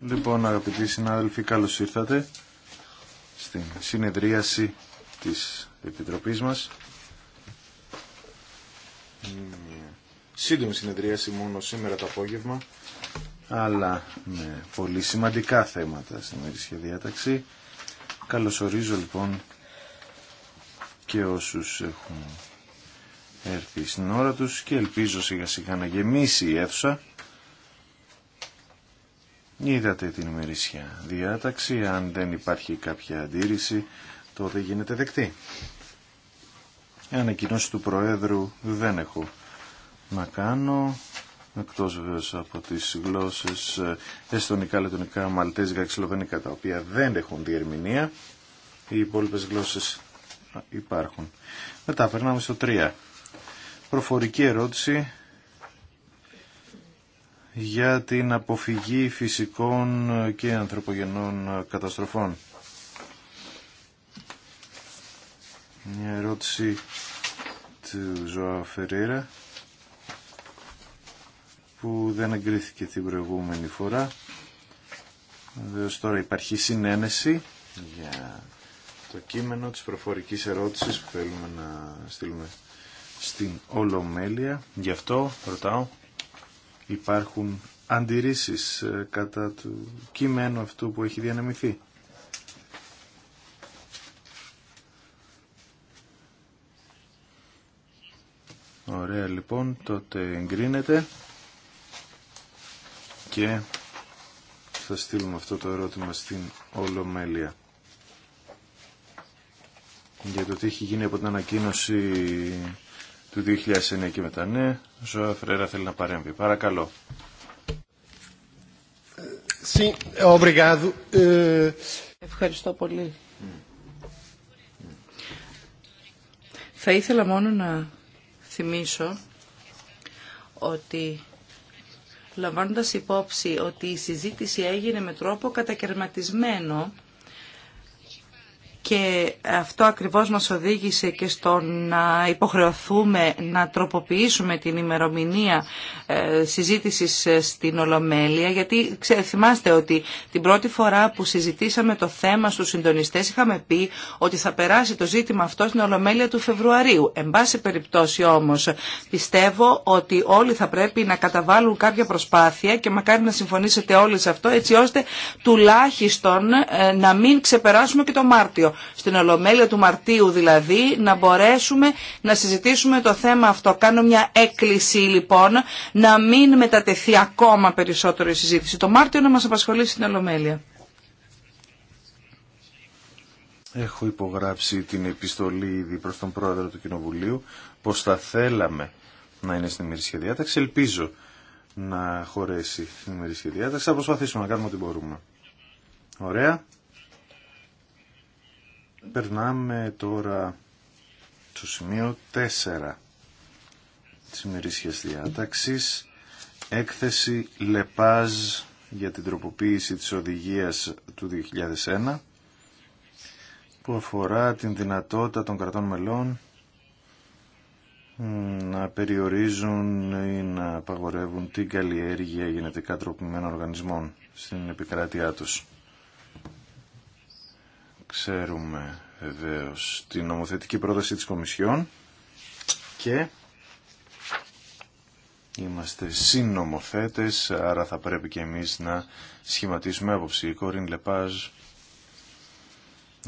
Λοιπόν, αγαπητοί συνάδελφοι, καλώ ήρθατε στην συνεδρίαση της Επιτροπής μας. Σύντομη συνεδρίαση μόνο σήμερα το απόγευμα, αλλά με πολύ σημαντικά θέματα στην ημερήσια διάταξη. Καλωσορίζω λοιπόν και όσους έχουν έρθει στην ώρα τους και ελπίζω σιγά σιγά να γεμίσει η αίθουσα. Είδατε την ημερήσια διάταξη. Αν δεν υπάρχει κάποια αντίρρηση, τότε γίνεται δεκτή. Ανακοινώσει του Προέδρου δεν έχω να κάνω, εκτός βέβαια από τις γλώσσες ε, εστονικά, λετωνικά, μαλτέζικα, ξυλοβενικά, τα οποία δεν έχουν διερμηνία. Οι υπόλοιπε γλώσσες υπάρχουν. Μετά περνάμε στο 3. Προφορική ερώτηση για την αποφυγή φυσικών και ανθρωπογενών καταστροφών. Μια ερώτηση του Ζωά Φερέρα που δεν εγκρίθηκε την προηγούμενη φορά. Βεβαίως τώρα υπάρχει συνένεση για το κείμενο της προφορικής ερώτησης που θέλουμε να στείλουμε στην Ολομέλεια. Γι' αυτό ρωτάω υπάρχουν αντιρρήσεις ε, κατά του κείμενου αυτού που έχει διανεμηθεί. Ωραία λοιπόν, τότε εγκρίνεται και θα στείλουμε αυτό το ερώτημα στην Ολομέλεια. Για το τι έχει γίνει από την ανακοίνωση του 2009 και μετά. Ναι, Ζωά Φρέρα θέλει να παρέμβει. Παρακαλώ. Ε, Ευχαριστώ πολύ. Θα ήθελα μόνο να θυμίσω ότι λαμβάνοντας υπόψη ότι η συζήτηση έγινε με τρόπο κατακαιρματισμένο και αυτό ακριβώς μας οδήγησε και στο να υποχρεωθούμε να τροποποιήσουμε την ημερομηνία ε, συζήτησης ε, στην Ολομέλεια γιατί ξέ, θυμάστε ότι την πρώτη φορά που συζητήσαμε το θέμα στους συντονιστές είχαμε πει ότι θα περάσει το ζήτημα αυτό στην Ολομέλεια του Φεβρουαρίου. Εν πάση περιπτώσει όμως πιστεύω ότι όλοι θα πρέπει να καταβάλουν κάποια προσπάθεια και μακάρι να συμφωνήσετε όλοι σε αυτό έτσι ώστε τουλάχιστον ε, να μην ξεπεράσουμε και το Μάρτιο στην Ολομέλεια του Μαρτίου δηλαδή, να μπορέσουμε να συζητήσουμε το θέμα αυτό. Κάνω μια έκκληση λοιπόν να μην μετατεθεί ακόμα περισσότερο η συζήτηση. Το Μάρτιο να μας απασχολήσει στην Ολομέλεια. Έχω υπογράψει την επιστολή ήδη προς τον πρόεδρο του Κοινοβουλίου πως θα θέλαμε να είναι στην ημερήσια διάταξη. Ελπίζω να χωρέσει στην ημερήσια διάταξη. Θα προσπαθήσουμε να κάνουμε ό,τι μπορούμε. Ωραία. Περνάμε τώρα στο σημείο 4 της ημερήσιας διάταξης. Έκθεση Λεπάζ για την τροποποίηση της οδηγίας του 2001 που αφορά την δυνατότητα των κρατών μελών να περιορίζουν ή να απαγορεύουν την καλλιέργεια γενετικά τροπημένων οργανισμών στην επικράτειά τους. Ξέρουμε βεβαίω την νομοθετική πρόταση της Κομισιόν και είμαστε συνομοθέτες, άρα θα πρέπει και εμείς να σχηματίσουμε άποψη. Η Κορίν Λεπάζ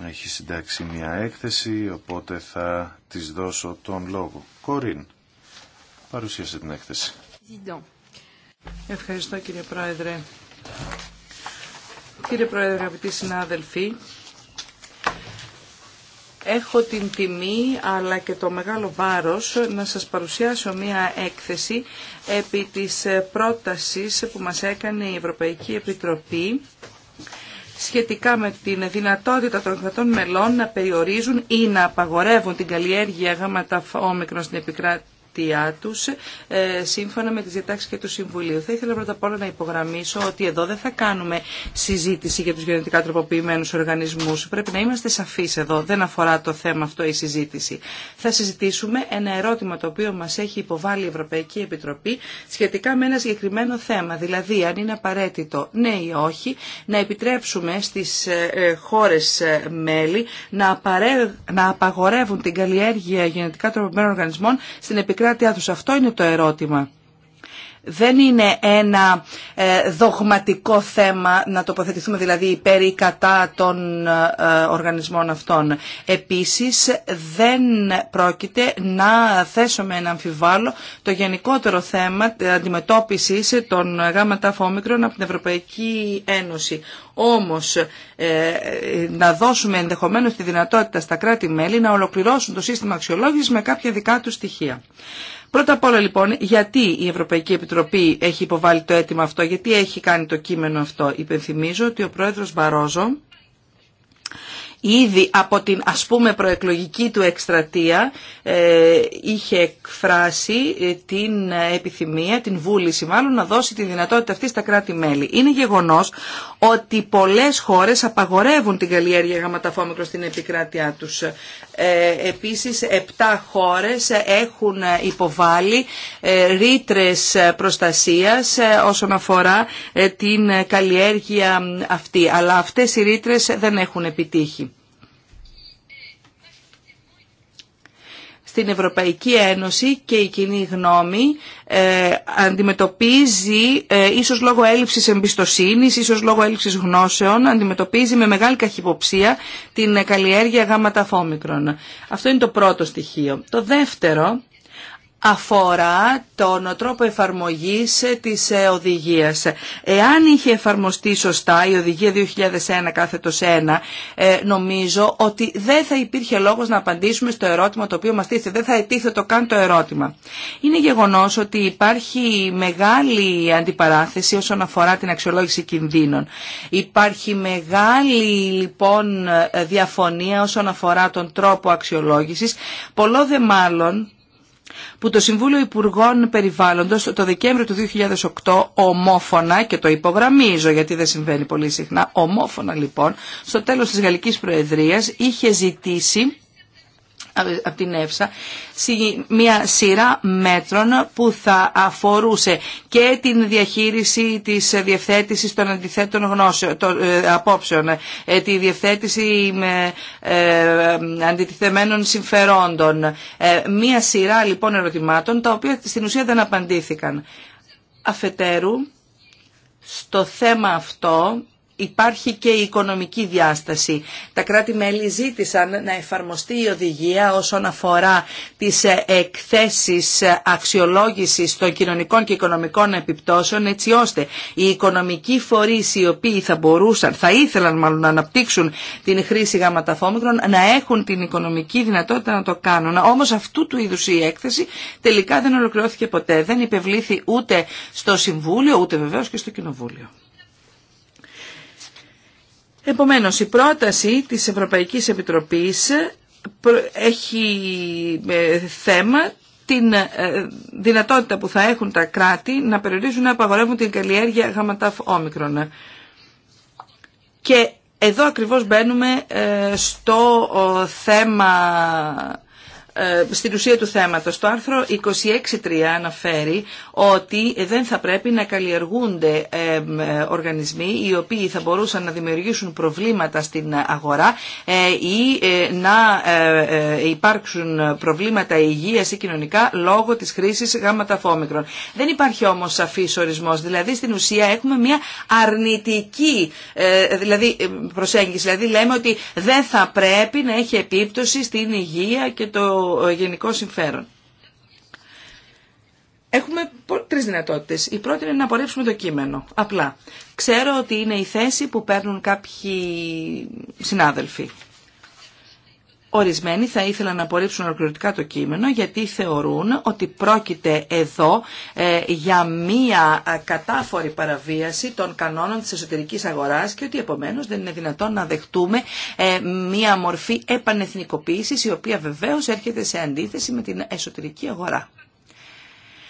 έχει συντάξει μια έκθεση, οπότε θα της δώσω τον λόγο. Κορίν, παρουσίασε την έκθεση. Ευχαριστώ κύριε Πρόεδρε. Κύριε Πρόεδρε, αγαπητοί συνάδελφοι, έχω την τιμή αλλά και το μεγάλο βάρος να σας παρουσιάσω μία έκθεση επί της πρότασης που μας έκανε η Ευρωπαϊκή Επιτροπή σχετικά με την δυνατότητα των κρατών μελών να περιορίζουν ή να απαγορεύουν την καλλιέργεια γάμματα όμικρον στην επικράτηση. Ε, σύμφωνα με τι διατάξει και του Συμβουλίου. Θα ήθελα πρώτα απ' όλα να υπογραμμίσω ότι εδώ δεν θα κάνουμε συζήτηση για του γενετικά τροποποιημένου οργανισμού, Πρέπει να είμαστε σαφείς εδώ. Δεν αφορά το θέμα αυτό η συζήτηση. Θα συζητήσουμε ένα ερώτημα το οποίο μα έχει υποβάλει η Ευρωπαϊκή Επιτροπή σχετικά με ένα συγκεκριμένο θέμα. Δηλαδή αν είναι απαραίτητο ναι ή όχι να επιτρέψουμε στις ε, ε, χώρες μέλη να απαγορεύουν την καλλιέργεια γενετικά τροποποιημένων οργανισμών στην επικράτειά τους. Αυτό είναι το ερώτημα. Δεν είναι ένα ε, δογματικό θέμα να τοποθετηθούμε δηλαδή υπέρ ή κατά των ε, ε, οργανισμών αυτών. Επίσης δεν πρόκειται να θέσουμε ένα αμφιβάλλο το γενικότερο θέμα αντιμετώπισης των γάμματα φόμικρων από την Ευρωπαϊκή Ένωση. Όμως να δώσουμε ενδεχομένως τη δυνατότητα στα κράτη-μέλη να ολοκληρώσουν το σύστημα αξιολόγησης με κάποια δικά του στοιχεία. Πρώτα απ' όλα λοιπόν, γιατί η Ευρωπαϊκή Επιτροπή έχει υποβάλει το αίτημα αυτό, γιατί έχει κάνει το κείμενο αυτό. Υπενθυμίζω ότι ο πρόεδρος Μπαρόζο ήδη από την ας πούμε προεκλογική του εκστρατεία ε, είχε εκφράσει ε, την επιθυμία, την βούληση μάλλον να δώσει τη δυνατότητα αυτή στα κράτη-μέλη. Είναι γεγονός ότι πολλές χώρες απαγορεύουν την καλλιέργεια γαματαφόμικρο στην επικράτειά τους. Ε, επίσης, 7 χώρες έχουν υποβάλει ρήτρες προστασίας όσον αφορά την καλλιέργεια αυτή. Αλλά αυτές οι ρήτρες δεν έχουν επιτύχει. στην Ευρωπαϊκή Ένωση και η κοινή γνώμη ε, αντιμετωπίζει, ε, ίσως λόγω έλλειψης εμπιστοσύνης, ίσως λόγω έλλειψης γνώσεων, αντιμετωπίζει με μεγάλη καχυποψία την καλλιέργεια γάμματα φόμικρων. Αυτό είναι το πρώτο στοιχείο. Το δεύτερο αφορά τον τρόπο εφαρμογής της ε, οδηγίας. Εάν είχε εφαρμοστεί σωστά η οδηγία 2001 κάθετος 1, ε, νομίζω ότι δεν θα υπήρχε λόγος να απαντήσουμε στο ερώτημα το οποίο μας τίθεται. Δεν θα ετίθετο καν το ερώτημα. Είναι γεγονός ότι υπάρχει μεγάλη αντιπαράθεση όσον αφορά την αξιολόγηση κινδύνων. Υπάρχει μεγάλη λοιπόν διαφωνία όσον αφορά τον τρόπο αξιολόγησης. Πολλό δε μάλλον που το Συμβούλιο Υπουργών Περιβάλλοντος το Δεκέμβριο του 2008 ομόφωνα, και το υπογραμμίζω γιατί δεν συμβαίνει πολύ συχνά, ομόφωνα λοιπόν, στο τέλος της Γαλλικής Προεδρίας είχε ζητήσει από την ΕΦΣΑ μια σειρά μέτρων που θα αφορούσε και την διαχείριση της διευθέτησης των αντιθέτων γνώσεων, ε, απόψεων, ε, τη διευθέτηση με, ε, αντιτιθεμένων συμφερόντων. Ε, μια σειρά λοιπόν ερωτημάτων τα οποία στην ουσία δεν απαντήθηκαν. Αφετέρου, στο θέμα αυτό υπάρχει και η οικονομική διάσταση. Τα κράτη-μέλη ζήτησαν να εφαρμοστεί η οδηγία όσον αφορά τις ε, εκθέσεις αξιολόγησης των κοινωνικών και οικονομικών επιπτώσεων έτσι ώστε οι οικονομικοί φορείς οι οποίοι θα μπορούσαν, θα ήθελαν μάλλον να αναπτύξουν την χρήση γαματαφόμικρων να έχουν την οικονομική δυνατότητα να το κάνουν. Όμως αυτού του είδους η έκθεση τελικά δεν ολοκληρώθηκε ποτέ. Δεν υπευλήθη ούτε στο Συμβούλιο ούτε βεβαίως και στο Κοινοβούλιο. Επομένως, η πρόταση της Ευρωπαϊκής Επιτροπής έχει ε, θέμα την ε, δυνατότητα που θα έχουν τα κράτη να περιορίζουν να απαγορεύουν την καλλιέργεια γαματάφ όμικρον. Και εδώ ακριβώς μπαίνουμε ε, στο θέμα ε, στην ουσία του θέματος. Το άρθρο 26.3 αναφέρει ότι δεν θα πρέπει να καλλιεργούνται ε, ε, οργανισμοί οι οποίοι θα μπορούσαν να δημιουργήσουν προβλήματα στην αγορά ή να υπάρξουν προβλήματα υγείας ή κοινωνικά λόγω της χρήσης γάμματα φόμικρων. Δεν υπάρχει όμως σαφής ορισμός. Δηλαδή στην ουσία έχουμε μια αρνητική δηλαδή, προσέγγιση. Δηλαδή λέμε ότι δεν θα πρέπει να έχει επίπτωση στην υγεία και το γενικό συμφέρον. Έχουμε τρει δυνατότητε. Η πρώτη είναι να απορρίψουμε το κείμενο. Απλά. Ξέρω ότι είναι η θέση που παίρνουν κάποιοι συνάδελφοι. Ορισμένοι θα ήθελαν να απορρίψουν ολοκληρωτικά το κείμενο γιατί θεωρούν ότι πρόκειται εδώ ε, για μία κατάφορη παραβίαση των κανόνων της εσωτερικής αγοράς και ότι επομένως δεν είναι δυνατόν να δεχτούμε ε, μία μορφή επανεθνικοποίησης η οποία βεβαίως έρχεται σε αντίθεση με την εσωτερική αγορά.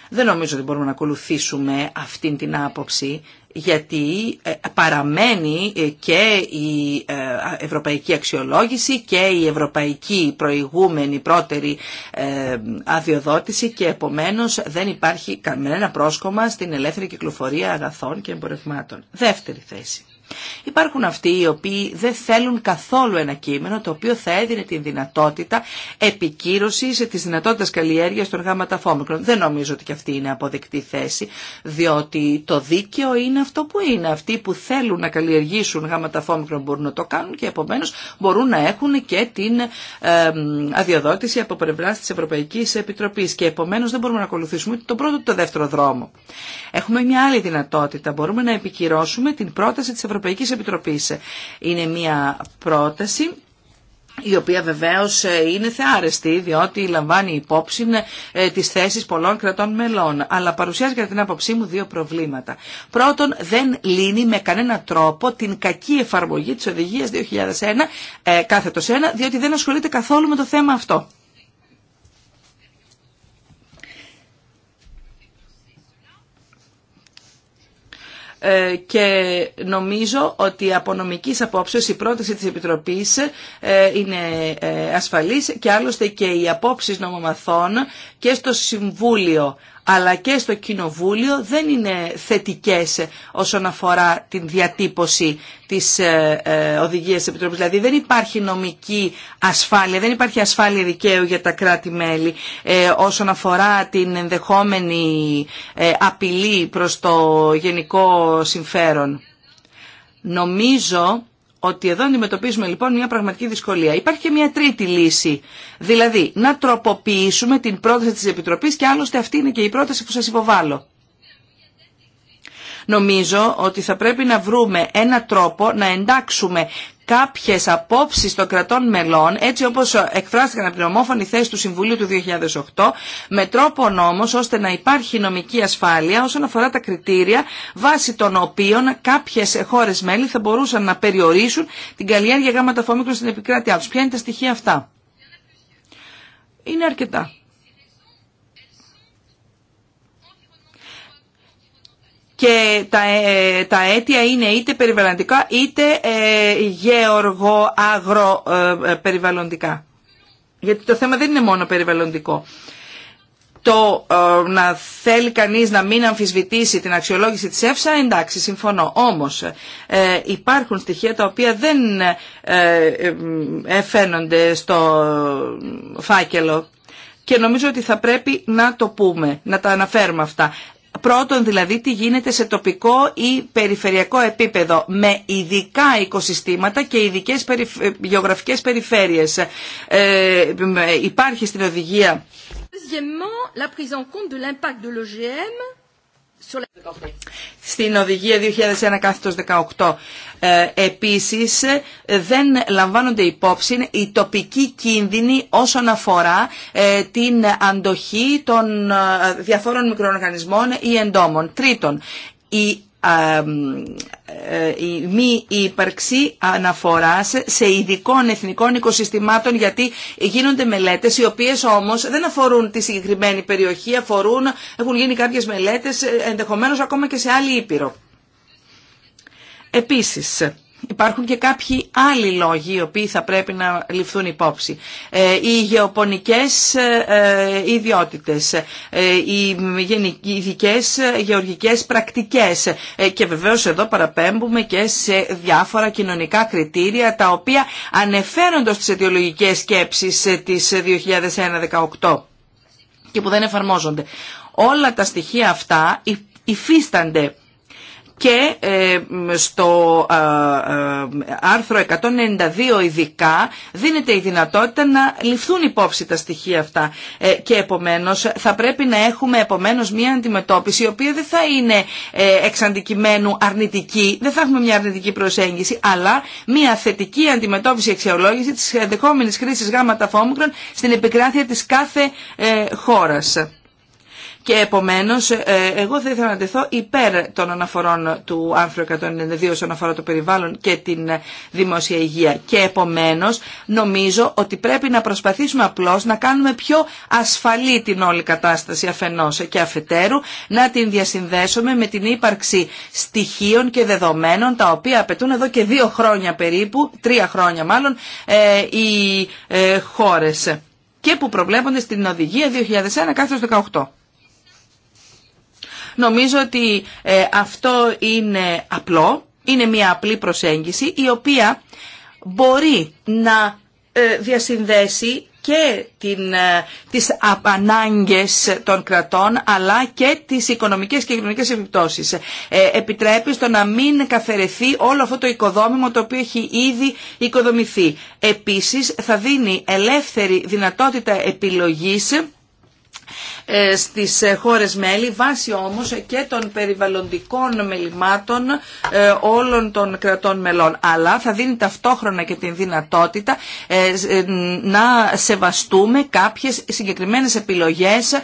Δεν νομίζω ότι μπορούμε να ακολουθήσουμε αυτήν την άποψη γιατί ε, παραμένει ε, και η ε, ευρωπαϊκή αξιολόγηση και η ευρωπαϊκή προηγούμενη πρώτερη αδειοδότηση και επομένως δεν υπάρχει κανένα πρόσκομα στην ελεύθερη κυκλοφορία αγαθών και εμπορευμάτων. Δεύτερη θέση. Υπάρχουν αυτοί οι οποίοι δεν θέλουν καθόλου ένα κείμενο το οποίο θα έδινε την δυνατότητα επικύρωση τη δυνατότητα καλλιέργεια των γάμματα φόμικρων. Δεν νομίζω ότι και αυτή είναι αποδεκτή θέση, διότι το δίκαιο είναι αυτό που είναι. Αυτοί που θέλουν να καλλιεργήσουν γάμματα φόμικρων μπορούν να το κάνουν και επομένω μπορούν να έχουν και την αδειοδότηση από πλευρά τη Ευρωπαϊκή Επιτροπή. Και επομένω δεν μπορούμε να ακολουθήσουμε τον πρώτο ή τον δεύτερο δρόμο. Έχουμε μια άλλη δυνατότητα. Μπορούμε να επικυρώσουμε την πρόταση τη Ευρωπαϊκή Ευρωπαϊκής Επιτροπής. Είναι μια πρόταση η οποία βεβαίως ε, είναι θεάρεστη διότι λαμβάνει υπόψη ε, τις θέσεις πολλών κρατών μελών αλλά παρουσιάζει κατά την άποψή μου δύο προβλήματα. Πρώτον δεν λύνει με κανένα τρόπο την κακή εφαρμογή της οδηγίας 2001 ε, κάθετος 1 διότι δεν ασχολείται καθόλου με το θέμα αυτό. Ε, και νομίζω ότι από νομικής απόψεως η πρόταση της Επιτροπής ε, είναι ε, ασφαλής και άλλωστε και οι απόψεις νομομαθών και στο Συμβούλιο αλλά και στο Κοινοβούλιο δεν είναι θετικές όσον αφορά την διατύπωση της ε, ε, Οδηγίας Επιτροπής. Δηλαδή δεν υπάρχει νομική ασφάλεια, δεν υπάρχει ασφάλεια δικαίου για τα κράτη-μέλη ε, όσον αφορά την ενδεχόμενη απειλή προς το γενικό συμφέρον. Νομίζω ότι εδώ αντιμετωπίζουμε λοιπόν μια πραγματική δυσκολία. Υπάρχει και μια τρίτη λύση, δηλαδή να τροποποιήσουμε την πρόταση της Επιτροπής και άλλωστε αυτή είναι και η πρόταση που σας υποβάλλω. Νομίζω ότι θα πρέπει να βρούμε ένα τρόπο να εντάξουμε κάποιες απόψεις των κρατών μελών, έτσι όπως εκφράστηκαν από την ομόφωνη θέση του Συμβουλίου του 2008, με τρόπο όμως ώστε να υπάρχει νομική ασφάλεια όσον αφορά τα κριτήρια βάσει των οποίων κάποιες χώρες μέλη θα μπορούσαν να περιορίσουν την καλλιέργεια γάμματα στην επικράτειά τους. Ποια είναι τα στοιχεία αυτά. Είναι αρκετά. και τα, ε, τα αίτια είναι είτε περιβαλλοντικά είτε ε, γεωργο-αγρο-περιβαλλοντικά. Ε, Γιατί το θέμα δεν είναι μόνο περιβαλλοντικό. Το να θέλει κανείς να μην αμφισβητήσει την αξιολόγηση της ΕΦΣΑ, εντάξει, συμφωνώ. Όμως υπάρχουν στοιχεία τα οποία δεν ε, στο φάκελο και νομίζω ότι θα πρέπει να το πούμε, να τα αναφέρουμε αυτά. Πρώτον δηλαδή τι γίνεται σε τοπικό ή περιφερειακό επίπεδο με ειδικά οικοσυστήματα και ειδικές περιφε... γεωγραφικές περιφέρειες. Ε, υπάρχει στην οδηγία. Deuxièmement, la prise en compte de l'impact de l'OGM στην οδηγία 2001-18 ε, επίσης ε, δεν λαμβάνονται υπόψη οι τοπικοί κίνδυνη όσον αφορά ε, την αντοχή των διαφόρων μικροοργανισμών ή εντόμων. Τρίτον, η ε, η μη ύπαρξη αναφοράς σε ειδικών εθνικών οικοσυστημάτων γιατί γίνονται μελέτες οι οποίες όμως δεν αφορούν τη συγκεκριμένη περιοχή, αφορούν, έχουν γίνει κάποιες μελέτες ε, ενδεχομένως ακόμα και σε άλλη ήπειρο. Επίσης, Υπάρχουν και κάποιοι άλλοι λόγοι οι οποίοι θα πρέπει να ληφθούν υπόψη. Ε, οι γεωπονικές ε, ε, ιδιότητες, οι ειδικέ γεωργικές πρακτικές και βεβαίως εδώ παραπέμπουμε και σε διάφορα κοινωνικά κριτήρια τα οποία ανεφέρονται στις αιτιολογικές σκέψεις της 2018 και που δεν εφαρμόζονται. Όλα τα στοιχεία αυτά υφίστανται και ε, στο ε, ε, άρθρο 192 ειδικά δίνεται η δυνατότητα να ληφθούν υπόψη τα στοιχεία αυτά και επομένως θα πρέπει να έχουμε επομένως μια αντιμετώπιση η οποία δεν θα είναι εξ αντικειμένου αρνητική, δεν θα έχουμε μια αρνητική προσέγγιση αλλά μια θετική αντιμετώπιση αξιολόγηση της ενδεχόμενης χρήσης γάμματα φόμικρων στην επικράτεια της κάθε χώρας και επομένω, ε, εγώ θα ήθελα να τεθώ υπέρ των αναφορών του άρθρου 192 όσον αφορά το περιβάλλον και την ε, δημόσια υγεία και επομένω, νομίζω ότι πρέπει να προσπαθήσουμε απλώ να κάνουμε πιο ασφαλή την όλη κατάσταση αφενό και αφετέρου να την διασυνδέσουμε με την ύπαρξη στοιχείων και δεδομένων τα οποία απαιτούν εδώ και δύο χρόνια περίπου, τρία χρόνια μάλλον, ε, οι χώρε. και που προβλέπονται στην οδηγία 2001 18. Νομίζω ότι ε, αυτό είναι απλό, είναι μια απλή προσέγγιση η οποία μπορεί να ε, διασυνδέσει και την, ε, τις ανάγκες των κρατών αλλά και τις οικονομικές και κοινωνικές επιπτώσεις. Ε, επιτρέπει στο να μην καθαιρεθεί όλο αυτό το οικοδόμημα το οποίο έχει ήδη οικοδομηθεί. Επίσης θα δίνει ελεύθερη δυνατότητα επιλογής ε, στις ε, χώρες μέλη βάσει όμως και των περιβαλλοντικών μελημάτων ε, όλων των κρατών μελών. Αλλά θα δίνει ταυτόχρονα και την δυνατότητα να σεβαστούμε κάποιες συγκεκριμένες επιλογές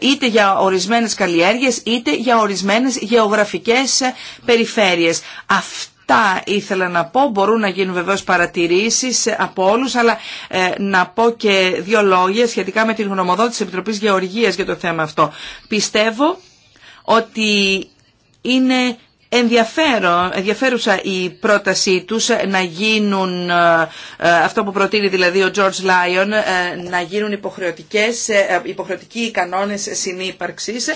είτε για ορισμένες καλλιέργειες είτε για ορισμένες γεωγραφικές περιφέρειες. Αυτό τα ήθελα να πω. Μπορούν να γίνουν βεβαίω παρατηρήσεις από όλους, αλλά ε, να πω και δύο λόγια σχετικά με την γνωμοδότηση τη Επιτροπής Γεωργίας για το θέμα αυτό. Πιστεύω ότι είναι Ενδιαφέρον, ενδιαφέρουσα η πρότασή τους να γίνουν, ε, ε, αυτό που προτείνει δηλαδή ο George Lyon, ε, να γίνουν υποχρεωτικές, υποχρεωτικοί κανόνες συνύπαρξης.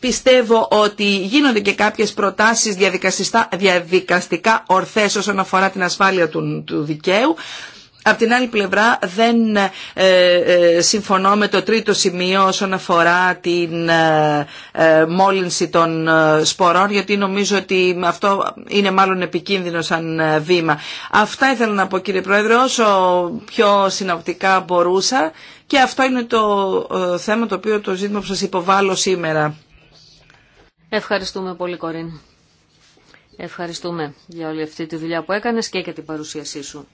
Πιστεύω ότι γίνονται και κάποιες προτάσεις διαδικαστικά ορθές όσον αφορά την ασφάλεια του, του δικαίου. Απ' την άλλη πλευρά δεν ε, ε, συμφωνώ με το τρίτο σημείο όσον αφορά την ε, μόλυνση των σπορών γιατί νομίζω ότι αυτό είναι μάλλον επικίνδυνο σαν βήμα. Αυτά ήθελα να πω κύριε Πρόεδρε όσο πιο συνοπτικά μπορούσα και αυτό είναι το θέμα το οποίο το ζήτημα που σας υποβάλλω σήμερα. Ευχαριστούμε πολύ Κορίν. Ευχαριστούμε για όλη αυτή τη δουλειά που έκανες και για την παρουσίασή σου.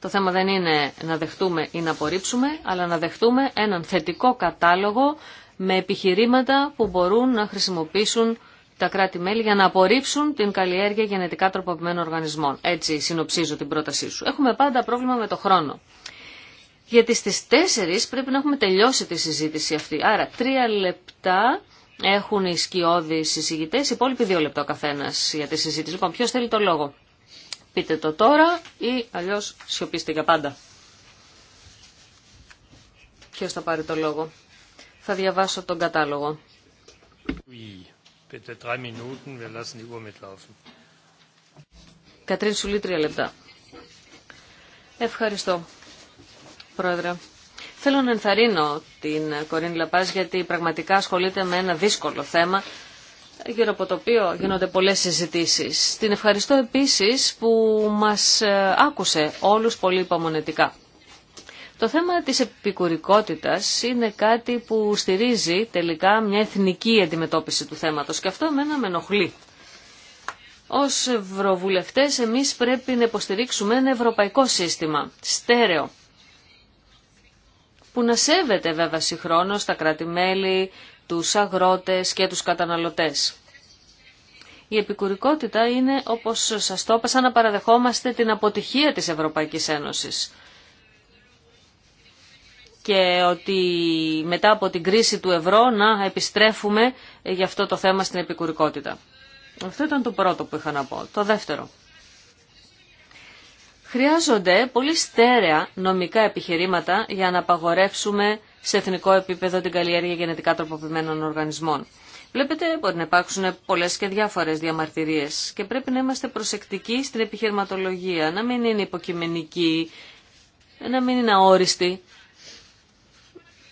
Το θέμα δεν είναι να δεχτούμε ή να απορρίψουμε, αλλά να δεχτούμε έναν θετικό κατάλογο με επιχειρήματα που μπορούν να χρησιμοποιήσουν τα κράτη-μέλη για να απορρίψουν την καλλιέργεια γενετικά τροποποιημένων οργανισμών. Έτσι συνοψίζω την πρότασή σου. Έχουμε πάντα πρόβλημα με το χρόνο. Γιατί στις 4 πρέπει να έχουμε τελειώσει τη συζήτηση αυτή. Άρα τρία λεπτά έχουν οι σκιώδεις συζητητές, υπόλοιποι δύο λεπτά ο καθένας για τη συζήτηση. Λοιπόν, ποιος θέλει το λόγο. Πείτε το τώρα ή αλλιώς σιωπήστε για πάντα. Ποιος θα πάρει το λόγο. Θα διαβάσω τον κατάλογο. Κατρίν Σουλή, τρία λεπτά. Ευχαριστώ, Πρόεδρε. Θέλω να ενθαρρύνω την Κορίν Λαπάς γιατί πραγματικά ασχολείται με ένα δύσκολο θέμα γύρω από το οποίο γίνονται πολλές συζητήσεις. Την ευχαριστώ επίσης που μας ε, άκουσε όλους πολύ υπομονετικά. Το θέμα της επικουρικότητας είναι κάτι που στηρίζει τελικά μια εθνική αντιμετώπιση του θέματος και αυτό εμένα με ενοχλεί. Ως ευρωβουλευτές εμείς πρέπει να υποστηρίξουμε ένα ευρωπαϊκό σύστημα, στέρεο, που να σέβεται βέβαια συγχρόνως τα κράτη-μέλη, τους αγρότες και τους καταναλωτές. Η επικουρικότητα είναι, όπως σας το να παραδεχόμαστε την αποτυχία της Ευρωπαϊκής Ένωσης. Και ότι μετά από την κρίση του ευρώ να επιστρέφουμε για αυτό το θέμα στην επικουρικότητα. Αυτό ήταν το πρώτο που είχα να πω. Το δεύτερο. Χρειάζονται πολύ στέρεα νομικά επιχειρήματα για να απαγορεύσουμε σε εθνικό επίπεδο την καλλιέργεια γενετικά τροποποιημένων οργανισμών. Βλέπετε, μπορεί να υπάρξουν πολλέ και διάφορε διαμαρτυρίε και πρέπει να είμαστε προσεκτικοί στην επιχειρηματολογία, να μην είναι υποκειμενική, να μην είναι αόριστη.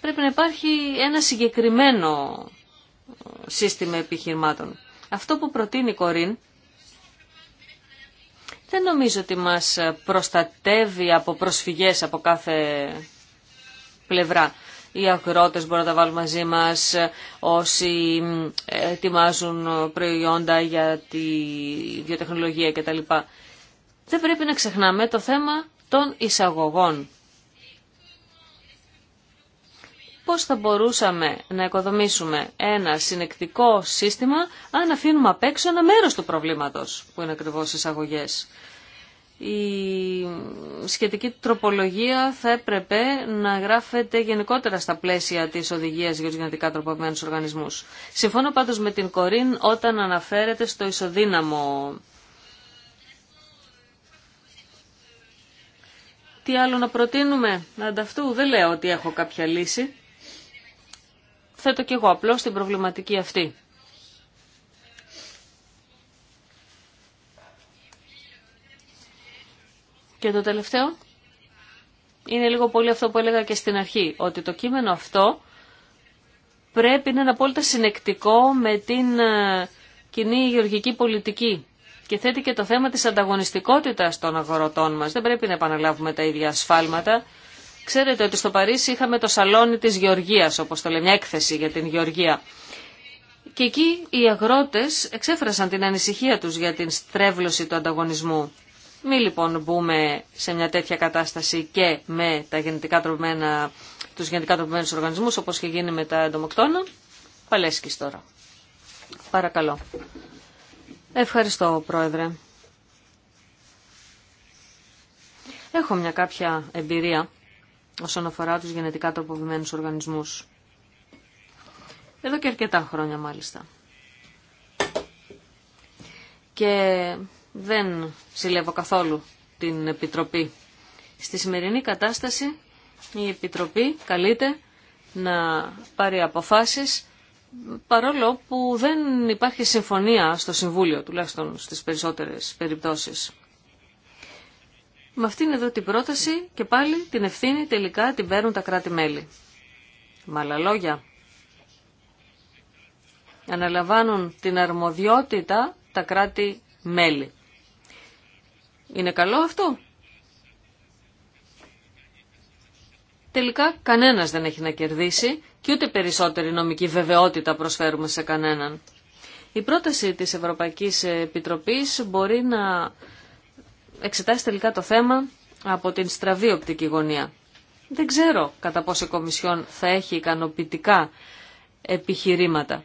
Πρέπει να υπάρχει ένα συγκεκριμένο σύστημα επιχειρημάτων. Αυτό που προτείνει η Κορίν δεν νομίζω ότι μας προστατεύει από προσφυγές από κάθε πλευρά. Οι αγρότες μπορούν να τα βάλουν μαζί μας, όσοι ετοιμάζουν προϊόντα για τη βιοτεχνολογία κτλ. Δεν πρέπει να ξεχνάμε το θέμα των εισαγωγών. πώς θα μπορούσαμε να οικοδομήσουμε ένα συνεκτικό σύστημα αν αφήνουμε απ' έξω ένα μέρος του προβλήματος που είναι ακριβώς εισαγωγές. Η σχετική τροπολογία θα έπρεπε να γράφεται γενικότερα στα πλαίσια της οδηγίας για τους γενετικά τροποποιημένους οργανισμούς. Συμφώνω πάντως με την Κορίν όταν αναφέρεται στο ισοδύναμο τι άλλο να προτείνουμε ανταυτού. Δεν λέω ότι έχω κάποια λύση θέτω και εγώ απλώς την προβληματική αυτή. Και το τελευταίο είναι λίγο πολύ αυτό που έλεγα και στην αρχή, ότι το κείμενο αυτό πρέπει να είναι απόλυτα συνεκτικό με την ε, κοινή γεωργική πολιτική και θέτει και το θέμα της ανταγωνιστικότητας των αγορωτών μας. Δεν πρέπει να επαναλάβουμε τα ίδια ασφάλματα. Ξέρετε ότι στο Παρίσι είχαμε το σαλόνι της Γεωργίας, όπως το λέμε, μια έκθεση για την Γεωργία. Και εκεί οι αγρότες εξέφρασαν την ανησυχία τους για την στρέβλωση του ανταγωνισμού. Μη λοιπόν μπούμε σε μια τέτοια κατάσταση και με τα γενετικά τροπημένα, τους γενετικά τροπημένους οργανισμούς, όπως και γίνει με τα εντομοκτώνα. Παλέσκης τώρα. Παρακαλώ. Ευχαριστώ, Πρόεδρε. Έχω μια κάποια εμπειρία όσον αφορά τους γενετικά τροποποιημένους οργανισμούς. Εδώ και αρκετά χρόνια μάλιστα. Και δεν συλλεύω καθόλου την Επιτροπή. Στη σημερινή κατάσταση η Επιτροπή καλείται να πάρει αποφάσεις παρόλο που δεν υπάρχει συμφωνία στο Συμβούλιο, τουλάχιστον στις περισσότερες περιπτώσεις. Με αυτήν εδώ την πρόταση και πάλι την ευθύνη τελικά την παίρνουν τα κράτη-μέλη. Με άλλα λόγια, αναλαμβάνουν την αρμοδιότητα τα κράτη-μέλη. Είναι καλό αυτό? Τελικά κανένας δεν έχει να κερδίσει και ούτε περισσότερη νομική βεβαιότητα προσφέρουμε σε κανέναν. Η πρόταση της Ευρωπαϊκής Επιτροπής μπορεί να εξετάσει τελικά το θέμα από την στραβή οπτική γωνία. Δεν ξέρω κατά πόσο η Κομισιόν θα έχει ικανοποιητικά επιχειρήματα.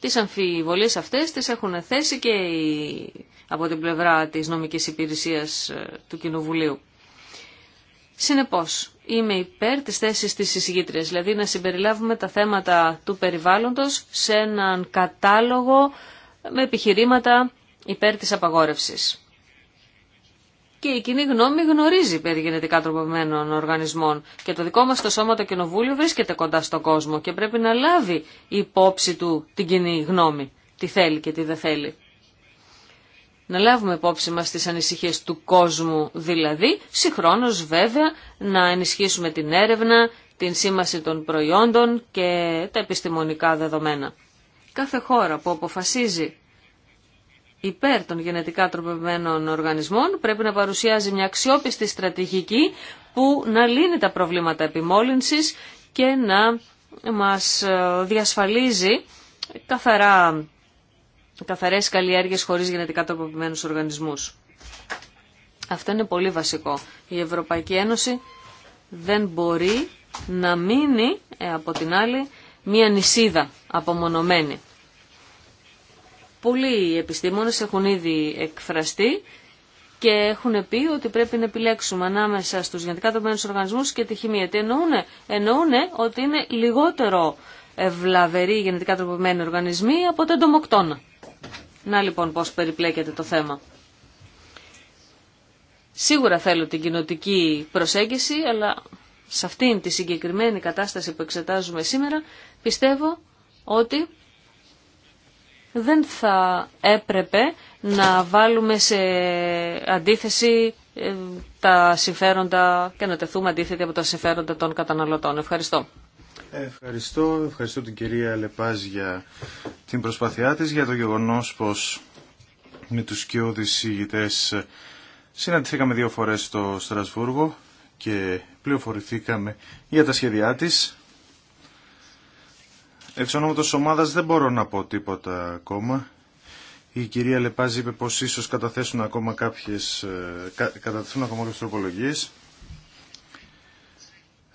Τις αμφιβολίες αυτές τις έχουν θέσει και από την πλευρά της νομικής υπηρεσίας ε, του Κοινοβουλίου. Συνεπώς, είμαι υπέρ της θέσης της εισηγήτριας, δηλαδή να συμπεριλάβουμε τα θέματα του περιβάλλοντος σε έναν κατάλογο με επιχειρήματα υπέρ της απαγόρευσης. Και η κοινή γνώμη γνωρίζει περί γενετικά τροποποιημένων οργανισμών και το δικό μας το σώμα το κοινοβούλιο βρίσκεται κοντά στον κόσμο και πρέπει να λάβει υπόψη του την κοινή γνώμη, τι θέλει και τι δεν θέλει. Να λάβουμε υπόψη μας τις ανησυχίες του κόσμου δηλαδή, συγχρόνως βέβαια να ενισχύσουμε την έρευνα, την σήμαση των προϊόντων και τα επιστημονικά δεδομένα. Κάθε χώρα που αποφασίζει υπέρ των γενετικά τροπευμένων οργανισμών πρέπει να παρουσιάζει μια αξιόπιστη στρατηγική που να λύνει τα προβλήματα επιμόλυνσης και να μας ε, διασφαλίζει καθαρά, καθαρές καλλιέργειες χωρίς γενετικά τροποποιημένους οργανισμούς. Αυτό είναι πολύ βασικό. Η Ευρωπαϊκή Ένωση δεν μπορεί να μείνει ε, από την άλλη μία νησίδα απομονωμένη. Πολλοί επιστήμονες έχουν ήδη εκφραστεί και έχουν πει ότι πρέπει να επιλέξουμε ανάμεσα στους γενετικά τροποποιημένους οργανισμούς και τη χημία. Τι εννοούνε? εννοούν ότι είναι λιγότερο ευλαβεροί γενετικά τροποποιημένοι οργανισμοί από τα ντομοκτώνα. Να λοιπόν πώς περιπλέκεται το θέμα. Σίγουρα θέλω την κοινοτική προσέγγιση, αλλά σε αυτήν τη συγκεκριμένη κατάσταση που εξετάζουμε σήμερα, πιστεύω ότι δεν θα έπρεπε να βάλουμε σε αντίθεση ε, τα συμφέροντα και να τεθούμε αντίθετοι από τα συμφέροντα των καταναλωτών. Ευχαριστώ. Ευχαριστώ, ευχαριστώ την κυρία Λεπάζ για την προσπάθειά της, για το γεγονός πως με τους σκιώδεις ηγητές συναντηθήκαμε δύο φορές στο Στρασβούργο και πληροφορηθήκαμε για τα σχέδιά της. Εξ ονόματος ομάδα δεν μπορώ να πω τίποτα ακόμα. Η κυρία Λεπάζη είπε πω ίσω καταθέσουν ακόμα κάποιες, ε, κα, καταθέσουν ακόμα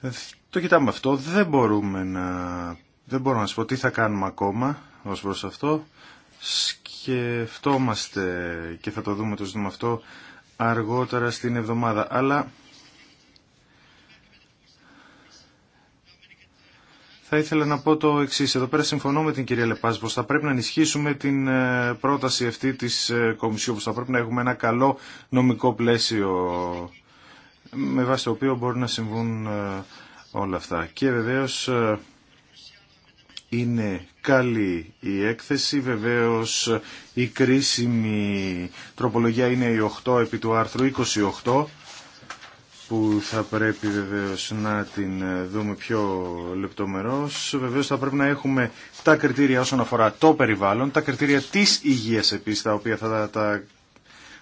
ε, Το κοιτάμε αυτό. Δεν μπορούμε να... Δεν μπορώ να σα πω τι θα κάνουμε ακόμα ως προ αυτό. Σκεφτόμαστε και θα το δούμε το ζήτημα αυτό αργότερα στην εβδομάδα. Αλλά Θα ήθελα να πω το εξή. Εδώ πέρα συμφωνώ με την κυρία Λεπάς πως θα πρέπει να ενισχύσουμε την ε, πρόταση αυτή της ε, Κομισιού, θα πρέπει να έχουμε ένα καλό νομικό πλαίσιο με βάση το οποίο μπορούν να συμβούν ε, όλα αυτά. Και βεβαίως είναι καλή η έκθεση. Βεβαίως η κρίσιμη τροπολογία είναι η 8 επί του άρθρου 28 που θα πρέπει βεβαίως να την ε, δούμε πιο λεπτομερώς. Βεβαίως θα πρέπει να έχουμε τα κριτήρια όσον αφορά το περιβάλλον, τα κριτήρια της υγείας επίσης, τα οποία θα τα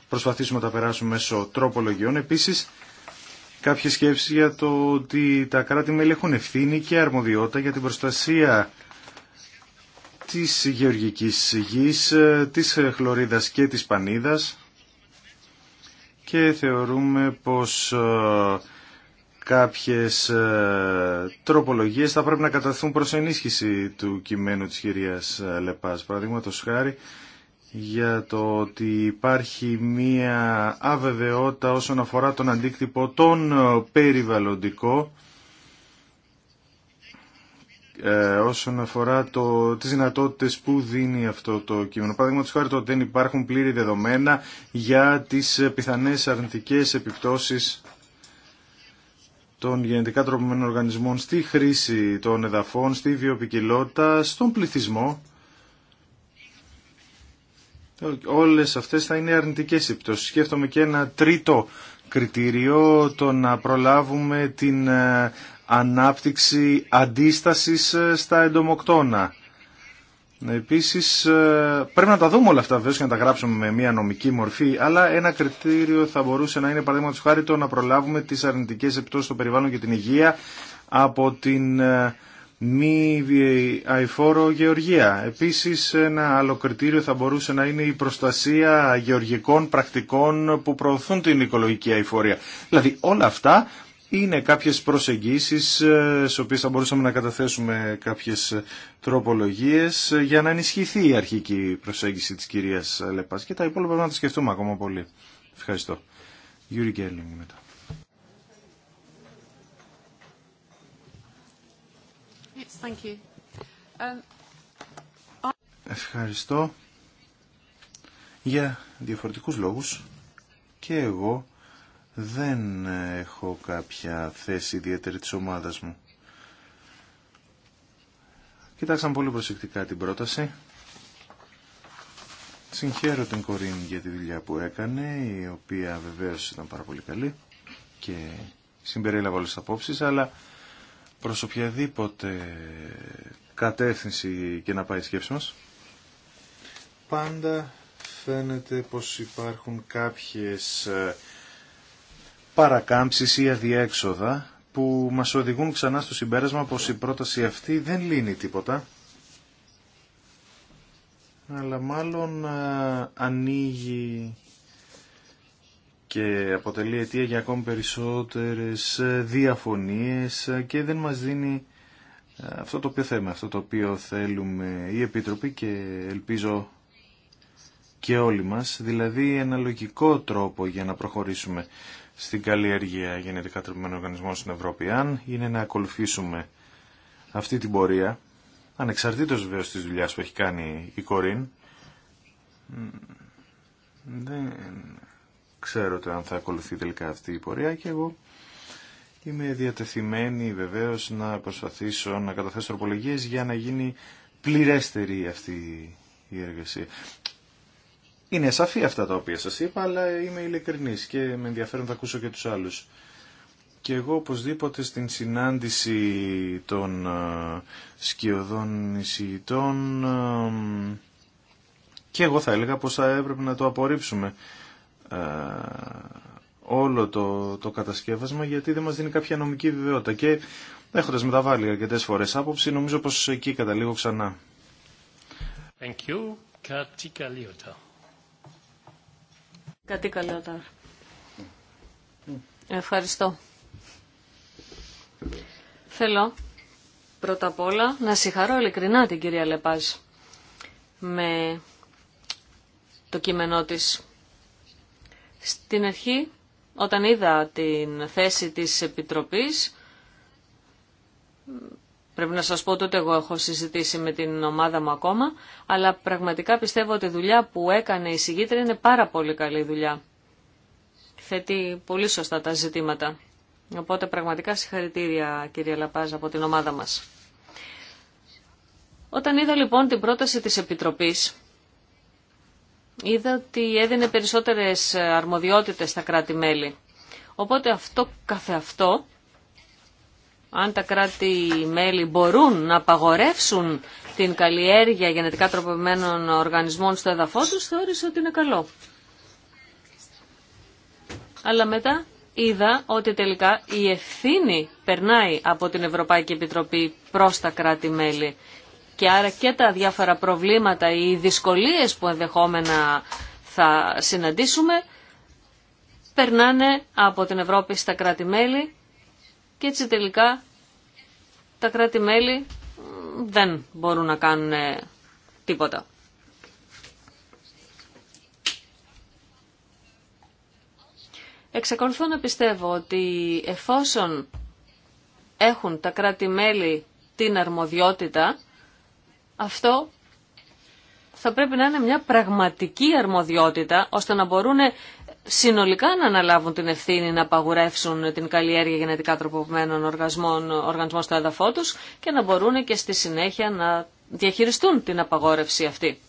προσπαθήσουμε να τα περάσουμε μέσω τρόπολογιών. Επίσης, κάποιες σκέψεις για το ότι τα κράτη-μέλη έχουν ευθύνη και αρμοδιότητα για την προστασία της γεωργικής γης, ε, της χλωρίδας και της πανίδας και θεωρούμε πως ε, κάποιες ε, τροπολογίες θα πρέπει να καταθούν προς ενίσχυση του κειμένου της κυρίας ε, Λεπάς. Παραδείγματο χάρη για το ότι υπάρχει μία αβεβαιότητα όσον αφορά τον αντίκτυπο των περιβαλλοντικό ε, όσον αφορά το, τις δυνατότητες που δίνει αυτό το κείμενο. Παραδείγματος χάρη το ότι δεν υπάρχουν πλήρη δεδομένα για τις πιθανές αρνητικές επιπτώσεις των γενετικά τροπημένων οργανισμών στη χρήση των εδαφών, στη βιοπικιλότητα, στον πληθυσμό. Όλες αυτές θα είναι αρνητικές επιπτώσεις. Σκέφτομαι και ένα τρίτο κριτήριο το να προλάβουμε την ε, ανάπτυξη αντίστασης ε, στα εντομοκτώνα. Επίσης ε, πρέπει να τα δούμε όλα αυτά βέβαια και να τα γράψουμε με μια νομική μορφή αλλά ένα κριτήριο θα μπορούσε να είναι παραδείγματος χάρη το να προλάβουμε τις αρνητικές επιπτώσεις στο περιβάλλον και την υγεία από την ε, μη αηφόρο γεωργία. Επίσης ένα άλλο κριτήριο θα μπορούσε να είναι η προστασία γεωργικών πρακτικών που προωθούν την οικολογική αηφορία. Δηλαδή όλα αυτά είναι κάποιες προσεγγίσεις ε, στις οποίες θα μπορούσαμε να καταθέσουμε κάποιες τροπολογίες ε, για να ενισχυθεί η αρχική προσέγγιση της κυρίας Λεπάς και τα υπόλοιπα να τα σκεφτούμε ακόμα πολύ. Ευχαριστώ. Γιούρι μετά. Ε, ευχαριστώ για διαφορετικούς λόγους και εγώ δεν έχω κάποια θέση ιδιαίτερη της ομάδας μου. Κοιτάξαμε πολύ προσεκτικά την πρόταση. Συγχαίρω την Κορίν για τη δουλειά που έκανε, η οποία βεβαίως ήταν πάρα πολύ καλή και συμπεριέλαβε όλες τις απόψεις, αλλά προς οποιαδήποτε κατεύθυνση και να πάει η σκέψη μας, πάντα φαίνεται πως υπάρχουν κάποιες ε, παρακάμψεις ή αδιέξοδα που μας οδηγούν ξανά στο συμπέρασμα πως η πρόταση αυτή δεν λύνει τίποτα αλλά μάλλον ε, ανοίγει και αποτελεί αιτία για ακόμη περισσότερες ε, διαφωνίες ε, και δεν μας δίνει αυτό το οποίο θέλουμε, αυτό το οποίο θέλουμε η Επιτροπή και ελπίζω και όλοι μας, δηλαδή ένα λογικό τρόπο για να προχωρήσουμε στην καλλιέργεια γενετικά τροπημένων οργανισμών στην Ευρώπη. Αν είναι να ακολουθήσουμε αυτή την πορεία, ανεξαρτήτως βεβαίως της δουλειά που έχει κάνει η Κορίν, δεν ξέρω το αν θα ακολουθεί τελικά αυτή η πορεία και εγώ είμαι διατεθειμένη βεβαίως να προσπαθήσω να καταθέσω τροπολογίες για να γίνει πληρέστερη αυτή η εργασία. Είναι σαφή αυτά τα οποία σας είπα, αλλά είμαι ειλικρινής και με ενδιαφέρον θα ακούσω και τους άλλους. Και εγώ οπωσδήποτε στην συνάντηση των ε, σκιωδών εισηγητών ε, και εγώ θα έλεγα πως θα έπρεπε να το απορρίψουμε ε, όλο το, κατασκεύασμα γιατί δεν μας δίνει κάποια νομική βεβαιότητα και έχοντας μεταβάλει αρκετέ φορές άποψη νομίζω πως εκεί καταλήγω ξανά. Thank you. Κάτι καλό τώρα. Ευχαριστώ. Θέλω πρώτα απ' όλα να συγχαρώ ειλικρινά την κυρία Λεπάζ με το κείμενό της. Στην αρχή, όταν είδα την θέση της Επιτροπής, Πρέπει να σας πω ότι εγώ έχω συζητήσει με την ομάδα μου ακόμα, αλλά πραγματικά πιστεύω ότι η δουλειά που έκανε η συγγήτρια είναι πάρα πολύ καλή δουλειά. Θέτει πολύ σωστά τα ζητήματα. Οπότε πραγματικά συγχαρητήρια κυρία Λαπάζ από την ομάδα μας. Όταν είδα λοιπόν την πρόταση της Επιτροπής, είδα ότι έδινε περισσότερες αρμοδιότητες στα κράτη-μέλη. Οπότε αυτό καθεαυτό αν τα κράτη-μέλη μπορούν να απαγορεύσουν την καλλιέργεια γενετικά τροποποιημένων οργανισμών στο εδαφό του, θεώρησε ότι είναι καλό. Αλλά μετά είδα ότι τελικά η ευθύνη περνάει από την Ευρωπαϊκή Επιτροπή προς τα κράτη-μέλη. Και άρα και τα διάφορα προβλήματα ή οι δυσκολίες που ενδεχόμενα θα συναντήσουμε περνάνε από την Ευρώπη στα κράτη-μέλη και έτσι τελικά τα κράτη-μέλη δεν μπορούν να κάνουν ε, τίποτα. Εξακολουθώ να πιστεύω ότι εφόσον έχουν τα κράτη-μέλη την αρμοδιότητα, αυτό θα πρέπει να είναι μια πραγματική αρμοδιότητα, ώστε να μπορούν συνολικά να αναλάβουν την ευθύνη να απαγορεύσουν την καλλιέργεια γενετικά τροποποιημένων οργανισμών, οργανισμών στο έδαφό τους και να μπορούν και στη συνέχεια να διαχειριστούν την απαγόρευση αυτή.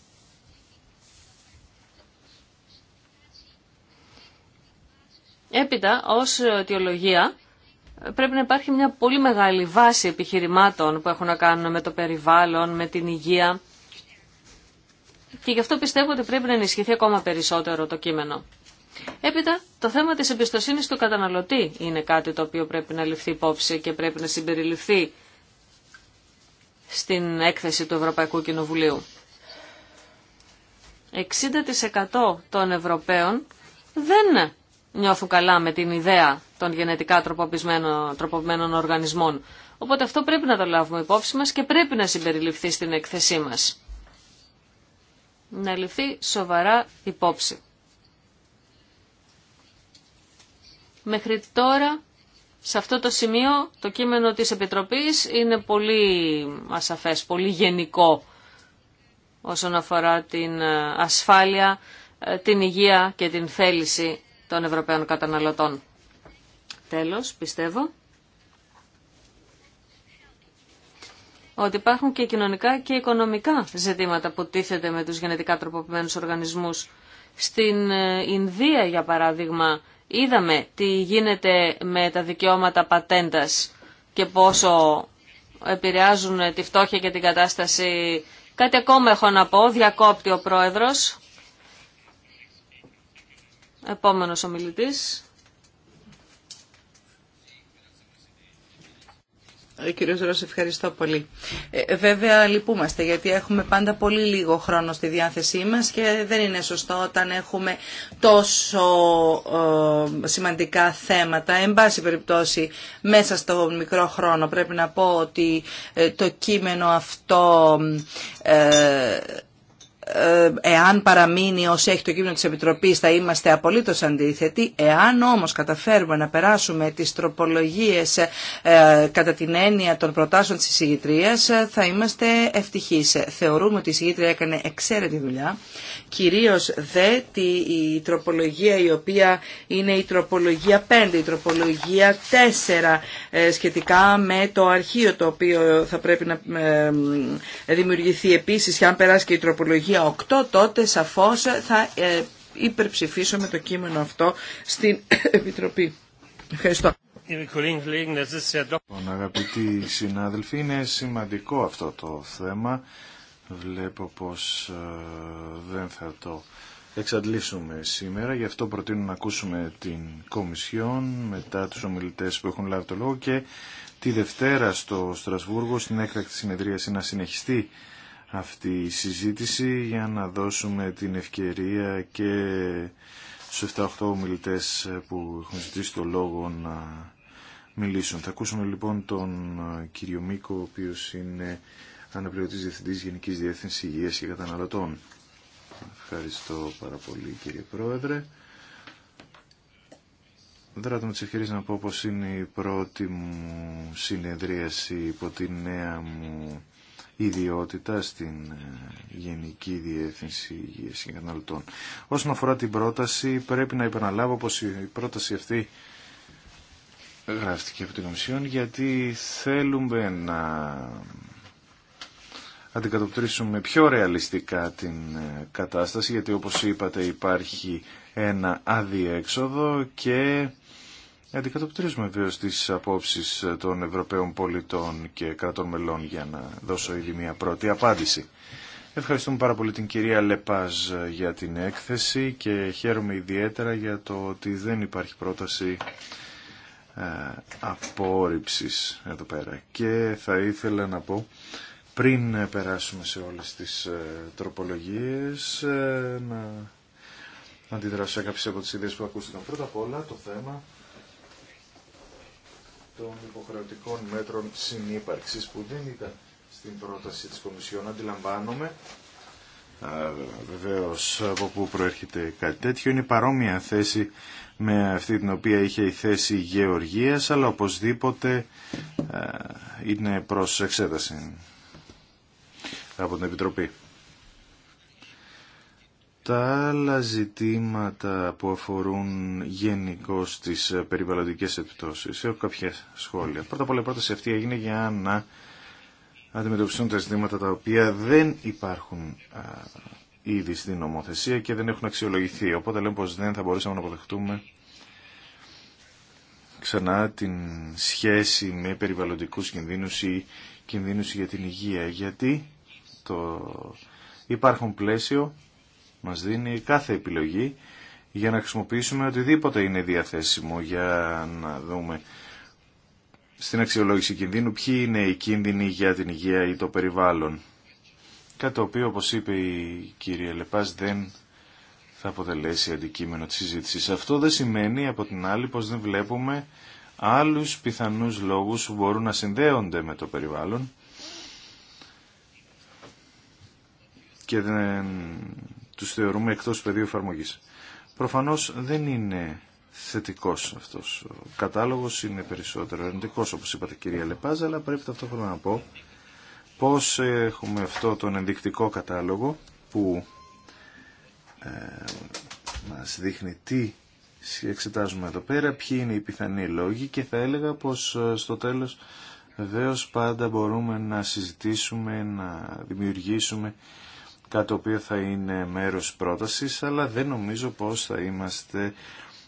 Έπειτα, ως αιτιολογία, πρέπει να υπάρχει μια πολύ μεγάλη βάση επιχειρημάτων που έχουν να κάνουν με το περιβάλλον, με την υγεία. Και γι' αυτό πιστεύω ότι πρέπει να ενισχυθεί ακόμα περισσότερο το κείμενο. Έπειτα, το θέμα της εμπιστοσύνης του καταναλωτή είναι κάτι το οποίο πρέπει να ληφθεί υπόψη και πρέπει να συμπεριληφθεί στην έκθεση του Ευρωπαϊκού Κοινοβουλίου. 60% των Ευρωπαίων δεν νιώθουν καλά με την ιδέα των γενετικά τροποποιημένων οργανισμών. Οπότε αυτό πρέπει να το λάβουμε υπόψη μας και πρέπει να συμπεριληφθεί στην έκθεσή μας. Να ληφθεί σοβαρά υπόψη. Μέχρι τώρα, σε αυτό το σημείο, το κείμενο της Επιτροπής είναι πολύ ασαφές, πολύ γενικό όσον αφορά την ε, ασφάλεια, ε, την υγεία και την θέληση των Ευρωπαίων καταναλωτών. Τέλος, πιστεύω ότι υπάρχουν και κοινωνικά και οικονομικά ζητήματα που τίθεται με τους γενετικά τροποποιημένους οργανισμούς. Στην ε, Ινδία, για παράδειγμα, Είδαμε τι γίνεται με τα δικαιώματα πατέντας και πόσο επηρεάζουν τη φτώχεια και την κατάσταση. Κάτι ακόμα έχω να πω, διακόπτει ο πρόεδρος. Επόμενος ομιλητής. Ε, Κύριε Ρος, ευχαριστώ πολύ. Ε, ε, βέβαια λυπούμαστε γιατί έχουμε πάντα πολύ λίγο χρόνο στη διάθεσή μας και δεν είναι σωστό όταν έχουμε τόσο σημαντικά θέματα. Εν πάση περιπτώσει μέσα στο μικρό χρόνο πρέπει να πω ότι το κείμενο αυτό ε, εάν παραμείνει όσοι έχει το κείμενο της Επιτροπής θα είμαστε απολύτως αντίθετοι. Εάν όμως καταφέρουμε να περάσουμε τις τροπολογίες ε, κατά την έννοια των προτάσεων της εισηγητρίας ε, θα είμαστε ευτυχείς. Θεωρούμε ότι η εισηγητρία έκανε εξαίρετη δουλειά. Κυρίως δε τη, η τροπολογία η οποία είναι η τροπολογία 5, η τροπολογία 4 σχετικά με το αρχείο το οποίο θα πρέπει να δημιουργηθεί επίσης και αν περάσει και η τροπολογία 8, τότε σαφώς θα ε, υπερψηφίσουμε το κείμενο αυτό στην Επιτροπή. Ευχαριστώ. Λοιπόν, αγαπητοί συνάδελφοι, είναι σημαντικό αυτό το θέμα. Βλέπω πως ε, δεν θα το εξαντλήσουμε σήμερα. Γι' αυτό προτείνω να ακούσουμε την Κομισιόν μετά τους ομιλητές που έχουν λάβει το λόγο και τη Δευτέρα στο Στρασβούργο στην έκτακτη συνεδρίαση να συνεχιστεί αυτή η συζήτηση για να δώσουμε την ευκαιρία και στου 7-8 ομιλητές που έχουν ζητήσει το λόγο να μιλήσουν. Θα ακούσουμε λοιπόν τον ε, κύριο Μίκο, ο οποίο είναι αναπληρωτής διευθυντής Γενικής Διεύθυνσης Υγείας και Καταναλωτών. Ευχαριστώ πάρα πολύ κύριε Πρόεδρε. Δράτω με τις ευκαιρίες να πω πως είναι η πρώτη μου συνεδρίαση υπό τη νέα μου ιδιότητα στην ε, Γενική Διεύθυνση Υγείας και Καταναλωτών. Όσον αφορά την πρόταση, πρέπει να επαναλάβω πως η πρόταση αυτή γράφτηκε από την Κομισιόν γιατί θέλουμε να αντικατοπτρίσουμε πιο ρεαλιστικά την ε, κατάσταση γιατί όπως είπατε υπάρχει ένα αδιέξοδο και αντικατοπτρίζουμε βέβαια τι απόψει των Ευρωπαίων πολιτών και κρατών μελών για να δώσω ήδη μια πρώτη απάντηση. Ευχαριστούμε πάρα πολύ την κυρία Λεπάζ για την έκθεση και χαίρομαι ιδιαίτερα για το ότι δεν υπάρχει πρόταση ε, απόρριψης εδώ πέρα. Και θα ήθελα να πω πριν περάσουμε σε όλες τις ε, τροπολογίες ε, να αντιδράσω σε κάποιες από τις ιδέες που ακούστηκαν. Πρώτα απ' όλα το θέμα των υποχρεωτικών μέτρων συνύπαρξης που δεν ήταν στην πρόταση της Κομισιόν. Αντιλαμβάνομαι βεβαίω από πού προέρχεται κάτι τέτοιο. Είναι παρόμοια θέση με αυτή την οποία είχε η θέση Γεωργίας, αλλά οπωσδήποτε είναι προς εξέταση από την Επιτροπή τα άλλα ζητήματα που αφορούν γενικώ τις ε, περιβαλλοντικές επιπτώσεις. Έχω κάποια σχόλια. Πρώτα απ' όλα η πρόταση αυτή έγινε για να αντιμετωπιστούν τα ζητήματα τα οποία δεν υπάρχουν ήδη στην νομοθεσία και δεν έχουν αξιολογηθεί. Οπότε λέμε πως δεν θα μπορούσαμε να αποδεχτούμε ξανά την σχέση με περιβαλλοντικούς κινδύνους ή κινδύνους για την υγεία. Γιατί το... υπάρχουν πλαίσιο μας δίνει κάθε επιλογή για να χρησιμοποιήσουμε οτιδήποτε είναι διαθέσιμο για να δούμε στην αξιολόγηση κινδύνου ποιοι είναι οι κίνδυνοι για την υγεία ή το περιβάλλον. Κάτι το οποίο, όπως είπε η κυρία Λεπάς, δεν θα αποτελέσει αντικείμενο της συζήτησης. Αυτό δεν σημαίνει, από την άλλη, πως δεν βλέπουμε άλλους πιθανούς λόγους που μπορούν να συνδέονται με το περιβάλλον και τους θεωρούμε εκτός πεδίου εφαρμογής. Προφανώς δεν είναι θετικός αυτός ο κατάλογος, είναι περισσότερο ενδικός όπως είπατε κυρία Λεπάζα, αλλά πρέπει ταυτόχρονα να πω πώς έχουμε αυτό τον ενδεικτικό κατάλογο που ε, μας δείχνει τι εξετάζουμε εδώ πέρα, ποιοι είναι οι πιθανοί λόγοι και θα έλεγα πως ε, στο τέλος βεβαίω πάντα μπορούμε να συζητήσουμε, να δημιουργήσουμε κάτι το οποίο θα είναι μέρος πρότασης, αλλά δεν νομίζω πως θα είμαστε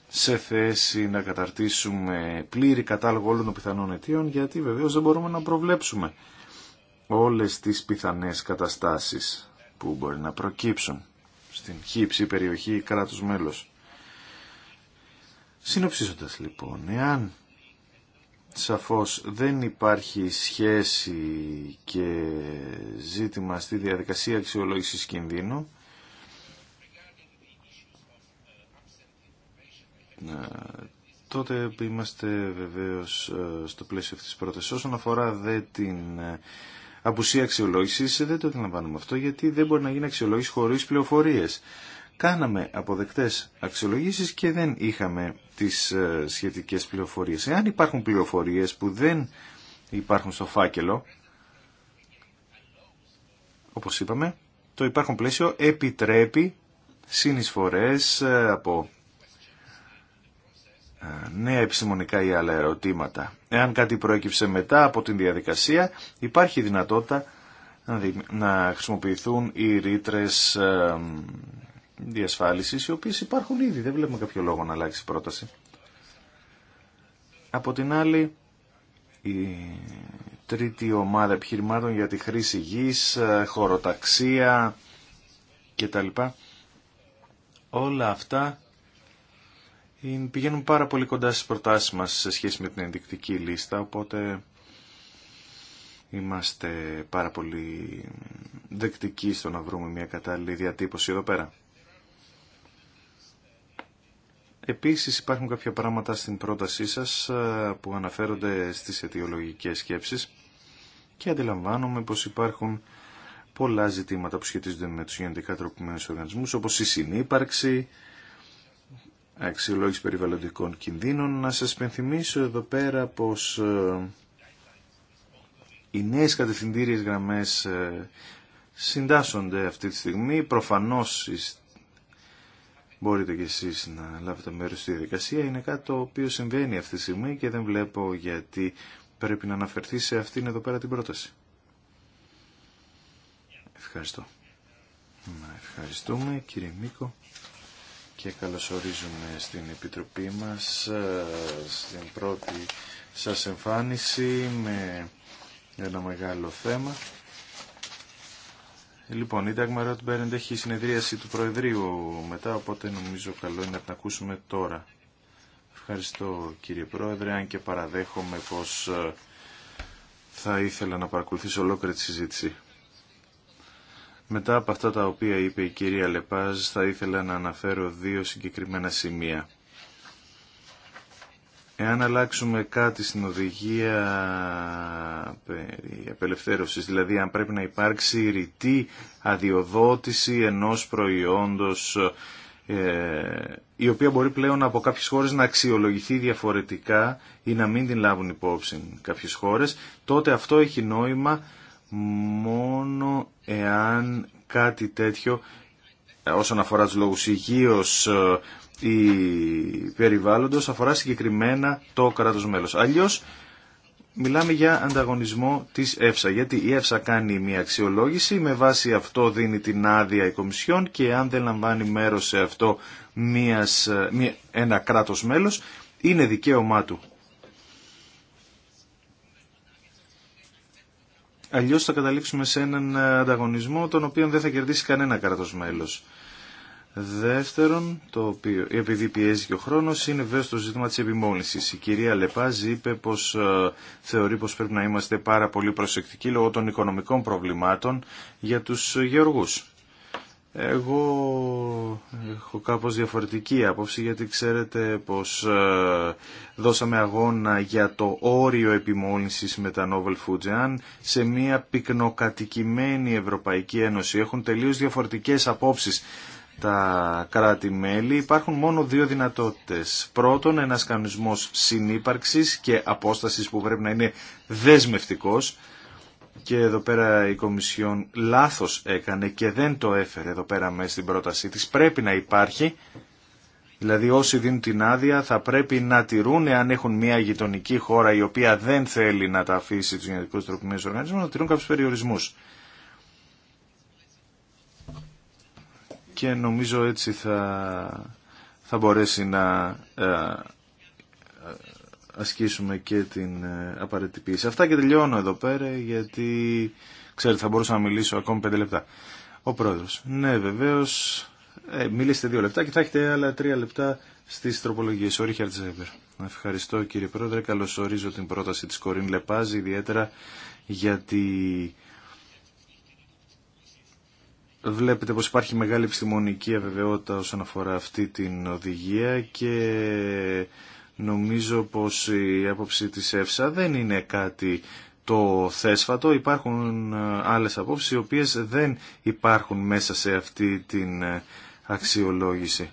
σε θέση να καταρτήσουμε πλήρη κατάλογο όλων των πιθανών αιτίων, γιατί βεβαίως δεν μπορούμε να προβλέψουμε όλες τις πιθανές καταστάσεις που μπορεί να προκύψουν στην χύψη περιοχή κράτους μέλος. Συνοψίζοντας λοιπόν, εάν Σαφώς δεν υπάρχει σχέση και ζήτημα στη διαδικασία αξιολόγησης κινδύνου. Ε, τότε είμαστε βεβαίως ε, στο πλαίσιο αυτής της πρότασης. Όσον αφορά την ε, απουσία αξιολόγησης, δεν το αντιλαμβάνουμε αυτό, γιατί δεν μπορεί να γίνει αξιολόγηση χωρίς πληροφορίες κάναμε αποδεκτές αξιολογήσεις και δεν είχαμε τις ε, σχετικές πληροφορίες. Εάν υπάρχουν πληροφορίες που δεν υπάρχουν στο φάκελο, όπως είπαμε, το υπάρχον πλαίσιο επιτρέπει συνεισφορές ε, από ε, νέα επιστημονικά ή άλλα ερωτήματα. Εάν κάτι προέκυψε μετά από την διαδικασία, υπάρχει δυνατότητα να χρησιμοποιηθούν οι ρήτρε διασφάλισης, οι οποίες υπάρχουν ήδη. Δεν βλέπουμε κάποιο λόγο να αλλάξει η πρόταση. Από την άλλη, η τρίτη ομάδα επιχειρημάτων για τη χρήση γης, χωροταξία κτλ. Όλα αυτά πηγαίνουν πάρα πολύ κοντά στις προτάσεις μας σε σχέση με την ενδεικτική λίστα, οπότε είμαστε πάρα πολύ δεκτικοί στο να βρούμε μια κατάλληλη διατύπωση εδώ πέρα. Επίσης υπάρχουν κάποια πράγματα στην πρότασή σας ε, που αναφέρονται στις αιτιολογικές σκέψεις και αντιλαμβάνομαι πως υπάρχουν πολλά ζητήματα που σχετίζονται με τους γενικά τροπημένους οργανισμούς όπως η συνύπαρξη, αξιολόγηση περιβαλλοντικών κινδύνων. Να σας πενθυμίσω εδώ πέρα πως ε, οι νέες κατευθυντήριες γραμμές ε, συντάσσονται αυτή τη στιγμή. Προφανώς μπορείτε κι εσείς να λάβετε μέρος στη διαδικασία. Είναι κάτι το οποίο συμβαίνει αυτή τη στιγμή και δεν βλέπω γιατί πρέπει να αναφερθεί σε αυτήν εδώ πέρα την πρόταση. Ευχαριστώ. Να ευχαριστούμε κύριε Μίκο και καλωσορίζουμε στην Επιτροπή μας ε, στην πρώτη σας εμφάνιση με ένα μεγάλο θέμα Λοιπόν, η ότι Ρότμπερντ έχει συνεδρίαση του Προεδρείου μετά, οπότε νομίζω καλό είναι να την ακούσουμε τώρα. Ευχαριστώ κύριε Πρόεδρε, αν και παραδέχομαι πως ε, θα ήθελα να παρακολουθήσω ολόκληρη τη συζήτηση. Μετά από αυτά τα οποία είπε η κυρία Λεπάζ, θα ήθελα να αναφέρω δύο συγκεκριμένα σημεία. Εάν αλλάξουμε κάτι στην οδηγία περί απελευθέρωσης, δηλαδή αν πρέπει να υπάρξει ρητή αδειοδότηση ενός προϊόντος, ε, η οποία μπορεί πλέον από κάποιες χώρες να αξιολογηθεί διαφορετικά ή να μην την λάβουν υπόψη κάποιες χώρες, τότε αυτό έχει νόημα μόνο εάν κάτι τέτοιο όσον αφορά τους λόγους υγείως η περιβάλλοντος αφορά συγκεκριμένα το κράτος μέλος. Αλλιώς μιλάμε για ανταγωνισμό της ΕΦΣΑ, γιατί η ΕΦΣΑ κάνει μια αξιολόγηση, με βάση αυτό δίνει την άδεια η Κομισιόν και αν δεν λαμβάνει μέρος σε αυτό μιας, μια, ένα κράτος μέλος, είναι δικαίωμά του. Αλλιώς θα καταλήξουμε σε έναν ανταγωνισμό τον οποίο δεν θα κερδίσει κανένα κράτος μέλος. Δεύτερον, το οποίο, επειδή πιέζει και ο χρόνο, είναι βέβαια το ζήτημα τη επιμόλυνση. Η κυρία Λεπάζη είπε πω ε, θεωρεί πω πρέπει να είμαστε πάρα πολύ προσεκτικοί λόγω των οικονομικών προβλημάτων για του γεωργού. Εγώ έχω κάπως διαφορετική άποψη γιατί ξέρετε πως ε, δώσαμε αγώνα για το όριο επιμόλυνσης με τα Novel Foods. σε μια πυκνοκατοικημένη Ευρωπαϊκή Ένωση έχουν τελείως διαφορετικές απόψεις τα κράτη-μέλη υπάρχουν μόνο δύο δυνατότητες. Πρώτον, ένας κανονισμός συνύπαρξης και απόστασης που πρέπει να είναι δεσμευτικός και εδώ πέρα η Κομισιόν λάθος έκανε και δεν το έφερε εδώ πέρα μέσα στην πρότασή της. Πρέπει να υπάρχει, δηλαδή όσοι δίνουν την άδεια θα πρέπει να τηρούν αν έχουν μια γειτονική χώρα η οποία δεν θέλει να τα αφήσει τους γενετικούς τροπημένους οργανισμούς, να τηρούν κάποιους περιορισμούς. και νομίζω έτσι θα, θα μπορέσει να ε, ε, ασκήσουμε και την ε, απαραίτητη πίεση. Αυτά και τελειώνω εδώ πέρα γιατί ξέρετε θα μπορούσα να μιλήσω ακόμη πέντε λεπτά. Ο πρόεδρος. Ναι βεβαίως ε, μιλήστε δύο λεπτά και θα έχετε άλλα τρία λεπτά στις τροπολογίες. Ο Ρίχαρτ Ζέμπερ. Ευχαριστώ κύριε πρόεδρε. Καλωσορίζω την πρόταση της Κορίν Λεπάζη ιδιαίτερα γιατί Βλέπετε πως υπάρχει μεγάλη επιστημονική αβεβαιότητα όσον αφορά αυτή την οδηγία και νομίζω πως η άποψη της ΕΦΣΑ δεν είναι κάτι το θέσφατο. Υπάρχουν ε, άλλες απόψεις οι οποίες δεν υπάρχουν μέσα σε αυτή την ε, αξιολόγηση.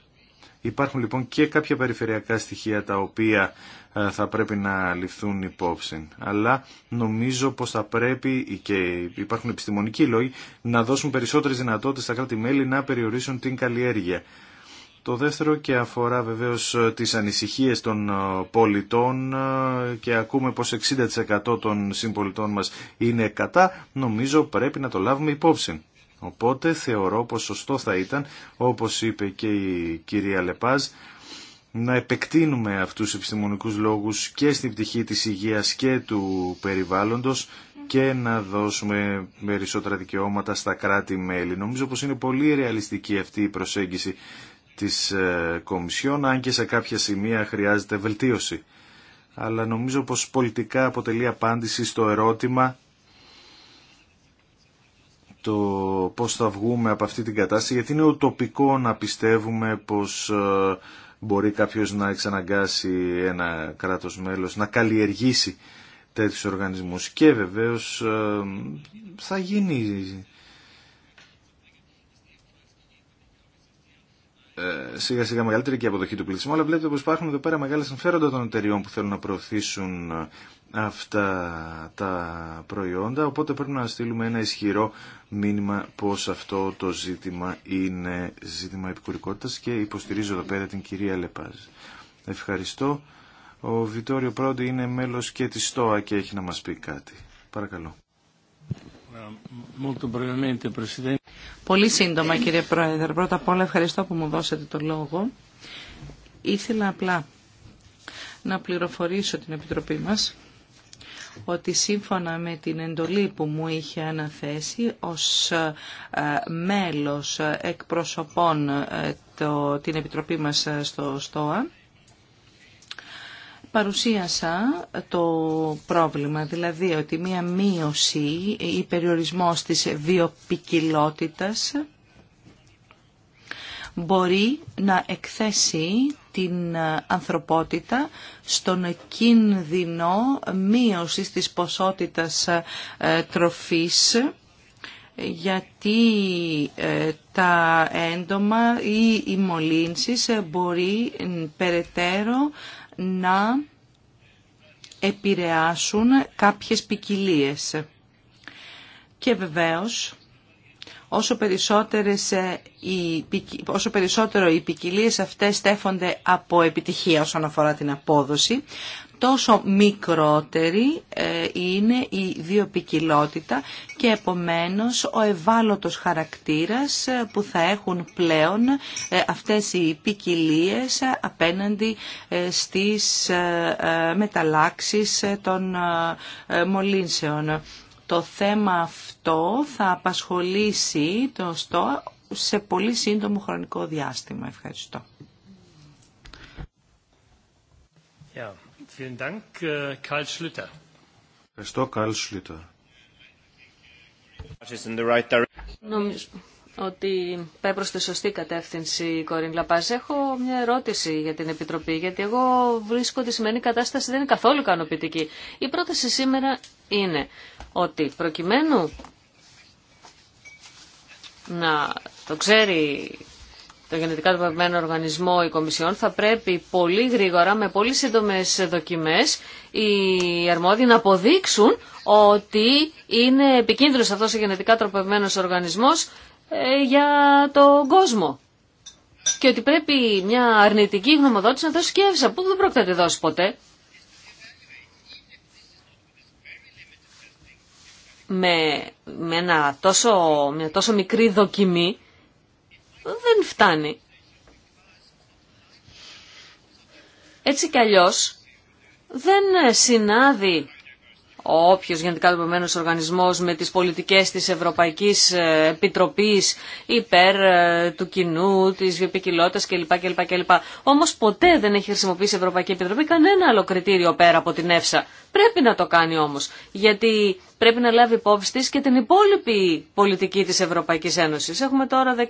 Υπάρχουν λοιπόν και κάποια περιφερειακά στοιχεία τα οποία ε, θα πρέπει να ληφθούν υπόψη. Αλλά νομίζω πως θα πρέπει και υπάρχουν επιστημονικοί λόγοι να δώσουν περισσότερες δυνατότητες στα κράτη-μέλη να περιορίσουν την καλλιέργεια. Το δεύτερο και αφορά βεβαίως τις ανησυχίες των ε, πολιτών ε, και ακούμε πως 60% των συμπολιτών μας είναι κατά, νομίζω πρέπει να το λάβουμε υπόψη. Οπότε θεωρώ πως σωστό θα ήταν, όπως είπε και η κυρία Λεπάζ, να επεκτείνουμε αυτούς τους επιστημονικούς λόγους και στην πτυχή της υγείας και του περιβάλλοντος και να δώσουμε περισσότερα δικαιώματα στα κράτη-μέλη. Νομίζω πως είναι πολύ ρεαλιστική αυτή η προσέγγιση της ε, Κομισιόν, αν και σε κάποια σημεία χρειάζεται βελτίωση. Αλλά νομίζω πως πολιτικά αποτελεί απάντηση στο ερώτημα το πώς θα βγούμε από αυτή την κατάσταση, γιατί είναι ουτοπικό να πιστεύουμε πως ε, μπορεί κάποιος να εξαναγκάσει ένα κράτος μέλος, να καλλιεργήσει τέτοιους οργανισμούς. Και βεβαίως ε, θα γίνει ε, σιγά σιγά μεγαλύτερη και η αποδοχή του πληθυσμού, αλλά βλέπετε πως υπάρχουν εδώ πέρα μεγάλες συμφέροντα των εταιριών που θέλουν να προωθήσουν αυτά τα προϊόντα, οπότε πρέπει να στείλουμε ένα ισχυρό μήνυμα πως αυτό το ζήτημα είναι ζήτημα επικουρικότητας και υποστηρίζω εδώ πέρα την κυρία Λεπάζ. Ευχαριστώ. Ο Βιτόριο Πρόντι είναι μέλος και της ΣΤΟΑ και έχει να μας πει κάτι. Παρακαλώ. Πολύ σύντομα κύριε Πρόεδρε. Πρώτα απ' όλα ευχαριστώ που μου δώσατε το λόγο. Ήθελα απλά να πληροφορήσω την Επιτροπή μας ότι σύμφωνα με την εντολή που μου είχε αναθέσει ως ε, μέλος εκπροσωπών ε, το, την Επιτροπή μας ε, στο ΣΤΟΑ, παρουσίασα το πρόβλημα, δηλαδή ότι μία μείωση ή περιορισμός της βιοπικιλότητας μπορεί να εκθέσει την ε, ανθρωπότητα στον κίνδυνο μείωσης της ποσότητας ε, ε, τροφής γιατί τα έντομα ή οι μολύνσεις μπορεί περαιτέρω να επηρεάσουν κάποιες ποικιλίε. Και βεβαίως όσο, περισσότερες, ε, όσο περισσότερο οι ποικιλίε αυτές στέφονται από επιτυχία όσον αφορά την απόδοση, τόσο μικρότερη ε, είναι η διοπικιλότητα και επομένως ο ευάλωτος χαρακτήρας ε, που θα έχουν πλέον αυτές οι ποικιλίε απέναντι στις μεταλλάξεις των μολύνσεων. Το θέμα αυτό θα απασχολήσει το ΣΤΟ σε πολύ σύντομο χρονικό διάστημα. Ευχαριστώ. Vielen Dank, äh, Karl Schlüter. Ευχαριστώ, Καλ Σλίτερ. Νομίζω ότι πάει στη τη σωστή κατεύθυνση η Κορίν Λαπάζ. Έχω μια ερώτηση για την Επιτροπή, γιατί εγώ βρίσκω ότι η σημερινή κατάσταση δεν είναι καθόλου ικανοποιητική. Η πρόταση σήμερα είναι ότι προκειμένου να το ξέρει το γενετικά τροποποιημένο οργανισμό η Κομισιόν θα πρέπει πολύ γρήγορα με πολύ σύντομες δοκιμές οι αρμόδιοι να αποδείξουν ότι είναι επικίνδυνος αυτός ο γενετικά τροπευμένος οργανισμός ε, για τον κόσμο. Και ότι πρέπει μια αρνητική γνωμοδότηση να δώσει και που δεν πρόκειται να δώσει ποτέ. Με, με ένα τόσο, μια τόσο μικρή δοκιμή δεν φτάνει. Έτσι κι αλλιώς δεν συνάδει όποιος γενικά δεδομένος οργανισμός με τις πολιτικές της Ευρωπαϊκής ε, Επιτροπής υπέρ ε, του κοινού, της βιοπικιλότητας κλπ. κλπ, Όμως ποτέ δεν έχει χρησιμοποιήσει η Ευρωπαϊκή Επιτροπή κανένα άλλο κριτήριο πέρα από την ΕΦΣΑ. Πρέπει να το κάνει όμως, γιατί πρέπει να λάβει υπόψη της και την υπόλοιπη πολιτική της Ευρωπαϊκής Ένωσης. Έχουμε τώρα 17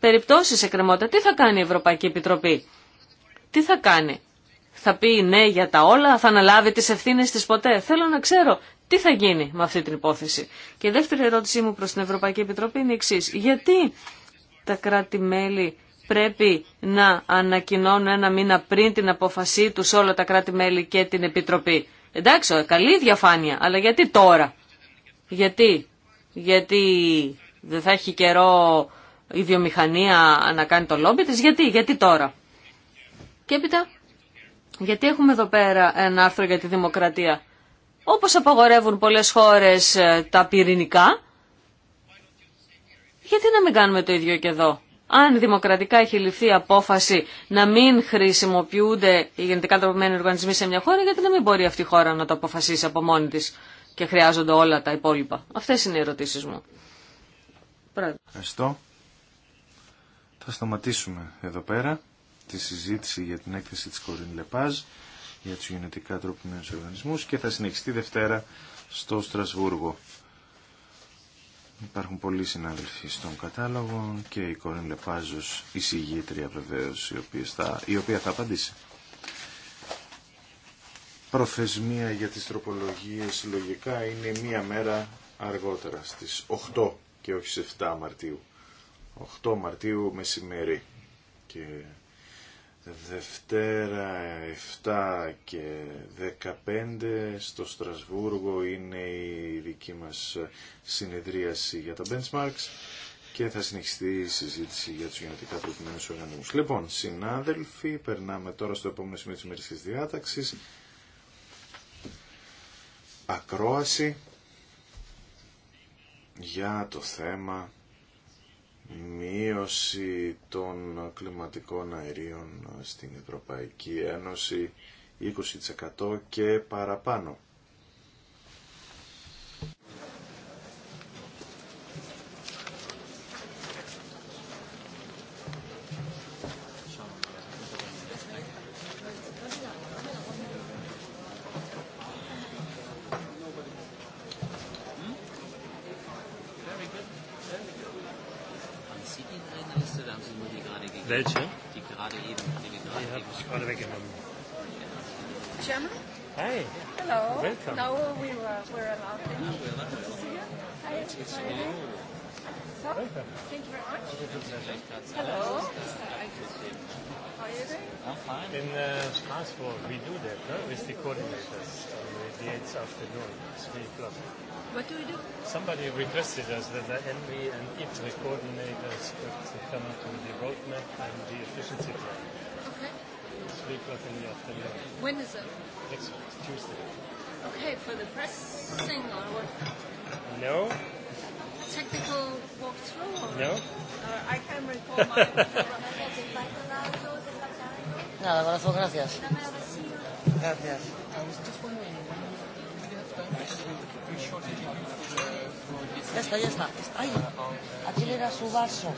περιπτώσεις εκκρεμότητα. Τι θα κάνει η Ευρωπαϊκή Επιτροπή. Τι θα κάνει θα πει ναι για τα όλα, θα αναλάβει τις ευθύνες της ποτέ. Θέλω να ξέρω τι θα γίνει με αυτή την υπόθεση. Και η δεύτερη ερώτησή μου προς την Ευρωπαϊκή Επιτροπή είναι η εξή. Γιατί τα κράτη-μέλη πρέπει να ανακοινώνουν ένα μήνα πριν την απόφασή τους όλα τα κράτη-μέλη και την Επιτροπή. Εντάξει, καλή διαφάνεια, αλλά γιατί τώρα. Γιατί, γιατί δεν θα έχει καιρό η βιομηχανία να κάνει το λόμπι της. Γιατί, γιατί τώρα. Και έπειτα γιατί έχουμε εδώ πέρα ένα άρθρο για τη δημοκρατία. Όπως απαγορεύουν πολλές χώρες ε, τα πυρηνικά, γιατί να μην κάνουμε το ίδιο και εδώ. Αν δημοκρατικά έχει ληφθεί απόφαση να μην χρησιμοποιούνται οι γενετικά τροποποιημένοι οργανισμοί σε μια χώρα, γιατί να μην μπορεί αυτή η χώρα να το αποφασίσει από μόνη της και χρειάζονται όλα τα υπόλοιπα. Αυτές είναι οι ερωτήσεις μου. Ευχαριστώ. Θα σταματήσουμε εδώ πέρα τη συζήτηση για την έκθεση της Κορίν Λεπάζ για τους γενετικά τροπημένους οργανισμούς και θα συνεχιστεί Δευτέρα στο Στρασβούργο. Υπάρχουν πολλοί συνάδελφοι στον κατάλογο και η Κορίν Λεπάζος, η εισηγήτρια βεβαίως, η οποία, θα, η οποία θα απαντήσει. Προθεσμία για τις τροπολογίες λογικά είναι μία μέρα αργότερα, στις 8 και όχι στις 7 Μαρτίου. 8 Μαρτίου μεσημέρι και Δευτέρα 7 και 15 στο Στρασβούργο είναι η δική μας συνεδρίαση για τα benchmarks και θα συνεχιστεί η συζήτηση για τους γενετικά προηγουμένους οργανισμούς. Λοιπόν, συνάδελφοι, περνάμε τώρα στο επόμενο σημείο της ημερής διάταξης. Ακρόαση για το θέμα μείωση των κλιματικών αερίων στην Ευρωπαϊκή Ένωση 20% και παραπάνω. requested us that the ENVI and ITRE coordinators could come to the roadmap and the efficiency plan. Okay. Three o'clock in the afternoon. When is it? Next Tuesday. Okay, for the press thing or what? No. Technical walkthrough? Or no. I can recall my... Nada, corazón, gracias. Gracias. Ya está, ya está. Ay, aquí le da su vaso.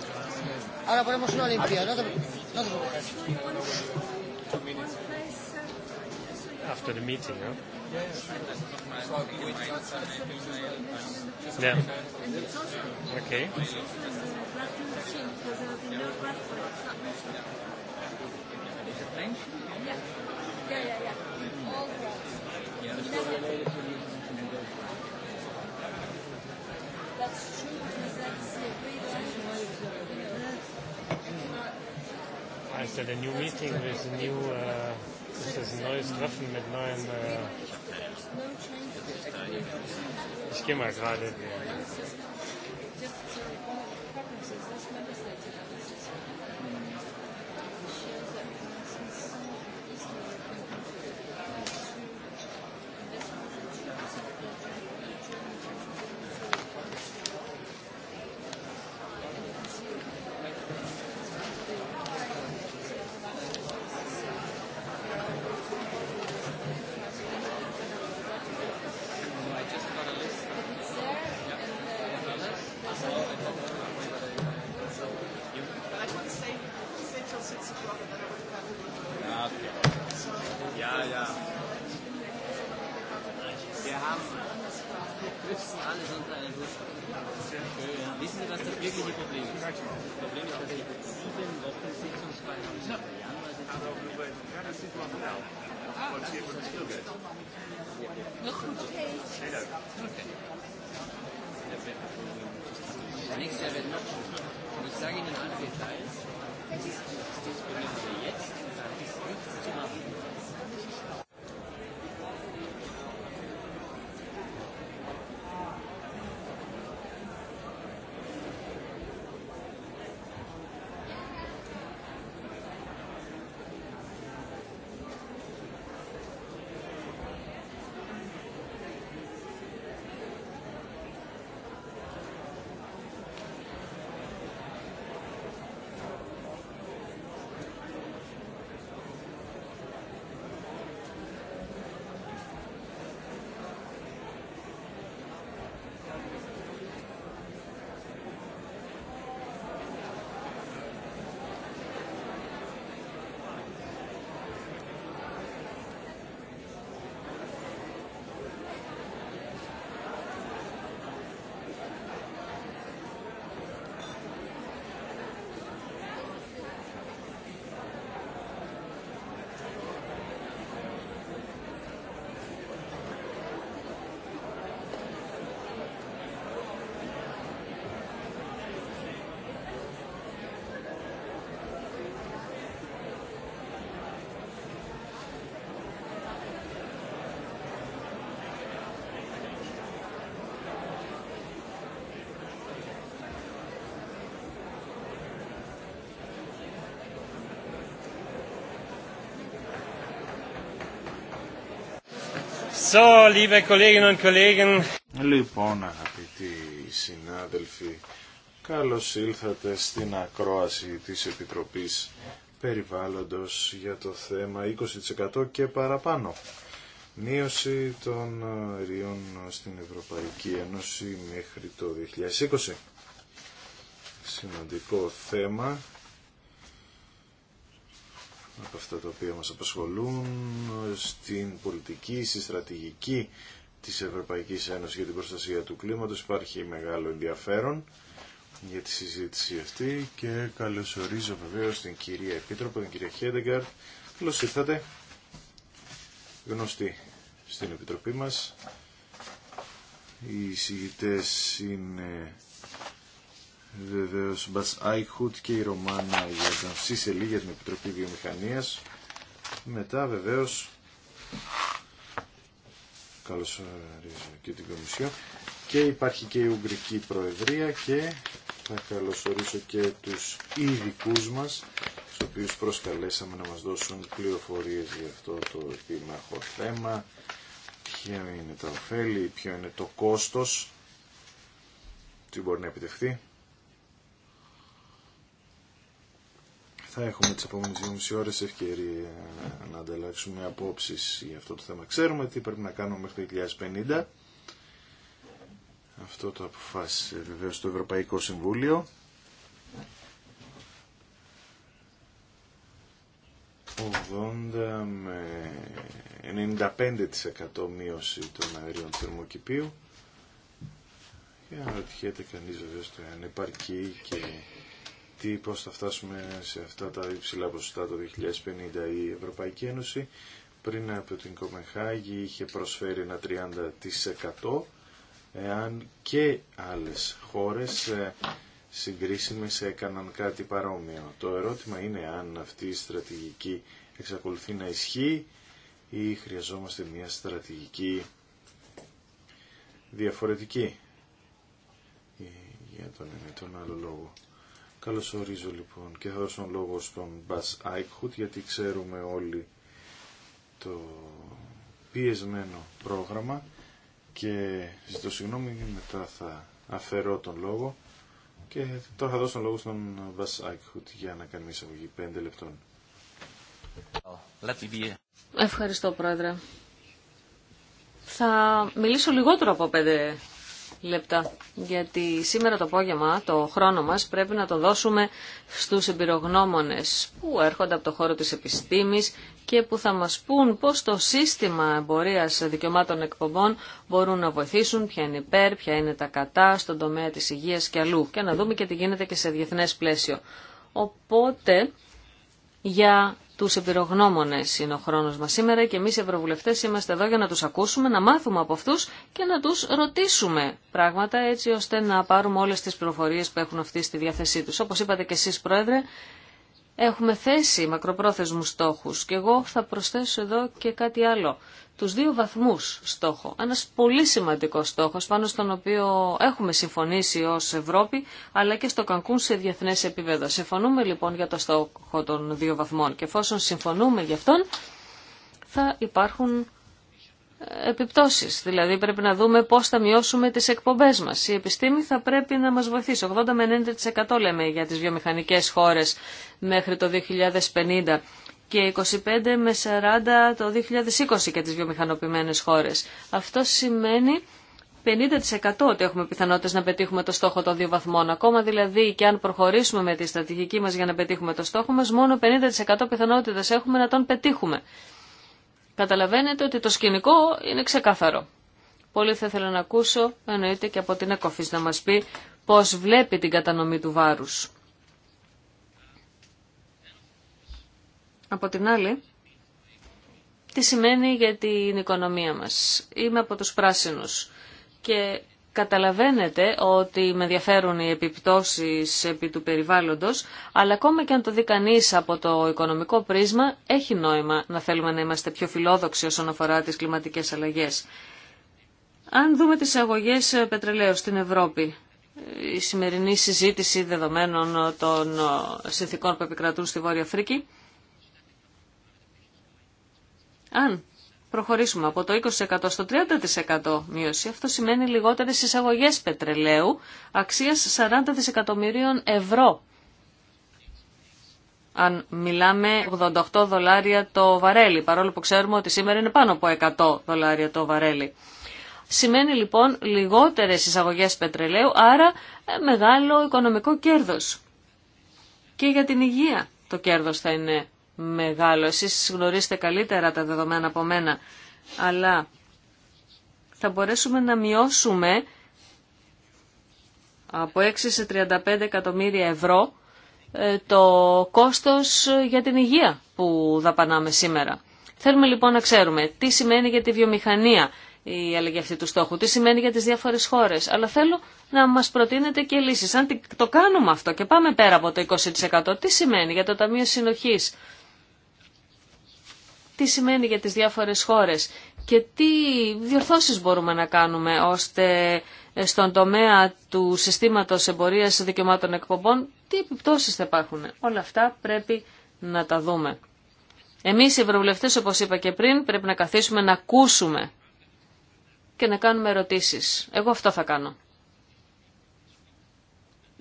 Ahora ponemos uno limpio, no te, no te preocupes. After the meeting, ¿no? Yeah. yeah. Okay. Yeah, yeah, yeah. yeah. All yeah. heißt ja, der new meeting with new, äh, ist das ein neues Treffen mit neuen, äh, ich gehe mal gerade, So, liebe Kolleginnen Λοιπόν, αγαπητοί συνάδελφοι, καλώς ήλθατε στην ακρόαση της Επιτροπής Περιβάλλοντος για το θέμα 20% και παραπάνω. Μείωση των ε, ριών στην Ευρωπαϊκή Ένωση μέχρι το 2020. Σημαντικό θέμα από αυτά τα οποία μας απασχολούν στην πολιτική, στη στρατηγική της Ευρωπαϊκής Ένωσης για την προστασία του κλίματος υπάρχει μεγάλο ενδιαφέρον για τη συζήτηση αυτή και καλωσορίζω βεβαίω την κυρία Επίτροπο, την κυρία Χέντεγκαρτ. Καλώ ήρθατε, γνωστή στην Επιτροπή μας. Οι συγητές είναι Βεβαίω Μπας Άϊχουτ και η Ρωμάνα Ιωδαμψή σε λίγες με Επιτροπή Βιομηχανίας. Μετά βεβαίως καλώς και την Κομισιό και υπάρχει και η Ουγγρική Προεδρία και θα καλωσορίσω και τους ειδικού μας στους οποίους προσκαλέσαμε να μας δώσουν πληροφορίες για αυτό το επίμαχο θέμα ποια είναι τα ωφέλη, ποιο είναι το κόστος τι μπορεί να επιτευχθεί θα έχουμε τις επόμενες δύο μισή ώρες ευκαιρία να ανταλλάξουμε απόψεις για αυτό το θέμα. Ξέρουμε τι πρέπει να κάνουμε μέχρι το 2050. Αυτό το αποφάσισε βεβαίως το Ευρωπαϊκό Συμβούλιο. με 95% μείωση των αερίων θερμοκηπίου. Και ρωτιέται κανείς βεβαίως το αν και τι, πώς θα φτάσουμε σε αυτά τα υψηλά ποσοστά το 2050 η Ευρωπαϊκή Ένωση πριν από την Κομεχάγη είχε προσφέρει ένα 30% εάν και άλλες χώρες ε, συγκρίσιμες έκαναν κάτι παρόμοιο. Το ερώτημα είναι αν αυτή η στρατηγική εξακολουθεί να ισχύει ή χρειαζόμαστε μια στρατηγική διαφορετική ε, για τον ένα ή τον άλλο λόγο ορίζω λοιπόν και θα δώσω τον λόγο στον Μπας Άικχουτ γιατί ξέρουμε όλοι το πιεσμένο πρόγραμμα και ζητώ συγγνώμη μετά θα αφαιρώ τον λόγο και τώρα θα δώσω τον λόγο στον Μπας Άικχουτ για να κάνει εισαγωγή 5 λεπτών. Ευχαριστώ πρόεδρε. Θα μιλήσω λιγότερο από πέντε λεπτά. Γιατί σήμερα το απόγευμα το χρόνο μας πρέπει να το δώσουμε στους εμπειρογνώμονες που έρχονται από το χώρο της επιστήμης και που θα μας πούν πώς το σύστημα εμπορίας δικαιωμάτων εκπομπών μπορούν να βοηθήσουν, ποια είναι υπέρ, ποια είναι τα κατά, στον τομέα της υγείας και αλλού. Και να δούμε και τι γίνεται και σε διεθνές πλαίσιο. Οπότε, για του εμπειρογνώμονε είναι ο χρόνο μα σήμερα και εμεί οι Ευρωβουλευτέ είμαστε εδώ για να του ακούσουμε, να μάθουμε από αυτού και να του ρωτήσουμε πράγματα έτσι ώστε να πάρουμε όλε τι πληροφορίε που έχουν αυτή στη διάθεσή του. Όπω είπατε και εσεί, Πρόεδρε, Έχουμε θέσει μακροπρόθεσμους στόχους και εγώ θα προσθέσω εδώ και κάτι άλλο. Τους δύο βαθμούς στόχο. Ένας πολύ σημαντικός στόχος πάνω στον οποίο έχουμε συμφωνήσει ως Ευρώπη αλλά και στο Κανκούν σε διεθνές επίπεδο. Συμφωνούμε λοιπόν για το στόχο των δύο βαθμών και εφόσον συμφωνούμε γι' αυτόν θα υπάρχουν επιπτώσεις. Δηλαδή πρέπει να δούμε πώς θα μειώσουμε τις εκπομπές μας. Η επιστήμη θα πρέπει να μας βοηθήσει. 80 με 90% λέμε για τις βιομηχανικές χώρες μέχρι το 2050 και 25 με 40 το 2020 για τις βιομηχανοποιημένες χώρες. Αυτό σημαίνει 50% ότι έχουμε πιθανότητες να πετύχουμε το στόχο των δύο βαθμών. Ακόμα δηλαδή και αν προχωρήσουμε με τη στρατηγική μας για να πετύχουμε το στόχο μας, μόνο 50% πιθανότητες έχουμε να τον πετύχουμε. Καταλαβαίνετε ότι το σκηνικό είναι ξεκάθαρο. Πολύ θα ήθελα να ακούσω, εννοείται και από την Εκοφής να μας πει πώς βλέπει την κατανομή του βάρους. Από την άλλη, τι σημαίνει για την οικονομία μας. Είμαι από τους πράσινους και Καταλαβαίνετε ότι με ενδιαφέρουν οι επιπτώσεις επί του περιβάλλοντος, αλλά ακόμα και αν το δει από το οικονομικό πρίσμα, έχει νόημα να θέλουμε να είμαστε πιο φιλόδοξοι όσον αφορά τις κλιματικές αλλαγές. Αν δούμε τις αγωγές πετρελαίου στην Ευρώπη, η σημερινή συζήτηση δεδομένων των συνθήκων που επικρατούν στη Βόρεια Αφρική, αν προχωρήσουμε από το 20% στο 30% μείωση. Αυτό σημαίνει λιγότερες εισαγωγές πετρελαίου αξίας 40 δισεκατομμυρίων ευρώ. Αν μιλάμε 88 δολάρια το βαρέλι, παρόλο που ξέρουμε ότι σήμερα είναι πάνω από 100 δολάρια το βαρέλι. Σημαίνει λοιπόν λιγότερες εισαγωγές πετρελαίου, άρα ε, μεγάλο οικονομικό κέρδος. Και για την υγεία το κέρδος θα είναι μεγάλο. Εσείς γνωρίζετε καλύτερα τα δεδομένα από μένα, αλλά θα μπορέσουμε να μειώσουμε από 6 σε 35 εκατομμύρια ευρώ ε, το κόστος για την υγεία που δαπανάμε σήμερα. Θέλουμε λοιπόν να ξέρουμε τι σημαίνει για τη βιομηχανία η αλλαγή αυτή του στόχου, τι σημαίνει για τις διάφορες χώρες. Αλλά θέλω να μας προτείνετε και λύσεις. Αν το κάνουμε αυτό και πάμε πέρα από το 20%, τι σημαίνει για το Ταμείο Συνοχής, τι σημαίνει για τις διάφορες χώρες και τι διορθώσεις μπορούμε να κάνουμε ώστε ε, στον τομέα του συστήματος εμπορίας δικαιωμάτων εκπομπών τι επιπτώσεις θα υπάρχουν. Όλα αυτά πρέπει να τα δούμε. Εμείς οι ευρωβουλευτές, όπως είπα και πριν, πρέπει να καθίσουμε να ακούσουμε και να κάνουμε ερωτήσεις. Εγώ αυτό θα κάνω.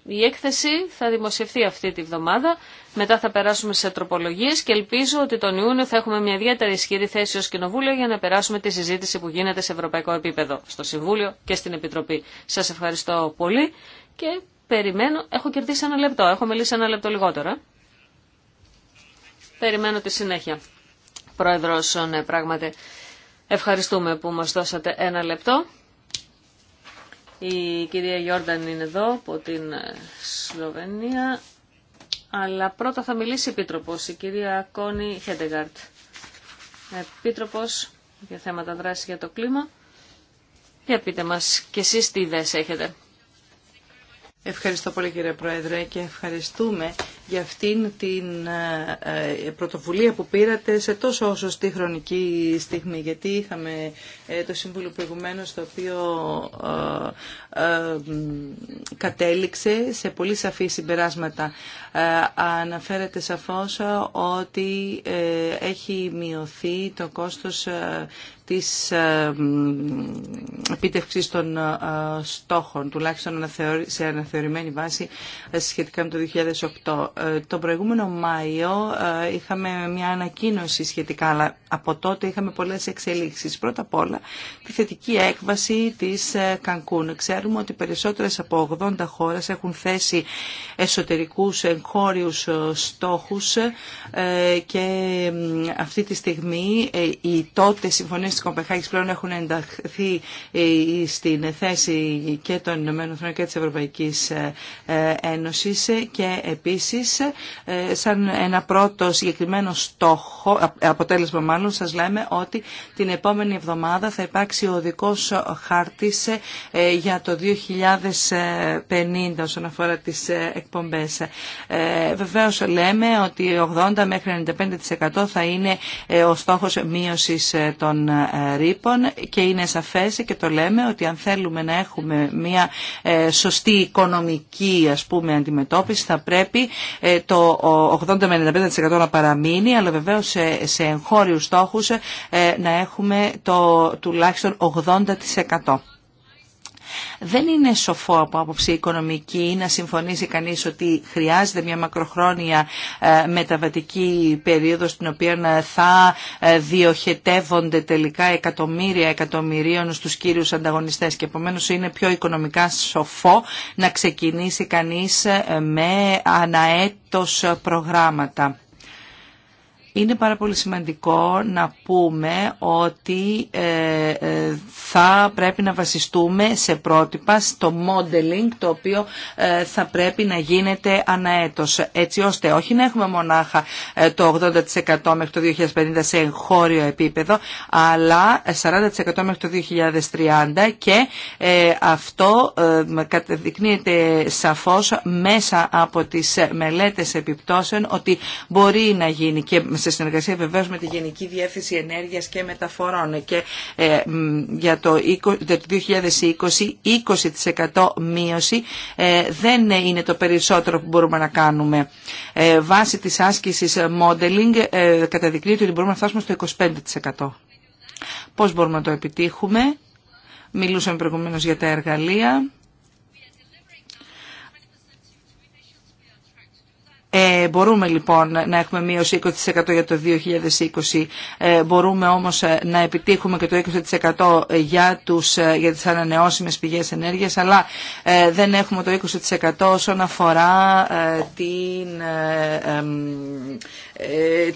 Η έκθεση θα δημοσιευθεί αυτή τη βδομάδα, μετά θα περάσουμε σε τροπολογίες και ελπίζω ότι τον Ιούνιο θα έχουμε μια ιδιαίτερη ισχυρή θέση ως Κοινοβούλιο για να περάσουμε τη συζήτηση που γίνεται σε ευρωπαϊκό επίπεδο, στο Συμβούλιο και στην Επιτροπή. Σας ευχαριστώ πολύ και περιμένω, έχω κερδίσει ένα λεπτό, έχω μιλήσει ένα λεπτό λιγότερο. Ε. Περιμένω τη συνέχεια. Πρόεδρος, ναι, πράγματι, ευχαριστούμε που μας δώσατε ένα λεπτό. Η κυρία Γιόρνταν είναι εδώ από την ε, Σλοβενία. Αλλά πρώτα θα μιλήσει η Επίτροπος, η κυρία Κόνη Χέντεγκαρτ. Επίτροπος για θέματα δράση για το κλίμα. Για πείτε μας και εσείς τι ιδέες έχετε. Ευχαριστώ πολύ κύριε Πρόεδρε και ευχαριστούμε για αυτήν την ε, ε, πρωτοβουλία που πήρατε σε τόσο όσο στη χρονική στιγμή. Γιατί είχαμε ε, το Σύμβουλο προηγουμένως το οποίο κατέληξε σε πολύ σαφή συμπεράσματα. Αναφέρεται σαφώς ότι έχει μειωθεί το κόστος της επίτευξης των ε, στόχων, τουλάχιστον σε αναθεωρημένη βάση ε, σχετικά με το 2008. Ε, το προηγούμενο Μάιο είχαμε μια ανακοίνωση σχετικά, αλλά από τότε είχαμε πολλές εξελίξεις. Πρώτα απ' όλα τη θετική έκβαση της Κανκούν. Ξέρουμε ότι περισσότερες από 80 χώρες έχουν θέσει εσωτερικούς εγχώριους στόχους και αυτή τη στιγμή τότε Κομπεχάγης πλέον έχουν ενταχθεί ε, στην θέση και των Ηνωμένων Εθνών και της Ευρωπαϊκής ε, ε, Ένωσης και επίσης σαν ένα πρώτο συγκεκριμένο στόχο, αποτέλεσμα μάλλον σας λέμε ότι την επόμενη εβδομάδα θα υπάρξει ο δικός χάρτης για το 2050 όσον αφορά τις εκπομπές. Βεβαίως λέμε ότι 80 μέχρι 95% θα είναι ο στόχος μείωσης των ρήπων και είναι σαφές και το λέμε ότι αν θέλουμε να έχουμε μια ε, σωστή οικονομική ας πούμε αντιμετώπιση θα πρέπει ε, το 80 95% να παραμείνει αλλά βεβαίως σε, σε εγχώριους στόχους ε, να έχουμε το τουλάχιστον 80%. Δεν είναι σοφό από άποψη οικονομική να συμφωνήσει κανείς ότι χρειάζεται μια μακροχρόνια ε, μεταβατική περίοδο στην οποία ε, θα ε, διοχετεύονται τελικά εκατομμύρια εκατομμυρίων στους κύριους ανταγωνιστές και επομένως είναι πιο οικονομικά σοφό να ξεκινήσει κανείς με αναέτος προγράμματα. Είναι πάρα πολύ σημαντικό να πούμε ότι ε, ε, θα πρέπει να βασιστούμε σε πρότυπα, στο modeling, το οποίο ε, θα πρέπει να γίνεται αναέτος. Έτσι ώστε όχι να έχουμε μονάχα το 80% μέχρι το 2050 σε χώριο επίπεδο, αλλά 40% μέχρι το 2030 και αυτό καταδεικνύεται σαφώς μέσα από τις μελέτες επιπτώσεων ότι μπορεί να γίνει και σε συνεργασία βεβαίως με τη Γενική Διεύθυνση Ενέργειας και Μεταφορών και ε, για το 2020 20% μείωση ε, δεν είναι το περισσότερο που μπορούμε να κάνουμε. Ε, βάσει της άσκησης modeling ε, καταδεικνύεται ότι μπορούμε να φτάσουμε στο 25%. Πώς μπορούμε να το επιτύχουμε. Μιλούσαμε προηγουμένως για τα εργαλεία Ε, μπορούμε λοιπόν να έχουμε μείωση 20% για το 2020, ε, μπορούμε όμως ε, να επιτύχουμε και το 20% για, τους, ε, για τις ανανεώσιμες πηγές ενέργειας, αλλά δεν έχουμε το 20% όσον αφορά την ε,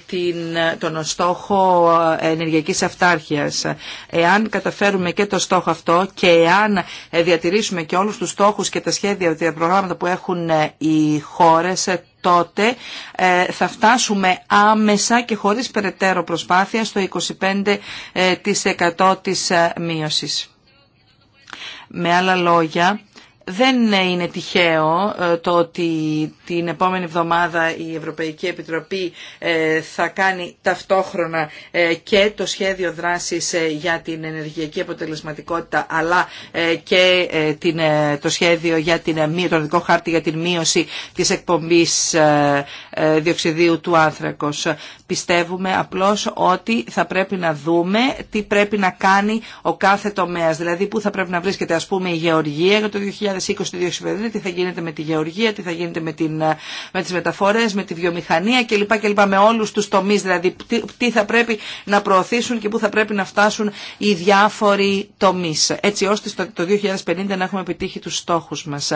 τον στόχο ε, ενεργειακής αυτάρχειας. Εάν καταφέρουμε και το στόχο αυτό και εάν ε, διατηρήσουμε και όλους τους στόχους και τα σχέδια, τα προγράμματα που έχουν οι χώρες, τότε θα φτάσουμε άμεσα και χωρίς περαιτέρω προσπάθεια στο 25% της μείωσης. Με άλλα λόγια, δεν είναι τυχαίο ε, το ότι την επόμενη εβδομάδα η Ευρωπαϊκή Επιτροπή ε, θα κάνει ταυτόχρονα ε, και το σχέδιο δράσης για την ενεργειακή αποτελεσματικότητα αλλά και το σχέδιο για την, το χάρτη για την μείωση της εκπομπής διοξιδίου του άνθρακος. Πιστεύουμε απλώς ότι θα πρέπει να δούμε τι πρέπει να κάνει ο κάθε τομέας, δηλαδή που θα πρέπει να βρίσκεται ας πούμε η γεωργία για το 2015, 2020-2025, τι θα γίνεται με τη γεωργία, τι θα γίνεται με, την, ε, με τις μεταφορές, με τη βιομηχανία κλπ. λοιπά με όλους τους τομείς, δηλαδή τι θα πρέπει να προωθήσουν και πού θα πρέπει να φτάσουν οι διάφοροι τομείς, έτσι ώστε το 2050 να έχουμε επιτύχει τους στόχους μας.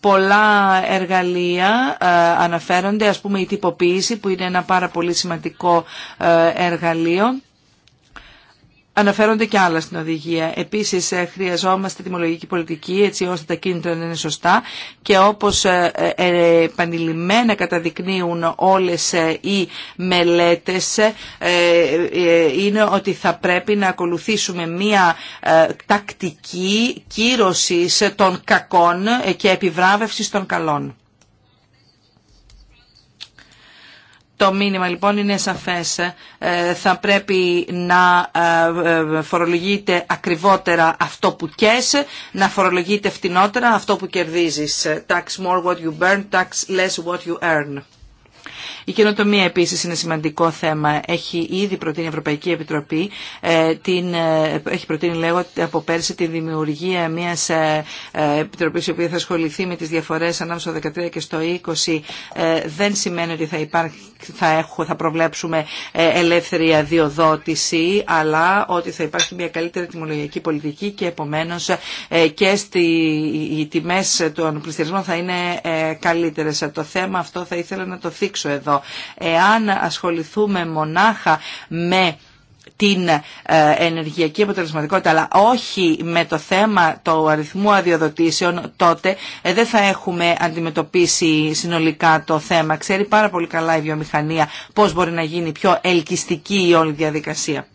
Πολλά εργαλεία ε, αναφέρονται, ας πούμε η τυποποίηση που είναι ένα πάρα πολύ σημαντικό ε, εργαλείο Αναφέρονται και άλλα στην οδηγία. Επίση, ε, χρειαζόμαστε τιμολογική πολιτική έτσι ώστε τα κίνητρα να είναι σωστά και όπως ε, ε, επανειλημμένα καταδεικνύουν όλες οι μελέτες είναι ότι θα πρέπει να ακολουθήσουμε μία τακτική κύρωση των κακών και επιβράβευση των καλών. Το μήνυμα λοιπόν είναι σαφές. Ε, θα πρέπει να ε, ε, φορολογείται ακριβότερα αυτό που κες, να φορολογείται φτηνότερα αυτό που κερδίζεις. Tax more what you burn, tax less what you earn. Η καινοτομία επίση είναι σημαντικό θέμα. Έχει ήδη προτείνει η Ευρωπαϊκή Επιτροπή, ε, την, ε, έχει προτείνει λέγω από πέρσι τη δημιουργία μιας ε, επιτροπή η οποία θα ασχοληθεί με τι διαφορέ ανάμεσα στο 13 και στο 20. Δεν σημαίνει ότι θα, υπάρχει, θα, θα προβλέψουμε ελεύθερη αδειοδότηση, αλλά ότι θα υπάρχει μια καλύτερη τιμολογιακή πολιτική και επομένως και στη, οι τιμέ των πληστηρισμών θα είναι καλύτερε. Το θέμα αυτό θα ήθελα να το θίξω εδώ εάν ασχοληθούμε μονάχα με την ε, ενεργειακή αποτελεσματικότητα αλλά όχι με το θέμα του αριθμού αδειοδοτήσεων τότε ε, δεν θα έχουμε αντιμετωπίσει συνολικά το θέμα. Ξέρει πάρα πολύ καλά η βιομηχανία πώς μπορεί να γίνει πιο ελκυστική η όλη διαδικασία.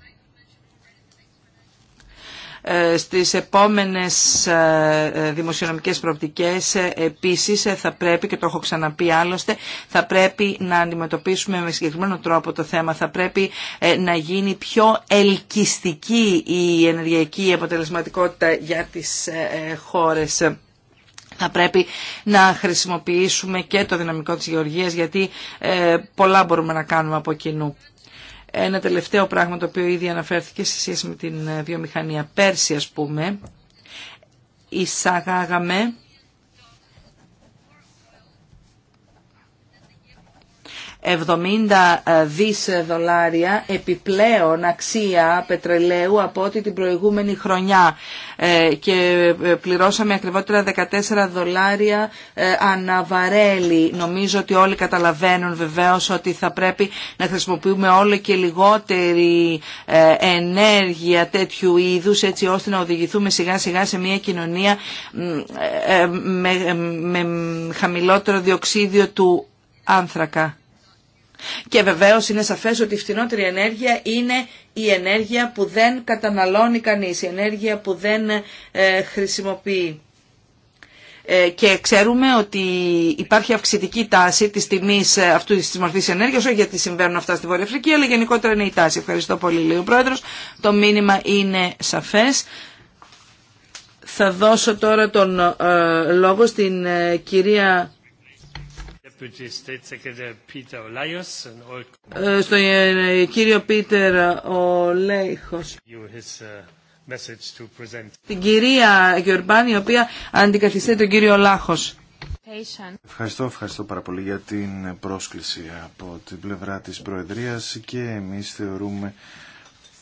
Ε, στις επόμενες ε, ε, δημοσιονομικές προοπτικές επίσης θα πρέπει, και το έχω ξαναπεί άλλωστε, θα πρέπει να αντιμετωπίσουμε με συγκεκριμένο τρόπο το θέμα. Θα πρέπει να γίνει πιο ελκυστική η ενεργειακή αποτελεσματικότητα για τις χώρες. Θα πρέπει να χρησιμοποιήσουμε και το δυναμικό της γεωργίας γιατί πολλά μπορούμε να κάνουμε από κοινού. Ένα τελευταίο πράγμα το οποίο ήδη αναφέρθηκε σε σχέση με την ε, βιομηχανία. Πέρσι ας πούμε εισαγάγαμε 70 ε, δις δολάρια επιπλέον αξία πετρελαίου από ό,τι την προηγούμενη χρονιά ε, και ε, πληρώσαμε ακριβότερα 14 δολάρια αναβαρέλι. Νομίζω ότι όλοι καταλαβαίνουν βεβαίως ότι θα πρέπει να χρησιμοποιούμε όλο και λιγότερη ενέργεια τέτοιου είδους έτσι ώστε να οδηγηθούμε σιγά σιγά σε μια κοινωνία με χαμηλότερο διοξίδιο του άνθρακα. Και βεβαίω είναι σαφές ότι η φτηνότερη ενέργεια είναι η ενέργεια που δεν καταναλώνει κανεί, η ενέργεια που δεν ε, χρησιμοποιεί ε, και ξέρουμε ότι υπάρχει αυξητική τάση τη τιμή ε, αυτού της μορφή ενέργειας, όχι γιατί συμβαίνουν αυτά στη Βόρεια Αφρική, αλλά γενικότερα είναι η τάση. Ευχαριστώ πολύ, λέει ο Πρόεδρος. Το μήνυμα είναι σαφέ. Θα δώσω τώρα τον λόγο στην κυρία ε, στον ε, κύριο Πίτερ ο Λέιχος. Uh, την κυρία Γιορμπάνη, η οποία αντικαθιστεί τον κύριο Λάχος. Ευχαριστώ, ευχαριστώ πάρα πολύ για την πρόσκληση από την πλευρά της Προεδρίας και εμείς θεωρούμε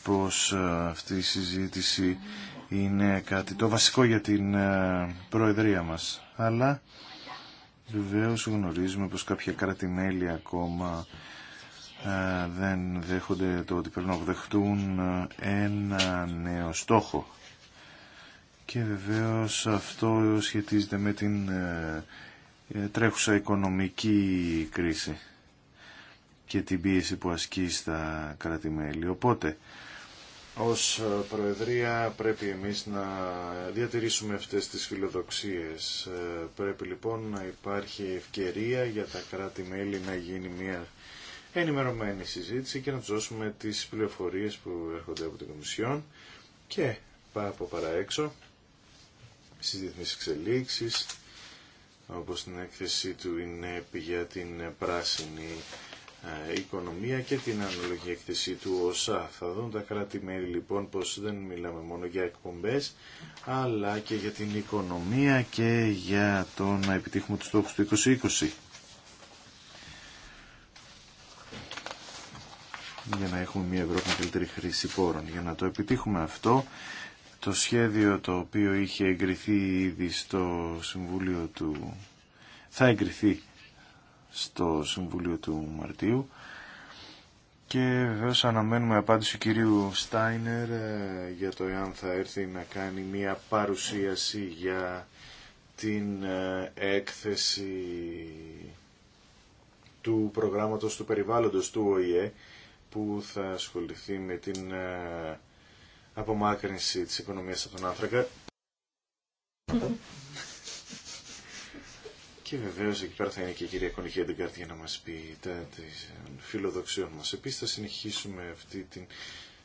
πως ε, αυτή η συζήτηση είναι κάτι το βασικό για την Προεδρία μας. Αλλά Βεβαίως γνωρίζουμε πως κάποια κράτη-μέλη ακόμα ε, δεν δέχονται το ότι πρέπει να δεχτούν ε, ένα νέο στόχο. Και βεβαίως αυτό σχετίζεται με την ε, τρέχουσα οικονομική κρίση και την πίεση που ασκεί στα κράτη-μέλη. Οπότε ως ε, Προεδρία πρέπει εμείς να διατηρήσουμε αυτές τις φιλοδοξίες. Ε, πρέπει λοιπόν να υπάρχει ευκαιρία για τα κράτη-μέλη να γίνει μια ενημερωμένη συζήτηση και να τους δώσουμε τις πληροφορίες που έρχονται από την Κομισιόν και πάω από παραέξω στις διεθνείς εξελίξεις όπως την έκθεση του είναι για την πράσινη οικονομία και την αναλογική έκθεση του ΩΣΑ. Θα δουν τα κράτη-μέλη λοιπόν πως δεν μιλάμε μόνο για εκπομπές αλλά και για την οικονομία και για το να επιτύχουμε τους στόχους του 2020. για να έχουμε μια Ευρώπη με καλύτερη χρήση πόρων. Για να το επιτύχουμε αυτό, το σχέδιο το οποίο είχε εγκριθεί ήδη στο Συμβούλιο του... θα εγκριθεί στο Συμβουλίο του Μαρτίου και βεβαίως αναμένουμε απάντηση του κυρίου Στάινερ ε, για το εάν θα έρθει να κάνει μία παρουσίαση για την ε, έκθεση του προγράμματος του περιβάλλοντος του ΟΗΕ που θα ασχοληθεί με την ε, απομάκρυνση της οικονομίας από τον άνθρακα. Και βεβαίω εκεί πέρα θα είναι και η κυρία Κονιχέντεγκαρτ για να μας πει τα φιλοδοξία ε, φιλοδοξιών μας. Επίσης θα συνεχίσουμε αυτή την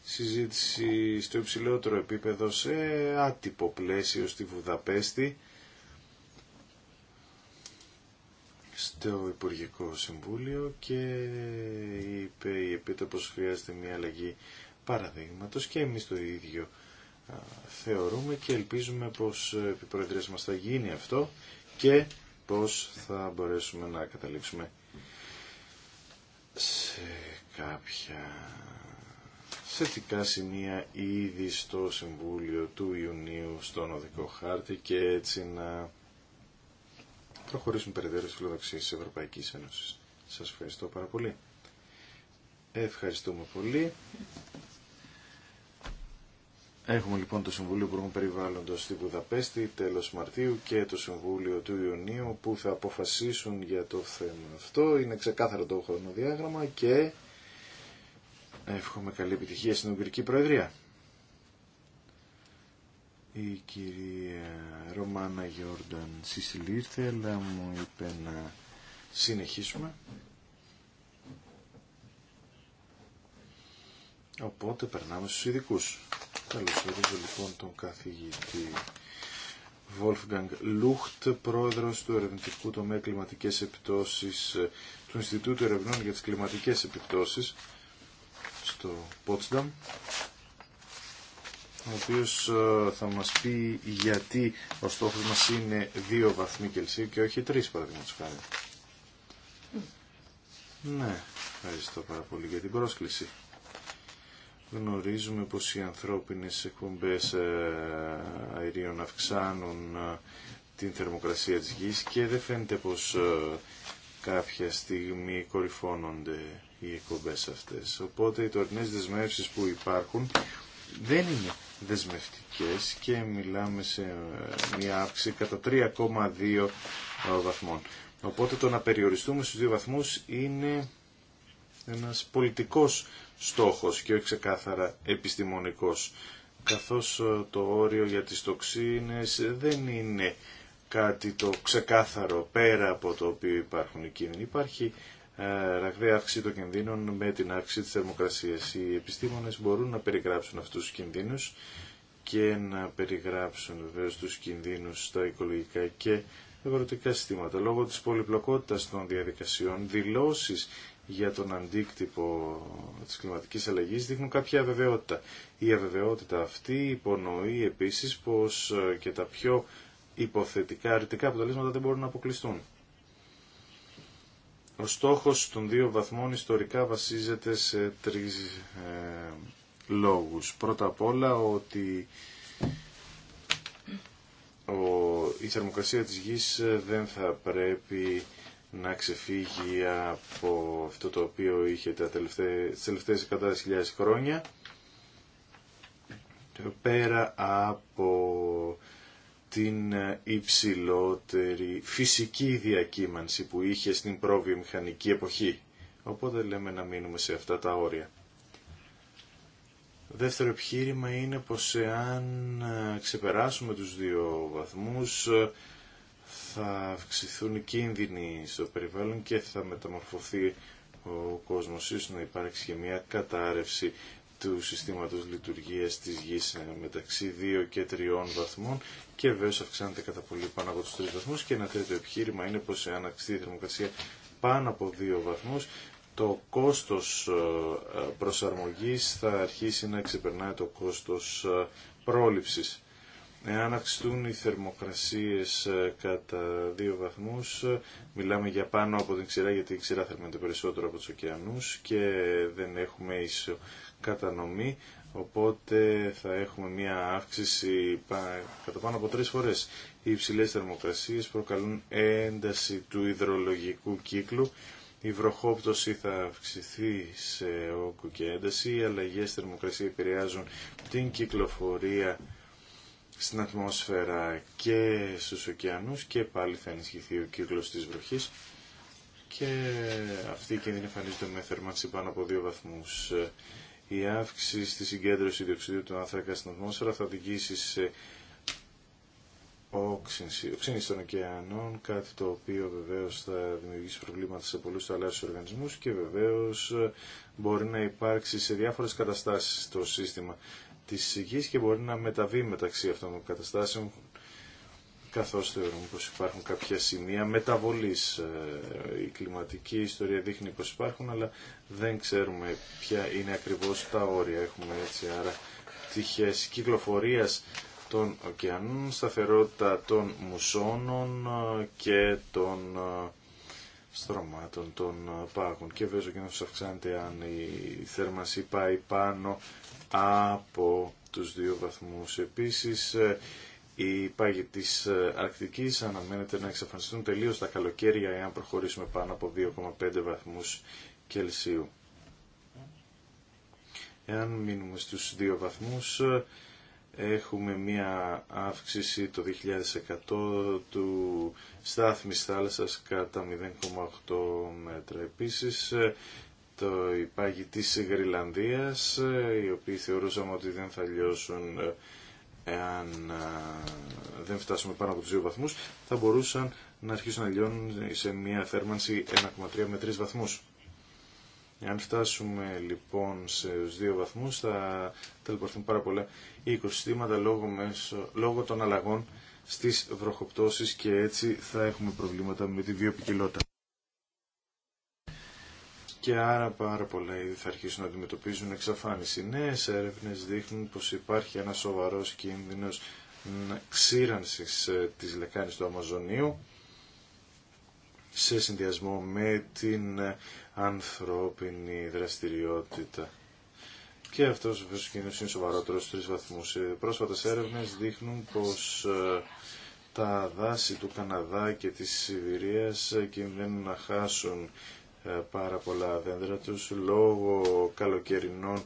συζήτηση στο υψηλότερο επίπεδο σε άτυπο πλαίσιο στη Βουδαπέστη στο Υπουργικό Συμβούλιο και είπε η Επίτροπος χρειάζεται μια αλλαγή παραδείγματος και εμείς το ίδιο θεωρούμε και ελπίζουμε πως επί προεδρίας μας θα γίνει αυτό και πώς θα μπορέσουμε να καταλήξουμε σε κάποια θετικά σημεία ήδη στο Συμβούλιο του Ιουνίου στον Οδικό Χάρτη και έτσι να προχωρήσουμε περαιτέρω στις φιλοδοξίες της Ευρωπαϊκής Ένωσης. Σας ευχαριστώ πάρα πολύ. Ευχαριστούμε πολύ. Έχουμε λοιπόν το Συμβούλιο Υπουργών Περιβάλλοντος στη Βουδαπέστη τέλος Μαρτίου και το Συμβούλιο του Ιωνίου που θα αποφασίσουν για το θέμα αυτό. Είναι ξεκάθαρο το χρονοδιάγραμμα και εύχομαι καλή επιτυχία στην Ουγγρική Προεδρία. Η κυρία Ρωμάνα Γιόρνταν Σισιλ αλλά μου είπε να συνεχίσουμε. Οπότε περνάμε στους ειδικού. Καλωσορίζω λοιπόν τον καθηγητή Wolfgang Lucht, πρόεδρος του ερευνητικού τομέα κλιματικές επιπτώσεις ε, του Ινστιτούτου Ερευνών για τις Κλιματικές Επιπτώσεις στο Potsdam, ο οποίος ε, θα μας πει γιατί ο στόχος μας είναι δύο βαθμοί Κελσίου και όχι 3 παραδείγματος χάρη. Ναι, ευχαριστώ πάρα πολύ για την πρόσκληση γνωρίζουμε πως οι ανθρώπινες εκπομπές ε, αερίων αυξάνουν ε, την θερμοκρασία της γης και δεν φαίνεται πως ε, κάποια στιγμή κορυφώνονται οι εκπομπές αυτές. Οπότε οι τωρινές δεσμεύσεις που υπάρχουν δεν είναι δεσμευτικές και μιλάμε σε μια αύξηση κατά 3,2 βαθμών. Οπότε το να περιοριστούμε στους δύο βαθμούς είναι ένας πολιτικός στόχος και όχι ξεκάθαρα επιστημονικός. Καθώς ε, το όριο για τις τοξίνες ε, δεν είναι κάτι το ξεκάθαρο πέρα από το οποίο υπάρχουν οι κίνδυνοι. Υπάρχει ε, ραγδαία αύξηση των κινδύνων με την αύξηση της θερμοκρασίας. Οι επιστήμονες μπορούν να περιγράψουν αυτούς τους κινδύνους και να περιγράψουν βεβαίως τους κινδύνους στα οικολογικά και αγροτικά συστήματα. Λόγω της πολυπλοκότητας των διαδικασιών, δηλώσεις για τον αντίκτυπο της κλιματικής αλλαγής δείχνουν κάποια αβεβαιότητα. Η αβεβαιότητα αυτή υπονοεί επίσης πως ε, και τα πιο υποθετικά αρνητικά αποτελέσματα δεν μπορούν να αποκλειστούν. Ο στόχος των δύο βαθμών ιστορικά βασίζεται σε τρεις ε, λόγους. Πρώτα απ' όλα ότι ο, η θερμοκρασία της γης δεν θα πρέπει να ξεφύγει από αυτό το οποίο είχε τα τελευταί, τις τελευταίες εκατάδες χρόνια πέρα από την υψηλότερη φυσική διακύμανση που είχε στην μηχανική εποχή. Οπότε λέμε να μείνουμε σε αυτά τα όρια. Δεύτερο επιχείρημα είναι πως εάν ξεπεράσουμε τους δύο βαθμούς θα αυξηθούν οι κίνδυνοι στο περιβάλλον και θα μεταμορφωθεί ο κόσμος. Ίσως να υπάρξει και μια κατάρρευση του συστήματος λειτουργίας της γης ε, μεταξύ 2 και 3 βαθμών και βέβαια αυξάνεται κατά πολύ πάνω από τους 3 βαθμούς και ένα τρίτο επιχείρημα είναι πως εάν αυξηθεί η θερμοκρασία πάνω από 2 βαθμούς το κόστος ε, προσαρμογής θα αρχίσει να ξεπερνάει το κόστος ε, πρόληψης. Εάν αυξηθούν οι θερμοκρασίες ε, κατά δύο βαθμούς, ε, μιλάμε για πάνω από την ξηρά, γιατί η ξηρά θερμαίνεται περισσότερο από τους ωκεανούς και δεν έχουμε ίσο κατανομή, οπότε θα έχουμε μια αύξηση κατά πάνω από τρεις φορές. Οι υψηλές θερμοκρασίες προκαλούν ένταση του υδρολογικού κύκλου, η βροχόπτωση θα αυξηθεί σε όγκο και ένταση, οι αλλαγές θερμοκρασία επηρεάζουν την κυκλοφορία στην ατμόσφαιρα και στους ωκεανούς και πάλι θα ενισχυθεί ο κύκλος της βροχής και αυτή η κίνδυνη εμφανίζεται με θερμάτιση πάνω από 2 βαθμούς. Η αύξηση στη συγκέντρωση διοξιδίου του άνθρακα στην ατμόσφαιρα θα οδηγήσει σε οξύνηση των ωκεανών, κάτι το οποίο βεβαίως θα δημιουργήσει προβλήματα σε πολλούς θαλάσσιους οργανισμούς και βεβαίως μπορεί να υπάρξει σε διάφορες καταστάσεις το σύστημα της γης και μπορεί να μεταβεί μεταξύ αυτών των καταστάσεων καθώς θεωρούμε πως υπάρχουν κάποια σημεία μεταβολής. Ε, η κλιματική ιστορία δείχνει πως υπάρχουν, αλλά δεν ξέρουμε ποια είναι ακριβώς τα όρια. Έχουμε έτσι άρα τυχές κυκλοφορίας των ωκεανών, σταθερότητα των μουσώνων ε, και των ε, στρωμάτων των πάγων. Και βέβαια ο αυξάνεται αν η θέρμανση πάει πάνω από τους δύο βαθμούς. Επίσης, οι ε, πάγοι της ε, Αρκτικής αναμένεται να εξαφανιστούν τελείως τα καλοκαίρια εάν προχωρήσουμε πάνω από 2,5 βαθμούς Κελσίου. Εάν μείνουμε στους δύο βαθμούς, ε, έχουμε μία αύξηση το 2100 του στάθμης θάλασσας κατά 0,8 μέτρα. Επίσης, το υπάγει της Γρυλανδίας, οι οποίοι θεωρούσαμε ότι δεν θα λιώσουν ε, εάν ε, δεν φτάσουμε πάνω από τους 2 βαθμούς, θα μπορούσαν να αρχίσουν να λιώνουν σε μια θέρμανση 1,3 με 3 βαθμούς. Αν φτάσουμε λοιπόν σε 2 βαθμούς θα τελειπωθούν πάρα πολλά οι οικοσυστήματα λόγω, λόγω των αλλαγών στις βροχοπτώσεις και έτσι θα έχουμε προβλήματα με τη βιοπικιλότητα και άρα πάρα πολλά θα αρχίσουν να αντιμετωπίζουν εξαφάνιση. Νέε έρευνε δείχνουν πως υπάρχει ένα σοβαρό κίνδυνος ξύρανσης ε, της λεκάνης του Αμαζονίου σε συνδυασμό με την ε, ανθρώπινη δραστηριότητα. Και αυτός ο κίνδυνος είναι σοβαρότερο στου τρει βαθμού. Ε, Πρόσφατε έρευνε δείχνουν πως τα δάση του Καναδά και της Σιβηρίας κινδύνουν να χάσουν ε, πάρα πολλά δέντρα τους λόγω καλοκαιρινών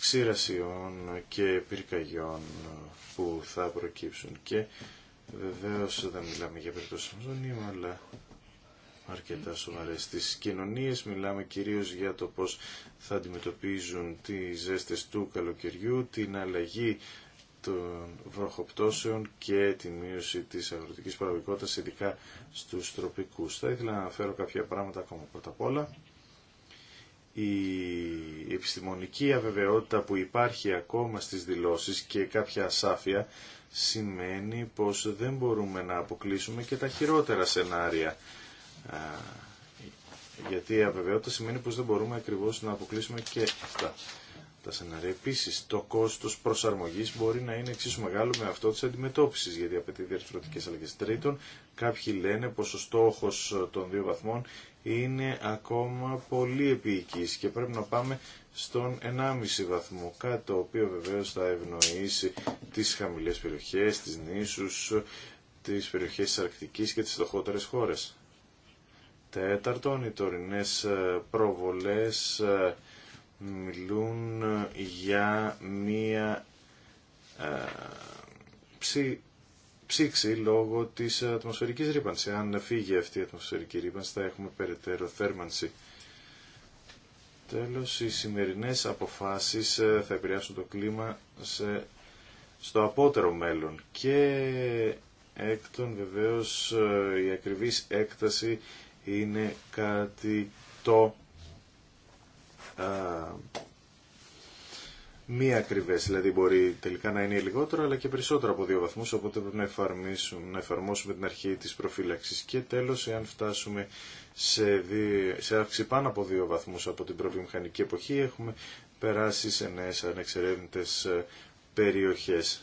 ξηρασιών και πυρκαγιών που θα προκύψουν και βεβαίως δεν μιλάμε για περίπτωση μαζονίου αλλά αρκετά σοβαρέ στις κοινωνίες μιλάμε κυρίως για το πώς θα αντιμετωπίζουν τις ζέστες του καλοκαιριού την αλλαγή των βροχοπτώσεων και τη μείωση της αγροτικής παραγωγικότητας, ειδικά στους τροπικούς. Θα ήθελα να αναφέρω κάποια πράγματα ακόμα. Πρώτα απ' όλα, η επιστημονική αβεβαιότητα που υπάρχει ακόμα στις δηλώσεις και κάποια ασάφεια σημαίνει πως δεν μπορούμε να αποκλείσουμε και τα χειρότερα σενάρια. Γιατί η αβεβαιότητα σημαίνει πως δεν μπορούμε ακριβώς να αποκλείσουμε και αυτά τα σενάρια. Επίση, το κόστο προσαρμογή μπορεί να είναι εξίσου μεγάλο με αυτό τη αντιμετώπιση, γιατί απαιτεί διαρθρωτικέ αλλαγέ. Τρίτον, κάποιοι λένε πω ο στόχο των δύο βαθμών είναι ακόμα πολύ επίοικη και πρέπει να πάμε στον 1,5 βαθμό. Κάτι το οποίο βεβαίω θα ευνοήσει τι χαμηλέ περιοχέ, τι νήσου, τι περιοχέ τη Αρκτική και τι φτωχότερε χώρε. Τέταρτον, οι τωρινές προβολές μιλούν για μία ε, ψή, ψήξη λόγω της ατμοσφαιρικής ρήπανσης. Αν φύγει αυτή η ατμοσφαιρική ρήπανση θα έχουμε περαιτέρω θέρμανση. Τέλος, οι σημερινές αποφάσεις ε, θα επηρεάσουν το κλίμα σε, στο απότερο μέλλον και έκτον βεβαίως ε, η ακριβής έκταση είναι κάτι το μη ακριβέ. Δηλαδή μπορεί τελικά να είναι λιγότερο αλλά και περισσότερο από δύο βαθμούς, οπότε πρέπει να, να εφαρμόσουμε την αρχή της προφύλαξη. Και τέλος, εάν φτάσουμε σε, δι... σε αύξηση πάνω από δύο βαθμούς από την προβιομηχανική εποχή, έχουμε περάσει σε νέες ανεξερεύνητες ε, περιοχές.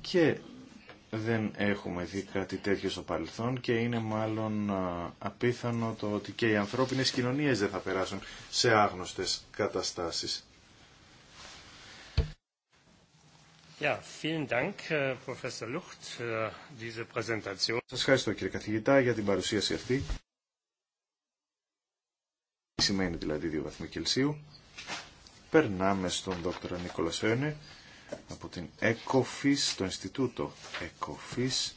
Και δεν έχουμε δει κάτι τέτοιο στο παρελθόν και είναι μάλλον απίθανο το ότι και οι ανθρώπινες κοινωνίες δεν θα περάσουν σε άγνωστες καταστάσεις. vielen Dank, äh, Professor Lucht, für äh, diese Präsentation. Σας ευχαριστώ κύριε καθηγητά για την παρουσίαση αυτή. Σημαίνει δηλαδή δύο Βαθμού Κελσίου. Περνάμε στον δόκτωρα Νίκολα Σένε από την ΕΚΟΦΙΣ, το Ινστιτούτο ΕΚΟΦΙΣ,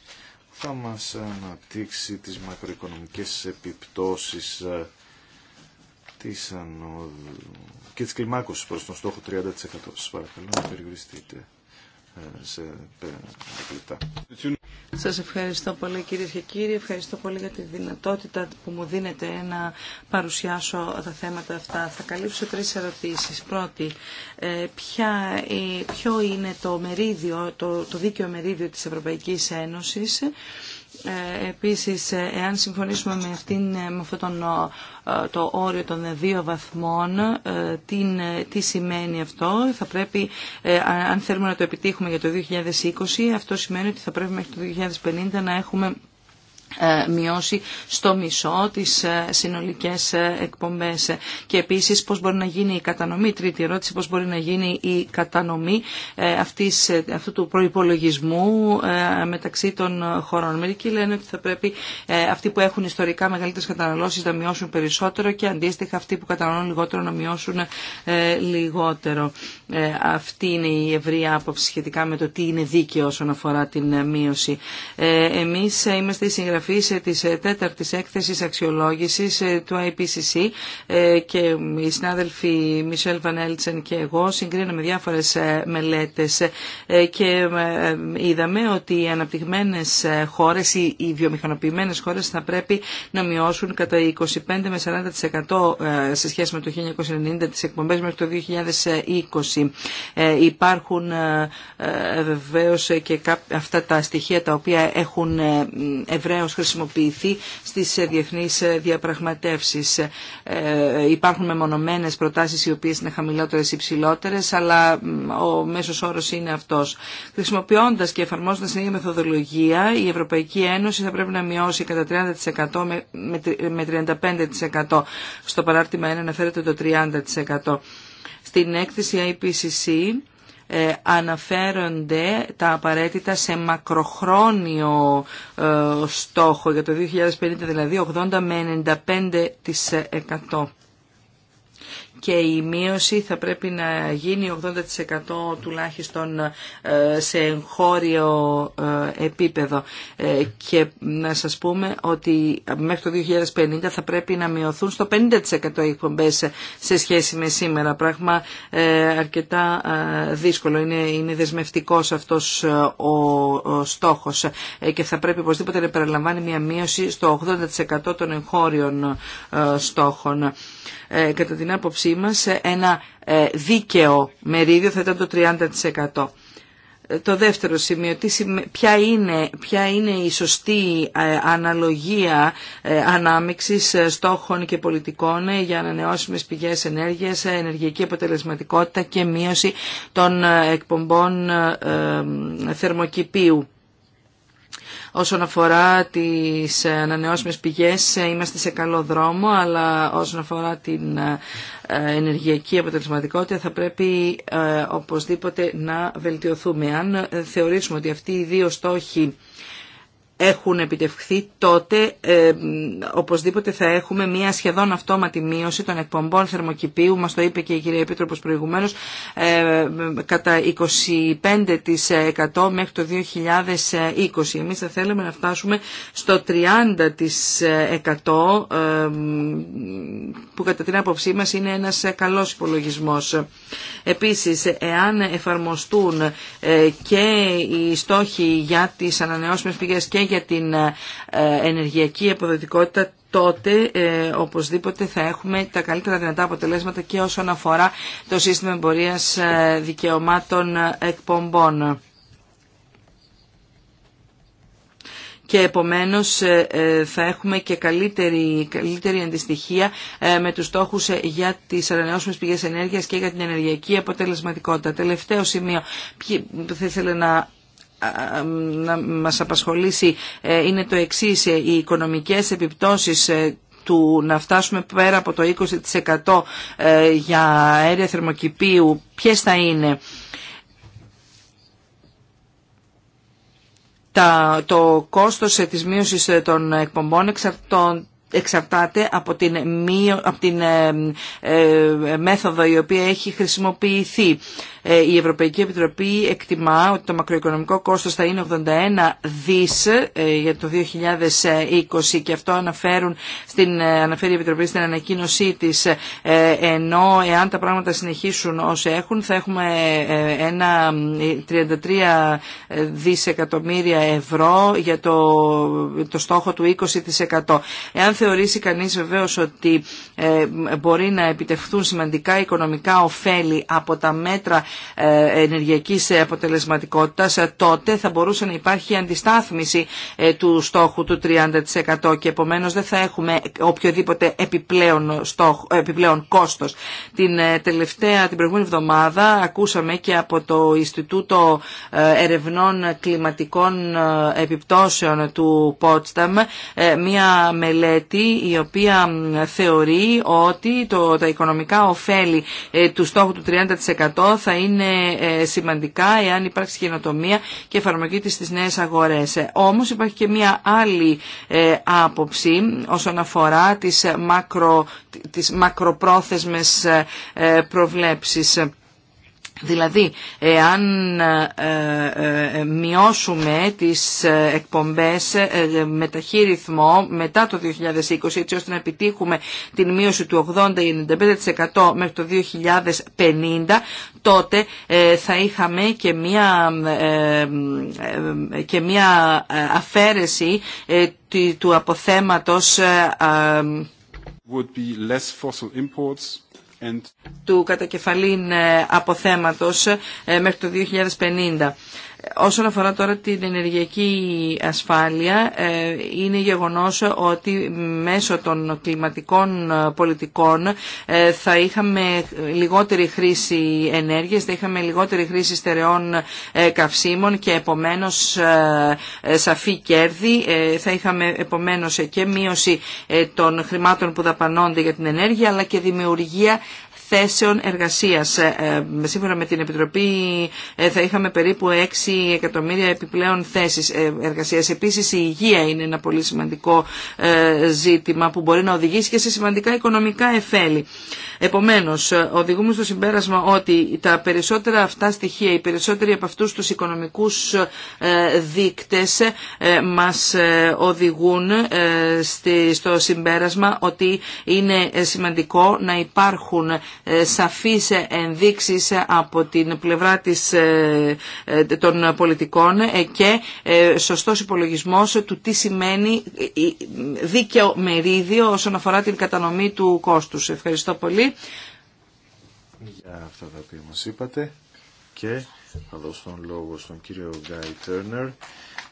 θα μας αναπτύξει τις μακροοικονομικές επιπτώσεις ε, της και της κλιμάκωσης προς τον στόχο 30%. Σας παρακαλώ να περιοριστείτε σε ε, Σας ευχαριστώ πολύ κύριε και κύριοι. Ευχαριστώ πολύ για τη δυνατότητα που μου δίνετε να παρουσιάσω τα θέματα αυτά. Θα καλύψω τρεις ερωτήσεις. Πρώτη, ε, ε, ποιο είναι το, μερίδιο, το, το δίκαιο μερίδιο της Ευρωπαϊκής Ένωσης ε, επίσης, ε, εάν συμφωνήσουμε με, αυτήν, ε, με το όριο των δύο βαθμών, τι, τι σημαίνει αυτό. Θα πρέπει, αν θέλουμε να το επιτύχουμε για το 2020, αυτό σημαίνει ότι θα πρέπει μέχρι το 2050 να έχουμε ε, μειώσει στο μισό τις ε, συνολικές ε, εκπομπές και επίσης πώς μπορεί να γίνει η κατανομή, τρίτη ερώτηση, πώς μπορεί να γίνει η κατανομή αυτής, αυτού του προϋπολογισμού μεταξύ των χωρών. Μερικοί λένε ότι θα πρέπει αυτοί που έχουν ιστορικά μεγαλύτερες καταναλώσεις να μειώσουν περισσότερο και αντίστοιχα αυτοί που καταναλώνουν λιγότερο να μειώσουν λιγότερο. Αυτή είναι η ευρία άποψη σχετικά με το τι είναι δίκαιο όσον αφορά την μείωση. Εμείς είμαστε οι υπογραφής ε, της ε, τέταρτης έκθεσης αξιολόγησης ε, του IPCC και οι συνάδελφοι Μισελ Βανέλτσεν και εγώ συγκρίναμε διάφορες μελέτες και είδαμε ότι οι αναπτυγμένες χώρες, οι βιομηχανοποιημένες χώρες θα πρέπει να μειώσουν κατά 25 με 40% σε σχέση με το 1990 τις εκπομπές μέχρι το 2020. Υπάρχουν βεβαίως και αυτά τα στοιχεία τα οποία έχουν ευρέω βεβαίως χρησιμοποιηθεί στις ε, διεθνείς ε, διαπραγματεύσεις. Ε, υπάρχουν μεμονωμένες προτάσεις οι οποίες είναι χαμηλότερες ή ψηλότερες, αλλά ο μέσος όρος είναι αυτός. Χρησιμοποιώντας και εφαρμόζοντας την ίδια μεθοδολογία, η Ευρωπαϊκή Ένωση θα πρέπει να μειώσει κατά 30% με 35%. Στο παράρτημα 1 αναφέρεται το 30%. Στην έκθεση IPCC ε, αναφέρονται τα απαραίτητα σε μακροχρόνιο ε, στόχο για το 2050, δηλαδή 80 με 95% και η μείωση θα πρέπει να γίνει 80% τουλάχιστον ε, σε εγχώριο ε, επίπεδο. Ε, και να σας πούμε ότι μέχρι το 2050 θα πρέπει να μειωθούν στο 50% οι εκπομπές σε σχέση με σήμερα. Πράγμα αρκετά δύσκολο. Είναι, είναι δεσμευτικός αυτός ο στόχος και θα πρέπει οπωσδήποτε να περιλαμβάνει μια μείωση στο 80% των εγχώριων στόχων. Ε, κατά την άποψή μας ένα ε, δίκαιο μερίδιο θα ήταν το 30%. Ε, το δεύτερο σημείο, ποια είναι, είναι η σωστή αναλογία ανάμειξης στόχων και πολιτικών για ανανεώσιμες πηγές ενέργειας, ενεργειακή αποτελεσματικότητα και μείωση των εκπομπών θερμοκηπίου. Όσον αφορά τις ανανεώσιμες πηγές είμαστε σε καλό δρόμο, αλλά όσον αφορά την ε, ενεργειακή αποτελεσματικότητα θα πρέπει ε, οπωσδήποτε να βελτιωθούμε. Αν θεωρήσουμε ότι αυτοί οι δύο στόχοι έχουν επιτευχθεί, τότε ε, οπωσδήποτε θα έχουμε μια σχεδόν αυτόματη μείωση των εκπομπών θερμοκηπίου, μας το είπε και η κυρία Επίτροπος προηγουμένως, ε, κατά 25% μέχρι το 2020. Εμείς θα θέλαμε να φτάσουμε στο 30% ε, που κατά την άποψή μας είναι ένας καλός υπολογισμός. Επίσης, εάν εφαρμοστούν ε, και οι στόχοι για τις ανανεώσιμες πηγές και για την ε, ενεργειακή αποδοτικότητα τότε ε, οπωσδήποτε θα έχουμε τα καλύτερα δυνατά αποτελέσματα και όσον αφορά το σύστημα εμπορίας ε, δικαιωμάτων ε, εκπομπών. και επομένως θα έχουμε και καλύτερη, καλύτερη αντιστοιχεία με τους στόχους για τις ανανεώσιμες πηγές ενέργειας και για την ενεργειακή αποτελεσματικότητα. Τελευταίο σημείο που θα ήθελα να να μας απασχολήσει ε, είναι το εξής, ε, οι οικονομικές επιπτώσεις ε, του να φτάσουμε πέρα από το 20% για αέρια θερμοκηπίου, ποιες θα είναι. Το κόστος της μείωσης των εκπομπών εξαρτάται από την, από την μέθοδο η οποία έχει χρησιμοποιηθεί. Ε, η Ευρωπαϊκή Επιτροπή εκτιμά ότι το μακροοικονομικό κόστος θα είναι 81 δις ε, για το 2020 και αυτό αναφέρουν στην, ε, αναφέρει η Επιτροπή στην ανακοίνωσή της ενώ εάν τα πράγματα συνεχίσουν όσο έχουν θα έχουμε ένα 33 δισεκατομμύρια ευρώ για το, το στόχο του 20%. Εάν θεωρήσει κανείς βεβαίως ότι μπορεί να επιτευχθούν σημαντικά οικονομικά ωφέλη από τα μέτρα ε, ενεργειακής αποτελεσματικότητας, ε, τότε θα μπορούσε να υπάρχει αντιστάθμιση ε, του στόχου του 30% και επομένως δεν θα έχουμε οποιοδήποτε επιπλέον, στόχο, επιπλέον κόστος. Την τελευταία, την προηγούμενη εβδομάδα ακούσαμε και από το Ινστιτούτο Ερευνών Κλιματικών Επιπτώσεων του Πότσταμ μια μελέτη η οποία θεωρεί ότι το, τα οικονομικά ωφέλη του στόχου του 30% θα είναι ε, σημαντικά εάν υπάρξει καινοτομία και εφαρμογή της στις νέες αγορές. Ε, όμως υπάρχει και μια άλλη ε, άποψη όσον αφορά τις, μακρο, τις μακροπρόθεσμες προβλέψεις Δηλαδή, εάν ε, ε, ε, μειώσουμε τις εκπομπές με ταχύ μετά το 2020, έτσι ώστε να επιτύχουμε την μείωση του 80-95% μέχρι το 2050, τότε θα είχαμε και μια, και μια αφαίρεση του αποθέματος... Would be του κατακεφαλήν ε, αποθέματος ε, μέχρι το 2050. Όσον αφορά τώρα την ενεργειακή ασφάλεια, ε, είναι γεγονός ότι μέσω των κλιματικών ε, πολιτικών ε, θα είχαμε λιγότερη χρήση ενέργειας, θα είχαμε λιγότερη χρήση στερεών καυσίμων και επομένως σαφή κέρδη, θα είχαμε επομένως και μείωση των χρημάτων που δαπανώνται για την ενέργεια αλλά και δημιουργία θέσεων εργασίας. Ε, ε, σύμφωνα με την Επιτροπή ε, θα είχαμε περίπου 6 εκατομμύρια επιπλέον θέσεις εργασίας. Επίσης η υγεία είναι ένα πολύ σημαντικό ζήτημα που μπορεί να οδηγήσει και σε σημαντικά οικονομικά εφέλη. Επομένως, ε, οδηγούμε στο συμπέρασμα ότι τα περισσότερα αυτά στοιχεία, οι περισσότεροι από αυτούς τους οικονομικούς ε, δείκτες ε, μας οδηγούν στο συμπέρασμα ότι είναι σημαντικό να υπάρχουν σαφείς ενδείξεις από την πλευρά της, των πολιτικών και σωστός υπολογισμός του τι σημαίνει δίκαιο μερίδιο όσον αφορά την κατανομή του κόστους. Ευχαριστώ πολύ για αυτά τα οποία μας είπατε και θα δώσω τον λόγο στον κύριο Γκάι Τέρνερ,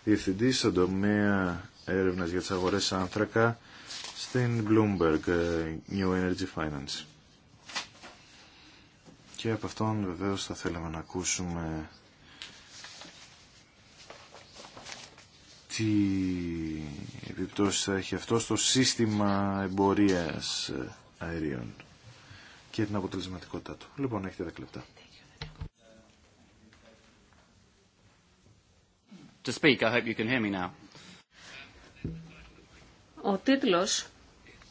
διευθυντή στον τομέα έρευνας για τις αγορές άνθρακα στην Bloomberg ε, New Energy Finance. Και από αυτόν βεβαίως θα θέλαμε να ακούσουμε τι επιπτώσεις θα έχει αυτό στο σύστημα εμπορίας ε, αερίων και την αποτελεσματικότητά του. Λοιπόν, έχετε 10 λεπτά. To speak, I hope you can hear me now. Ο τίτλος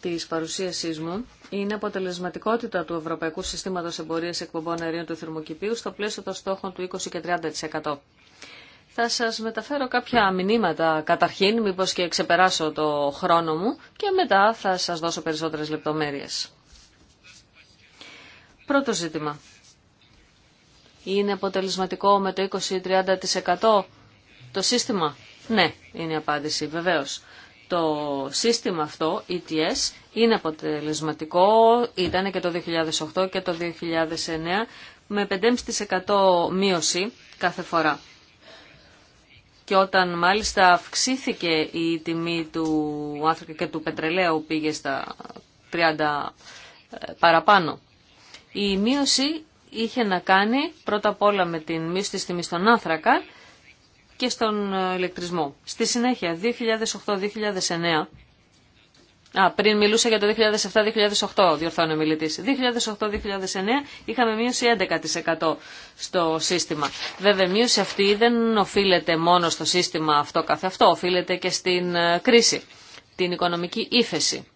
της παρουσίασής μου είναι αποτελεσματικότητα του Ευρωπαϊκού Συστήματος Εμπορίας Εκπομπών Αερίων του Θερμοκηπίου στο πλαίσιο των στόχων του 20 και 30%. Θα σας μεταφέρω κάποια μηνύματα καταρχήν, μήπως και ξεπεράσω το χρόνο μου και μετά θα σας δώσω περισσότερες λεπτομέρειες. Πρώτο ζήτημα. Είναι αποτελεσματικό με το 20-30% το σύστημα. Ναι, είναι η απάντηση, βεβαίως. Το σύστημα αυτό, ETS, είναι αποτελεσματικό, ήταν και το 2008 και το 2009, με 5,5% μείωση κάθε φορά. Και όταν μάλιστα αυξήθηκε η τιμή του άνθρωπου και του πετρελαίου πήγε στα 30 παραπάνω. Η μείωση είχε να κάνει πρώτα απ' όλα με την μείωση της τιμής στον άνθρακα και στον ε, ηλεκτρισμό. Στη συνέχεια, 2008-2009, Α, πριν μιλούσα για το 2007-2008, διορθώνει ο 2008 2008-2009 είχαμε μείωση 11% στο σύστημα. Βέβαια, μείωση αυτή δεν οφείλεται μόνο στο σύστημα αυτό καθ' αυτό, οφείλεται και στην ε, κρίση, την οικονομική ύφεση.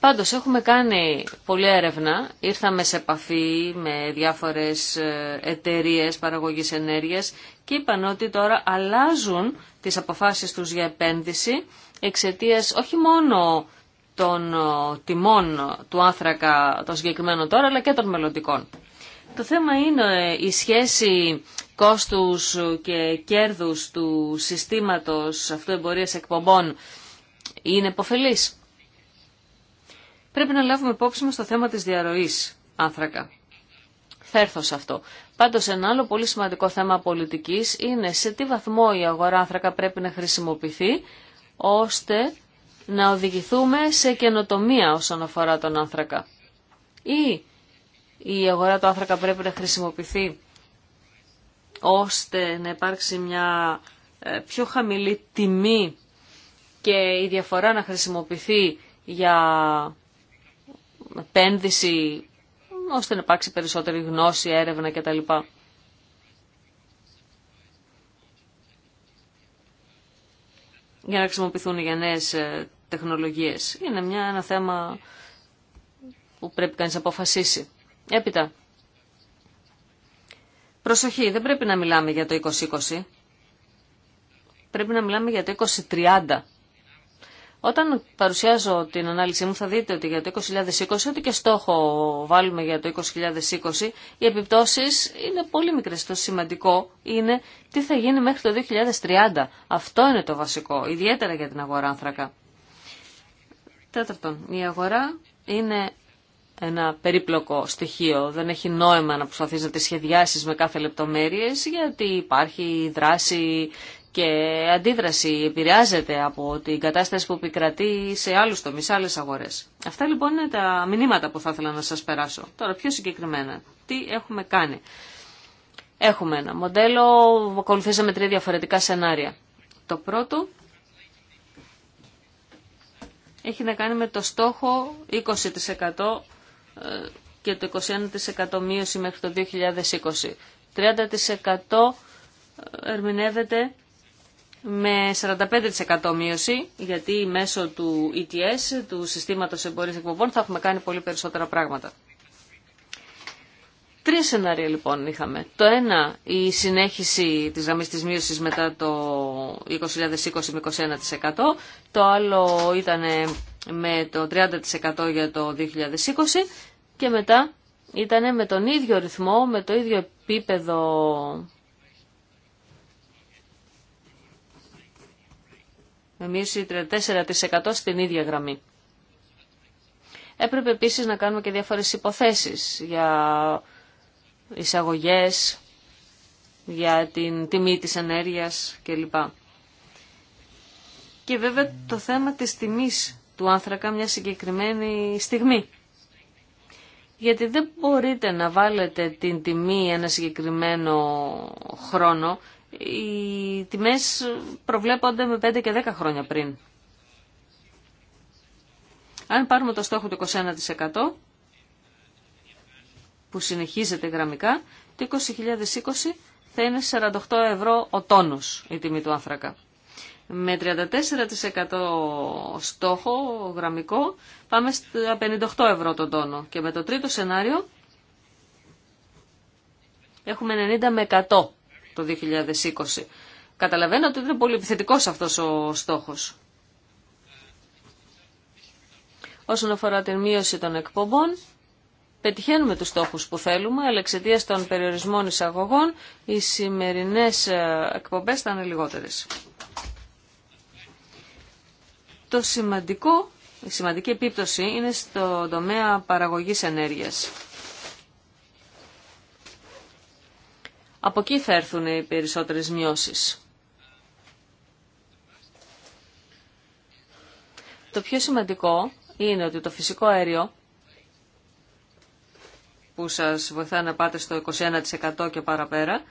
Πάντως έχουμε κάνει πολλή έρευνα, ήρθαμε σε επαφή με διάφορες ε, εταιρείες παραγωγής ενέργειας και είπαν ότι τώρα αλλάζουν τις αποφάσεις τους για επένδυση εξαιτίας όχι μόνο των ε, τιμών του άνθρακα των συγκεκριμένων τώρα αλλά και των μελλοντικών. Το θέμα είναι ε, η σχέση κόστους και κέρδους του συστήματος αυτού εμπορίας εκπομπών είναι υποφελής πρέπει να λάβουμε υπόψη μας το θέμα της διαρροής άνθρακα. Θα έρθω σε αυτό. Πάντως ένα άλλο πολύ σημαντικό θέμα πολιτικής είναι σε τι βαθμό η αγορά άνθρακα πρέπει να χρησιμοποιηθεί ώστε να οδηγηθούμε σε καινοτομία όσον αφορά τον άνθρακα. Ή η αγορά του άνθρακα πρέπει να χρησιμοποιηθεί ώστε να υπάρξει μια ε, πιο χαμηλή τιμή και η διαφορά να χρησιμοποιηθεί για επένδυση ώστε να υπάρξει περισσότερη γνώση, έρευνα κτλ. για να χρησιμοποιηθούν για νέε ε, τεχνολογίες. Είναι μια, ένα θέμα που πρέπει κανεί να αποφασίσει. Έπειτα, προσοχή, δεν πρέπει να μιλάμε για το 2020. Πρέπει να μιλάμε για το 2030. Όταν παρουσιάζω την ανάλυση μου θα δείτε ότι για το 2020, ό,τι και στόχο βάλουμε για το 2020, οι επιπτώσεις είναι πολύ μικρές. Το σημαντικό είναι τι θα γίνει μέχρι το 2030. Αυτό είναι το βασικό, ιδιαίτερα για την αγορά άνθρακα. Τέταρτον, η αγορά είναι ένα περίπλοκο στοιχείο. Δεν έχει νόημα να προσπαθείς να τη σχεδιάσεις με κάθε λεπτομέρειες γιατί υπάρχει δράση και αντίδραση επηρεάζεται από την κατάσταση που επικρατεί σε άλλους τομείς, σε άλλες αγορές. Αυτά λοιπόν είναι τα μηνύματα που θα ήθελα να σας περάσω. Τώρα πιο συγκεκριμένα, τι έχουμε κάνει. Έχουμε ένα μοντέλο, ακολουθήσαμε τρία διαφορετικά σενάρια. Το πρώτο έχει να κάνει με το στόχο 20% ε, και το 21% μείωση μέχρι το 2020. 30% ε, ερμηνεύεται με 45% μείωση, γιατί μέσω του ETS, του Συστήματος Εμπορίας Εκπομπών, θα έχουμε κάνει πολύ περισσότερα πράγματα. Τρία σενάρια λοιπόν είχαμε. Το ένα, η συνέχιση της γραμμής της μείωσης μετά το 2020 με 21%. Το άλλο ήταν ε, με το 30% για το 2020 και μετά ήταν ε, με τον ίδιο ρυθμό, με το ίδιο επίπεδο με μείωση 34% στην ίδια γραμμή. Έπρεπε επίσης να κάνουμε και διάφορες υποθέσεις για εισαγωγές, για την τιμή της ενέργειας κλπ. Και βέβαια το θέμα της τιμής του άνθρακα μια συγκεκριμένη στιγμή. Γιατί δεν μπορείτε να βάλετε την τιμή ένα συγκεκριμένο χρόνο οι τιμές προβλέπονται με 5 και 10 χρόνια πριν. Αν πάρουμε το στόχο του 21% που συνεχίζεται γραμμικά, το 2020 θα είναι 48 ευρώ ο τόνος η τιμή του άνθρακα. Με 34% στόχο γραμμικό πάμε στα 58 ευρώ τον τόνο. Και με το τρίτο σενάριο έχουμε 90 με 100 το 2020. Καταλαβαίνω ότι είναι πολύ επιθετικός αυτός ο στόχος. Όσον αφορά την μείωση των εκπομπών, πετυχαίνουμε τους στόχους που θέλουμε, αλλά εξαιτία των περιορισμών εισαγωγών οι σημερινές ε, εκπομπές θα είναι λιγότερες. Το σημαντικό, η σημαντική επίπτωση είναι στο τομέα παραγωγής ενέργειας. Από εκεί θα έρθουν οι περισσότερες μειώσεις. Το πιο σημαντικό είναι ότι το φυσικό αέριο που σας βοηθά να πάτε στο 21% και παραπέρα,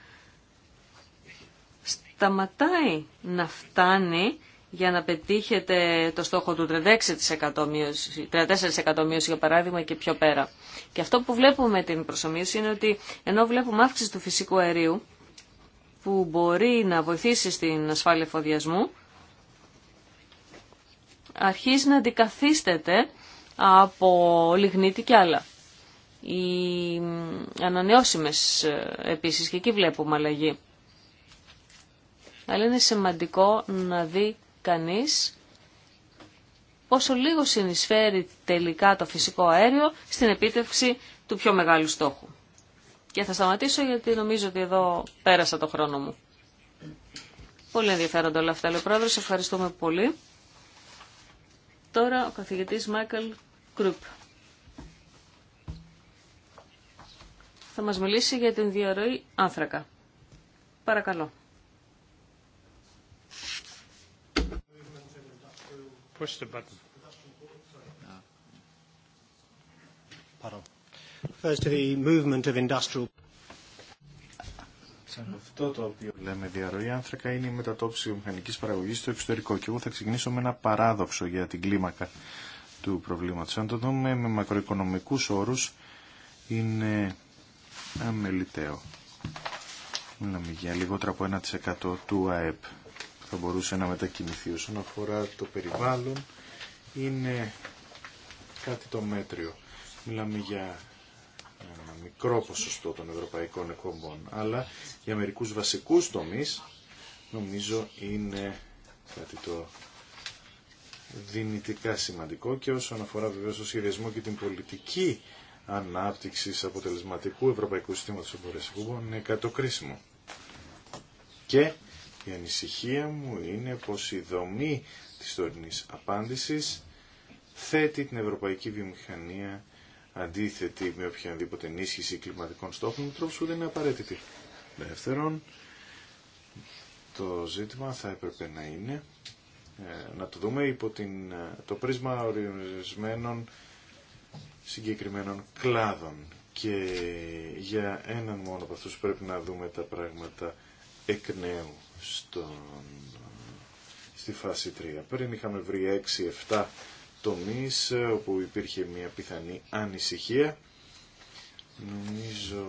σταματάει να φτάνει για να πετύχετε το στόχο του 36% 34% μείωση για παράδειγμα και πιο πέρα. Και αυτό που βλέπουμε την προσωμείωση είναι ότι ενώ βλέπουμε αύξηση του φυσικού αερίου που μπορεί να βοηθήσει στην ασφάλεια εφοδιασμού αρχίζει να αντικαθίστεται από λιγνίτη και άλλα. Οι ανανεώσιμες ε, επίσης και εκεί βλέπουμε αλλαγή. Αλλά είναι σημαντικό να δει κανείς πόσο λίγο συνεισφέρει τελικά το φυσικό αέριο στην επίτευξη του πιο μεγάλου στόχου. Και θα σταματήσω γιατί νομίζω ότι εδώ πέρασα το χρόνο μου. Πολύ ενδιαφέροντα όλα αυτά, λέει πρόεδρος. Ευχαριστούμε πολύ. Τώρα ο καθηγητής Μάικλ Κρουπ. Θα μας μιλήσει για την διαρροή άνθρακα. Παρακαλώ. push the button. Pardon. First to the movement of industrial. Αυτό το οποίο λέμε διαρροή άνθρακα είναι η μετατόπιση μηχανικής παραγωγής στο εξωτερικό και εγώ θα ξεκινήσω με ένα παράδοξο για την κλίμακα του προβλήματος. Αν το δούμε με μακροοικονομικούς όρους είναι αμεληταίο. Μιλάμε για λιγότερα από 1% του ΑΕΠ θα μπορούσε να μετακινηθεί. Όσον αφορά το περιβάλλον, είναι κάτι το μέτριο. Μιλάμε για ένα μικρό ποσοστό των ευρωπαϊκών εκπομπών, αλλά για μερικούς βασικούς τομείς νομίζω είναι κάτι το δυνητικά σημαντικό και όσον αφορά βεβαίως το σχεδιασμό και την πολιτική ανάπτυξη αποτελεσματικού ευρωπαϊκού συστήματος εμπορίας είναι κάτι το κρίσιμο. Και η ανησυχία μου είναι πως η δομή της τωρινής απάντησης θέτει την ευρωπαϊκή βιομηχανία αντίθετη με οποιαδήποτε ενίσχυση κλιματικών στόχων με τρόπους που δεν είναι απαραίτητη. Δεύτερον, το ζήτημα θα έπρεπε να είναι ε, να το δούμε υπό την, ε, το πρίσμα ορισμένων συγκεκριμένων κλάδων και για έναν μόνο από αυτούς πρέπει να δούμε τα πράγματα εκ νέου στη φάση 3. Πριν είχαμε βρει 6-7 τομείς ε, όπου υπήρχε μια πιθανή ανησυχία. Νομίζω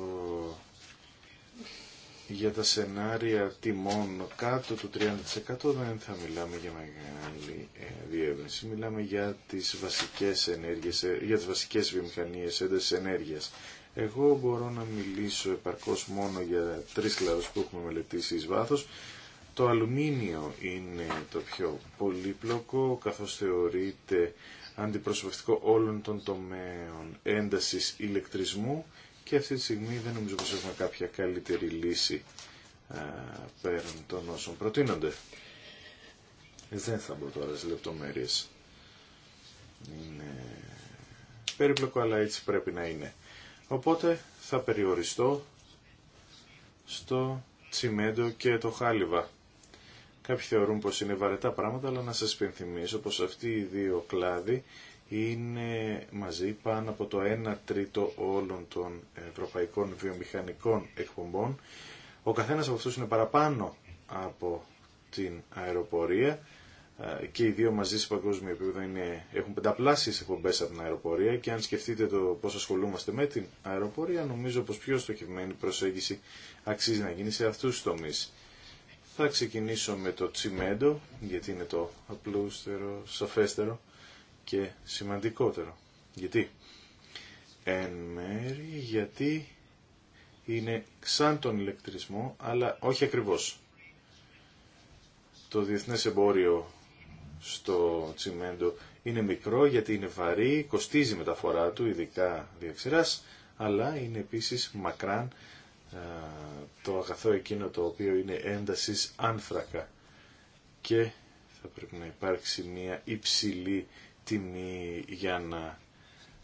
για τα σενάρια τιμών κάτω του 30% δεν θα μιλάμε για μεγάλη ε, διεύρυνση. Μιλάμε για τις βασικές, ενέργειες, ε, για τις βασικές βιομηχανίες έντασης ενέργειας. Εγώ μπορώ να μιλήσω επαρκώς μόνο για τρεις κλάδους που έχουμε μελετήσει εις βάθος. Το αλουμίνιο είναι το πιο πολύπλοκο, καθώς θεωρείται αντιπροσωπευτικό όλων των τομέων έντασης ηλεκτρισμού και αυτή τη στιγμή δεν νομίζω πως έχουμε κάποια καλύτερη λύση α, πέραν των όσων προτείνονται. Δεν θα μπω τώρα στις λεπτομέρειες. Είναι περίπλοκο αλλά έτσι πρέπει να είναι. Οπότε θα περιοριστώ στο τσιμέντο και το χάλιβα. Κάποιοι θεωρούν πως είναι βαρετά πράγματα, αλλά να σας πενθυμίσω πως αυτοί οι δύο κλάδοι είναι μαζί πάνω από το 1 τρίτο όλων των ευρωπαϊκών βιομηχανικών εκπομπών. Ο καθένας από αυτούς είναι παραπάνω από την αεροπορία ε, και οι δύο μαζί σε παγκόσμιο επίπεδο είναι, έχουν πενταπλάσει εκπομπές από την αεροπορία και αν σκεφτείτε το πώς ασχολούμαστε με την αεροπορία νομίζω πως πιο στοχευμένη προσέγγιση αξίζει να γίνει σε αυτούς τους τομείς. Θα ξεκινήσω με το τσιμέντο, γιατί είναι το απλούστερο, σαφέστερο και σημαντικότερο. Γιατί? Εν μέρη γιατί είναι σαν τον ηλεκτρισμό, αλλά όχι ακριβώς. Το διεθνές εμπόριο στο τσιμέντο είναι μικρό γιατί είναι βαρύ, κοστίζει μεταφορά του, ειδικά διαξηράς, αλλά είναι επίσης μακράν το αγαθό εκείνο το οποίο είναι έντασης άνθρακα και θα πρέπει να υπάρξει μια υψηλή τιμή για να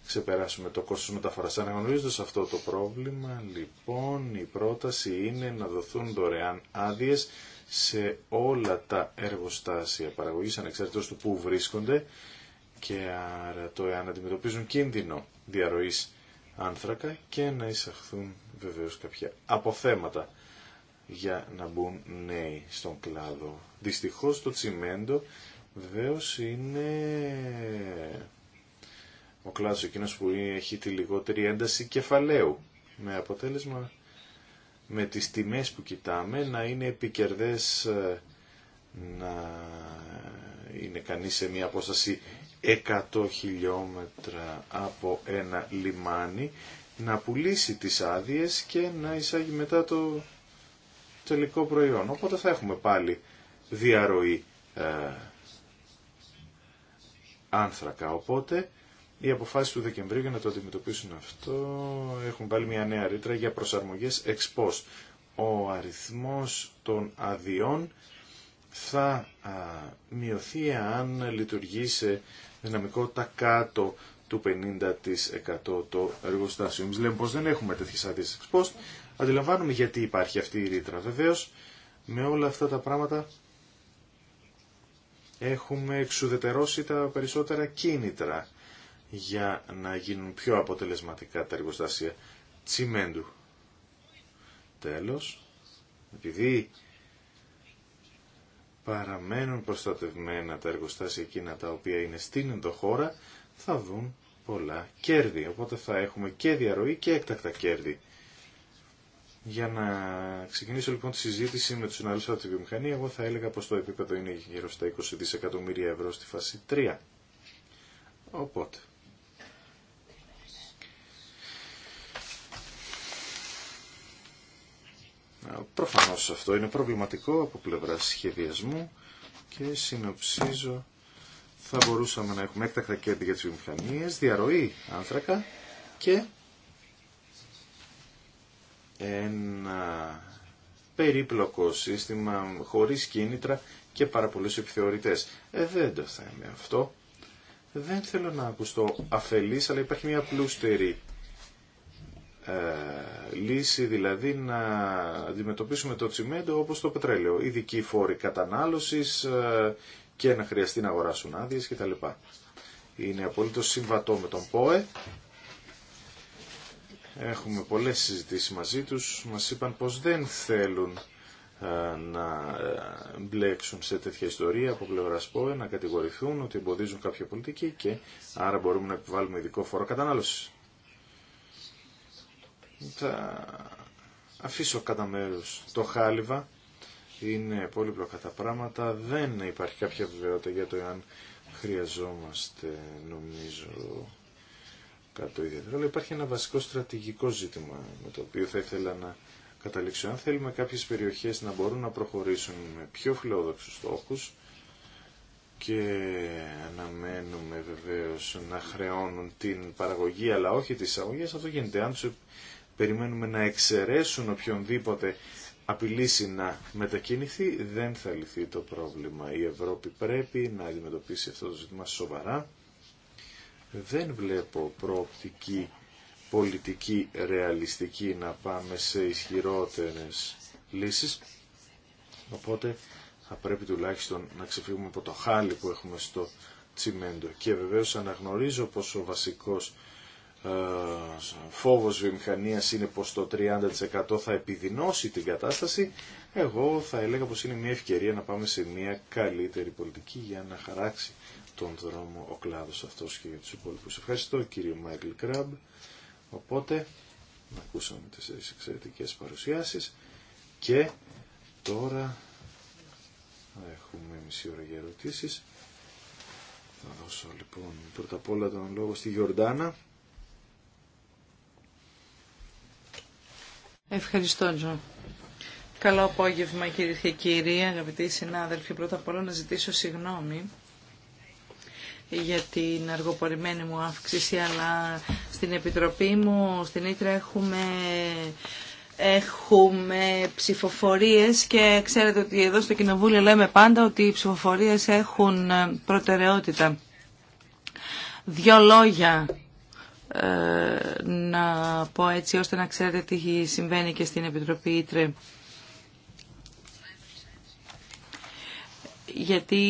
ξεπεράσουμε το κόστος μεταφοράς. Αναγνωρίζοντας αυτό το πρόβλημα, λοιπόν, η πρόταση είναι να δοθούν δωρεάν άδειες σε όλα τα εργοστάσια παραγωγής, ανεξαρτήτως του που βρίσκονται και άρα το εάν αντιμετωπίζουν κίνδυνο διαρροής άνθρακα και να εισαχθούν βεβαίως κάποια αποθέματα για να μπουν νέοι στον κλάδο. Δυστυχώς το τσιμέντο βεβαίως είναι ο κλάδος εκείνος που έχει τη λιγότερη ένταση κεφαλαίου με αποτέλεσμα με τις τιμές που κοιτάμε να είναι επικερδές ε, να είναι κανείς σε μια απόσταση 100 χιλιόμετρα από ένα λιμάνι, να πουλήσει τις άδειες και να εισάγει μετά το τελικό προϊόν. Οπότε θα έχουμε πάλι διαρροή ε, άνθρακα. Οπότε οι αποφάσεις του Δεκεμβρίου για να το αντιμετωπίσουν αυτό έχουν πάλι μια νέα ρήτρα για προσαρμογές εξ Ο αριθμός των αδειών θα μειωθεί αν λειτουργήσει τα κάτω του 50% το εργοστάσιο. Εμείς λέμε πως δεν έχουμε τέτοιες άδειες εξπόστ. Αντιλαμβάνουμε γιατί υπάρχει αυτή η ρήτρα. Βεβαίως, με όλα αυτά τα πράγματα έχουμε εξουδετερώσει τα περισσότερα κίνητρα για να γίνουν πιο αποτελεσματικά τα εργοστάσια τσιμέντου. Τέλος, επειδή παραμένουν προστατευμένα τα εργοστάσια εκείνα τα οποία είναι στην ενδοχώρα, θα δουν πολλά κέρδη. Οπότε θα έχουμε και διαρροή και έκτακτα κέρδη. Για να ξεκινήσω λοιπόν τη συζήτηση με τους συναλληλούς από τη βιομηχανία, εγώ θα έλεγα πως το επίπεδο είναι γύρω στα 20 δισεκατομμύρια ευρώ στη φάση 3. Οπότε, Ε, προφανώς αυτό είναι προβληματικό από πλευρά σχεδιασμού και συνοψίζω θα μπορούσαμε να έχουμε έκτακτα κέντρα για τις βιομηχανίες, διαρροή άνθρακα και ένα περίπλοκο σύστημα χωρίς κίνητρα και πάρα πολλούς επιθεωρητές. Ε, δεν το θα αυτό. Δεν θέλω να ακουστώ αφελής, αλλά υπάρχει μια πλούστερη ε, λύση, δηλαδή να αντιμετωπίσουμε το τσιμέντο όπως το πετρέλαιο. Ειδικοί φόροι κατανάλωσης ε, και να χρειαστεί να αγοράσουν άδειε κτλ. Είναι απολύτω συμβατό με τον ΠΟΕ. Έχουμε πολλές συζητήσεις μαζί τους. Μας είπαν πως δεν θέλουν ε, να μπλέξουν σε τέτοια ιστορία από πλευρά ΠΟΕ, να κατηγορηθούν ότι εμποδίζουν κάποια πολιτική και άρα μπορούμε να επιβάλλουμε ειδικό φόρο κατανάλωσης. Θα αφήσω κατά μέρο. το χάλιβα. Είναι πολύπλοκα τα πράγματα. Δεν υπάρχει κάποια βεβαιότητα για το εάν χρειαζόμαστε νομίζω κάτι ιδιαίτερο. Αλλά υπάρχει ένα βασικό στρατηγικό ζήτημα με το οποίο θα ήθελα να καταλήξω. Αν θέλουμε κάποιες περιοχές να μπορούν να προχωρήσουν με πιο φιλόδοξους στόχους, και αναμένουμε βεβαίως να χρεώνουν την παραγωγή αλλά όχι τις εισαγωγέ, αυτό γίνεται. Αν περιμένουμε να εξαιρέσουν οποιονδήποτε απειλήσει να μετακινηθεί, δεν θα λυθεί το πρόβλημα. Η Ευρώπη πρέπει να αντιμετωπίσει αυτό το ζήτημα σοβαρά. Δεν βλέπω προοπτική πολιτική ρεαλιστική να πάμε σε ισχυρότερες λύσεις. Οπότε θα πρέπει τουλάχιστον να ξεφύγουμε από το χάλι που έχουμε στο τσιμέντο. Και βεβαίως αναγνωρίζω πως ο βασικός ε, φόβος βιομηχανίας είναι πως το 30% θα επιδεινώσει την κατάσταση, εγώ θα έλεγα πως είναι μια ευκαιρία να πάμε σε μια καλύτερη πολιτική για να χαράξει τον δρόμο ο κλάδος αυτός και για τους υπόλοιπους. Ευχαριστώ κύριε Μάικλ Κραμπ. Οπότε, ακούσαμε τις εξαιρετικές παρουσιάσεις και τώρα έχουμε μισή ώρα για ερωτήσεις. Θα δώσω λοιπόν πρώτα απ' όλα τον λόγο στη Γιορτάνα Ευχαριστώ, Τζο. Καλό απόγευμα, κύριε και κύριοι, αγαπητοί συνάδελφοι. Πρώτα απ' όλα να ζητήσω συγγνώμη για την αργοπορημένη μου αύξηση, αλλά στην Επιτροπή μου, στην Ήτρα, έχουμε Έχουμε ψηφοφορίες και ξέρετε ότι εδώ στο Κοινοβούλιο λέμε πάντα ότι οι ψηφοφορίες έχουν προτεραιότητα. Δυο λόγια να πω έτσι ώστε να ξέρετε τι συμβαίνει και στην Επιτροπή Ήτρε. Γιατί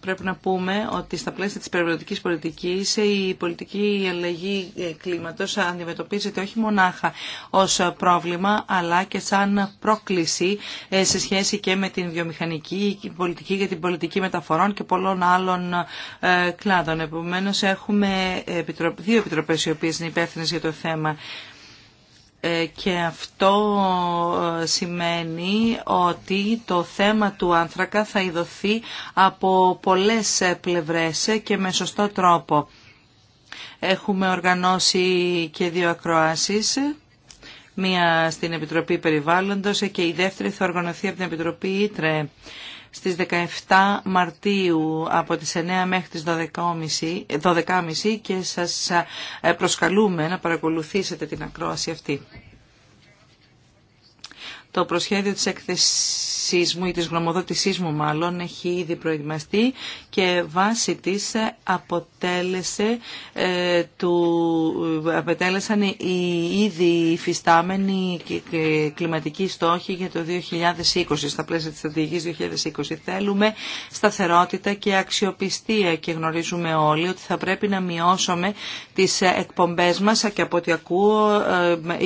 πρέπει να πούμε ότι στα πλαίσια της περιβαλλοντικής πολιτικής η πολιτική αλλαγή ε, κλίματος αντιμετωπίζεται όχι μονάχα ως πρόβλημα αλλά και σαν πρόκληση ε, σε σχέση και με την βιομηχανική πολιτική για την πολιτική μεταφορών και πολλών άλλων ε, κλάδων. Επομένως έχουμε δύο επιτροπές οι οποίες είναι υπεύθυνε για το θέμα. Ε, και αυτό ε, σημαίνει ότι το θέμα του άνθρακα θα ειδωθεί από πολλές ε, πλευρές και με σωστό τρόπο. Έχουμε οργανώσει και δύο ακροάσεις, μία στην Επιτροπή Περιβάλλοντος και η δεύτερη θα οργανωθεί από την Επιτροπή Ήτρε στις 17 Μαρτίου από τις 9 μέχρι τις 12.30 και σας ε, προσκαλούμε να παρακολουθήσετε την ακρόαση αυτή. Το προσχέδιο της έκθεσης σεισμού ή της γνωμοδότησής μου μάλλον έχει ήδη προετοιμαστεί και βάση της αποτέλεσε, ε, του, αποτέλεσαν οι ήδη υφιστάμενοι κλιματικοί στόχοι για το 2020 στα πλαίσια της στρατηγικής 2020. Θέλουμε σταθερότητα και αξιοπιστία και γνωρίζουμε όλοι ότι θα πρέπει να μειώσουμε τις εκπομπές μας και από ό,τι ακούω 20% ε,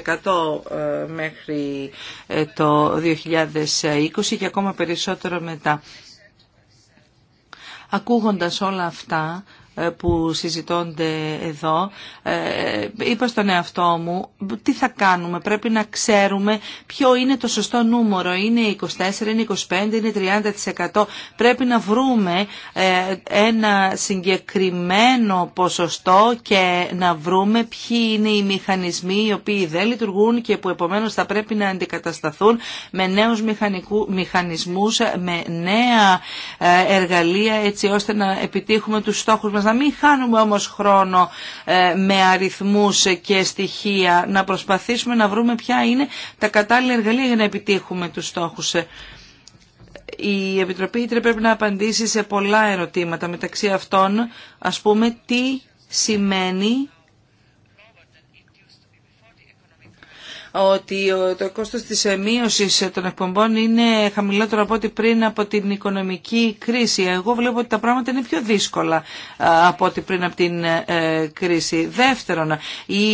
ε, μέχρι ε, το 2020 20 και ακόμα περισσότερο μετά. Ακούγοντας όλα αυτά, ε, που συζητώνται εδώ, ε, είπα στον εαυτό μου τι θα κάνουμε. Πρέπει να ξέρουμε ποιο είναι το σωστό νούμερο. Είναι 24, είναι 25, είναι 30%. Πρέπει να βρούμε ε, ένα συγκεκριμένο ποσοστό και να βρούμε ποιοι είναι οι μηχανισμοί οι οποίοι δεν λειτουργούν και που επομένως θα πρέπει να αντικατασταθούν με νέους μηχανισμούς, με νέα εργαλεία έτσι ώστε να επιτύχουμε τους στόχους μας να μην χάνουμε όμως χρόνο ε, με αριθμούς και στοιχεία, να προσπαθήσουμε να βρούμε ποια είναι τα κατάλληλα εργαλεία για να επιτύχουμε τους στόχους. Ε, η Επιτροπή Ήτρε πρέπει να απαντήσει σε πολλά ερωτήματα, μεταξύ αυτών, ας πούμε, τι σημαίνει ότι το κόστος της ε, μείωσης ε, των εκπομπών είναι χαμηλότερο από ό,τι πριν από την οικονομική κρίση. Εγώ βλέπω ότι τα πράγματα είναι πιο δύσκολα ε, από ό,τι πριν από την κρίση. Δεύτερον, η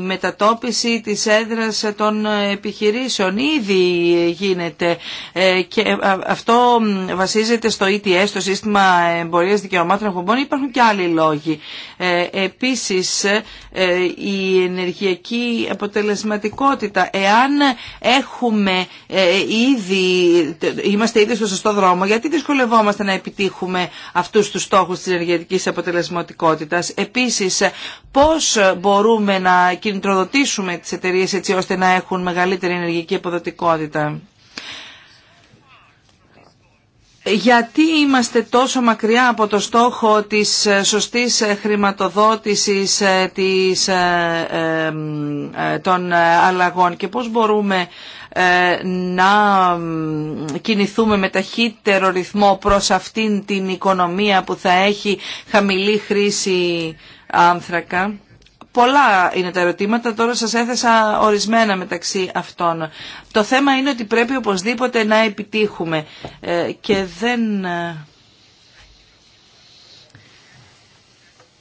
μετατόπιση της έδρας των επιχειρήσεων ήδη γίνεται και αυτό βασίζεται στο ETS, το σύστημα εμπορίας δικαιωμάτων εκπομπών. Υπάρχουν και άλλοι λόγοι. Επίσης, η ενεργειακή αποτελεσματικότητα Εάν έχουμε ε, ήδη, είμαστε ήδη στο σωστό δρόμο, γιατί δυσκολευόμαστε να επιτύχουμε αυτούς τους στόχους της ενεργειακής αποτελεσματικότητας. Επίσης, πώς μπορούμε να κινητροδοτήσουμε τις εταιρείες έτσι ώστε να έχουν μεγαλύτερη ενεργειακή αποδοτικότητα γιατί είμαστε τόσο μακριά από το στόχο της ε, σωστής ε, χρηματοδότησης ε, των αλλαγών και πώς μπορούμε να κινηθούμε με ταχύτερο ρυθμό προς αυτήν την οικονομία που θα έχει χαμηλή χρήση άνθρακα. Πολλά είναι τα ερωτήματα, τώρα σας έθεσα ορισμένα μεταξύ αυτών. Το θέμα είναι ότι πρέπει οπωσδήποτε να επιτύχουμε ε, και δεν... Ε,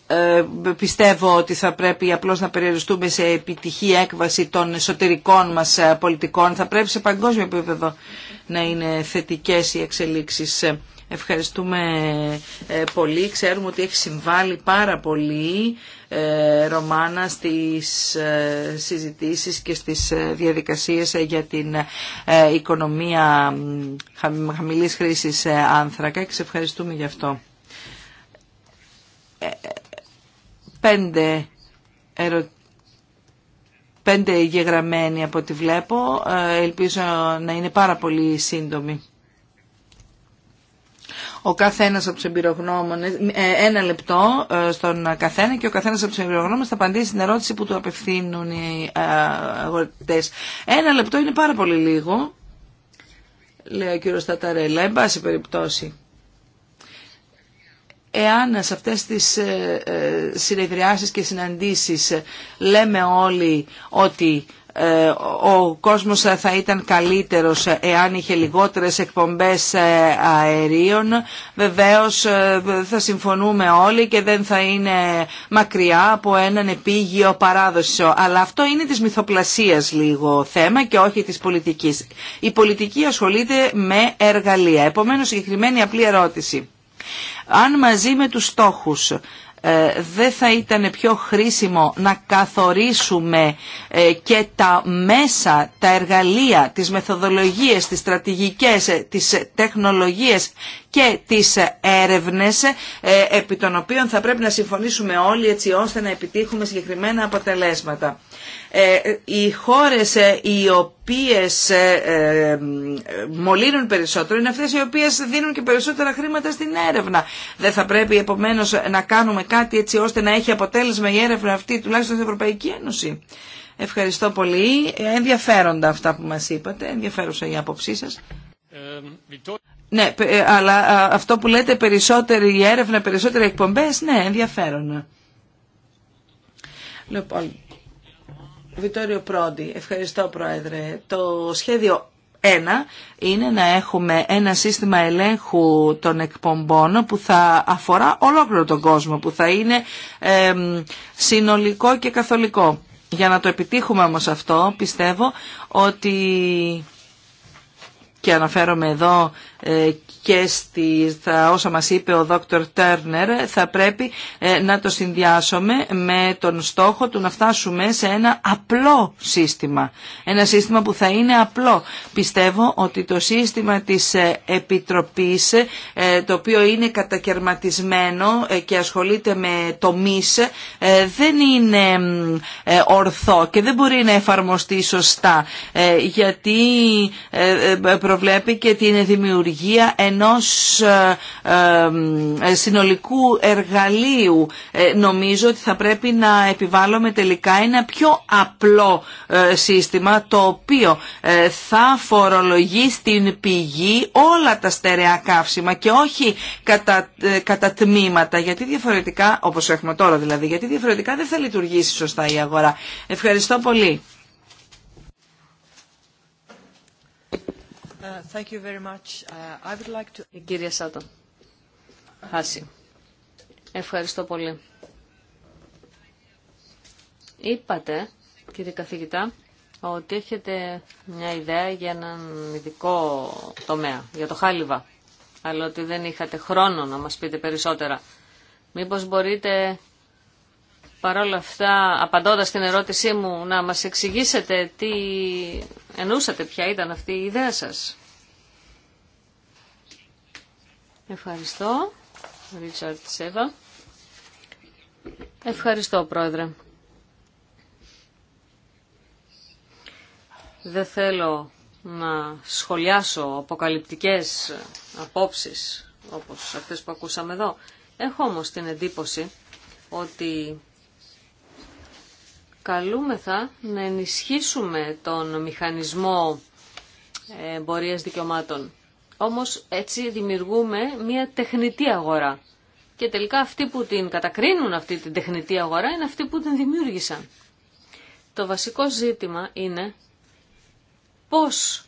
ε, πιστεύω ότι θα πρέπει απλώς να περιοριστούμε σε επιτυχή έκβαση των εσωτερικών μας πολιτικών. Θα πρέπει σε παγκόσμιο επίπεδο να είναι θετικές οι εξελίξεις. Ευχαριστούμε ε, πολύ. Ξέρουμε ότι έχει συμβάλει πάρα πολύ ε, Ρωμάνα στις ε, συζητήσεις και στις διαδικασίες για την οικονομία χαμηλής χρήσης άνθρακα και σε ευχαριστούμε γι' αυτό. Πέντε ερω... πέντε γεγραμμένοι από ό,τι βλέπω. Ελπίζω να είναι πάρα πολύ σύντομοι ο καθένας από τους εμπειρογνώμονες, ε, ένα λεπτό ε, στον καθένα και ο καθένας από τους εμπειρογνώμονες θα απαντήσει στην ερώτηση που του απευθύνουν οι ε, αγορητές. Ένα λεπτό είναι πάρα πολύ λίγο, λέει ο κύριο Ταταρέλα, εν πάση περιπτώσει εάν σε αυτές τις συνεδριάσεις και συναντήσεις λέμε όλοι ότι ε, ο κόσμος θα ήταν καλύτερος εάν είχε λιγότερες εκπομπές ε, αερίων. Βεβαίως ε, θα συμφωνούμε όλοι και δεν θα είναι μακριά από έναν επίγειο παράδοσο. Αλλά αυτό είναι της μυθοπλασίας λίγο θέμα και όχι της πολιτικής. Η πολιτική ασχολείται με εργαλεία. Επομένως, συγκεκριμένη απλή ερώτηση. Αν μαζί με τους στόχους ε, δεν θα ήταν πιο χρήσιμο να καθορίσουμε ε, και τα μέσα, τα εργαλεία, τις μεθοδολογίες, τις στρατηγικές, ε, τις τεχνολογίες και τις έρευνες επί των οποίων θα πρέπει να συμφωνήσουμε όλοι έτσι ώστε να επιτύχουμε συγκεκριμένα αποτελέσματα. Ε, οι χώρες ε, οι οποίες ε, μολύνουν περισσότερο είναι αυτές οι οποίες δίνουν και περισσότερα χρήματα στην έρευνα. Δεν θα πρέπει επομένως να κάνουμε κάτι έτσι ώστε να έχει αποτέλεσμα η έρευνα αυτή τουλάχιστον στην Ευρωπαϊκή Ένωση. Ευχαριστώ πολύ. Ενδιαφέροντα αυτά που μας είπατε. Ενδιαφέρουσα η άποψή σας. Ναι, αλλά αυτό που λέτε περισσότερη έρευνα, περισσότερα εκπομπές, ναι, ενδιαφέρον. Λοιπόν, Βιτόριο Πρόντι, ευχαριστώ Πρόεδρε. Το σχέδιο ένα είναι να έχουμε ένα σύστημα ελέγχου των εκπομπών που θα αφορά ολόκληρο τον κόσμο, που θα είναι συνολικό και καθολικό. Για να το επιτύχουμε όμως αυτό πιστεύω ότι και αναφέρομαι εδώ ε, και στα όσα μας είπε ο Δόκτωρ Τέρνερ, θα πρέπει ε, να το συνδυάσουμε με τον στόχο του να φτάσουμε σε ένα απλό σύστημα. Ένα σύστημα που θα είναι απλό. Πιστεύω ότι το σύστημα της ε, Επιτροπής, το οποίο είναι κατακαιρματισμένο και ασχολείται με το μίσ δεν είναι ορθό και δεν μπορεί να εφαρμοστεί σωστά, γιατί προβλέπει και την δημιουργία ενός ε, ε, ε, συνολικού εργαλείου. Νομίζω ότι θα πρέπει να επιβάλλουμε τελικά ένα πιο απλό σύστημα το οποίο θα φορολογεί στην πηγή όλα τα στερεά καύσιμα και όχι κατά, τμήματα γιατί διαφορετικά, όπως έχουμε τώρα δηλαδή, γιατί διαφορετικά δεν θα λειτουργήσει σωστά η αγορά. Ευχαριστώ πολύ. Uh, thank you very uh, Ευχαριστώ πολύ. Είπατε, κύριε καθηγητά, ότι έχετε μια ιδέα για έναν ειδικό τομέα, για το χάλιβα, αλλά ότι δεν είχατε χρόνο να μας πείτε περισσότερα. Μήπως μπορείτε παρόλα αυτά, απαντώντας στην ερώτησή μου, να μας εξηγήσετε τι εννοούσατε, ποια ήταν αυτή η ιδέα σας. Ευχαριστώ, Ρίτσαρτ Σέβα. Ευχαριστώ, Πρόεδρε. Δεν θέλω να σχολιάσω αποκαλυπτικές απόψεις, όπως αυτές που ακούσαμε εδώ. Έχω όμως την εντύπωση ότι καλούμεθα να ενισχύσουμε τον μηχανισμό εμπορίας δικαιωμάτων. Όμως έτσι δημιουργούμε μια τεχνητή αγορά. Και τελικά αυτοί που την κατακρίνουν αυτή την τεχνητή αγορά είναι αυτοί που την δημιούργησαν. Το βασικό ζήτημα είναι πώς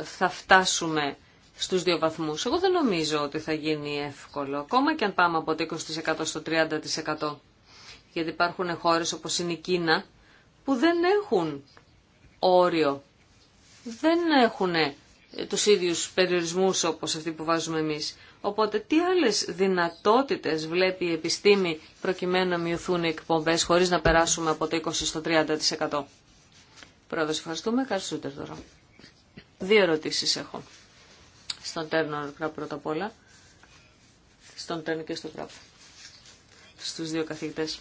ε, θα φτάσουμε στους δύο βαθμούς. Εγώ δεν νομίζω ότι θα γίνει εύκολο, ακόμα και αν πάμε από το 20% στο 30% γιατί υπάρχουν χώρες όπως είναι η Κίνα που δεν έχουν όριο, δεν έχουν ε, τους ίδιους περιορισμούς όπως αυτοί που βάζουμε εμείς. Οπότε τι άλλες δυνατότητες βλέπει η επιστήμη προκειμένου να μειωθούν οι εκπομπές χωρίς να περάσουμε από το 20% στο 30%. Πρόεδρος, ευχαριστούμε. ευχαριστούμε τώρα. Δύο ερωτήσεις έχω. Στον Τέρνο πρώτα απ' όλα. Στον Τέρνο και στον Κράπ. Στους δύο καθηγητές.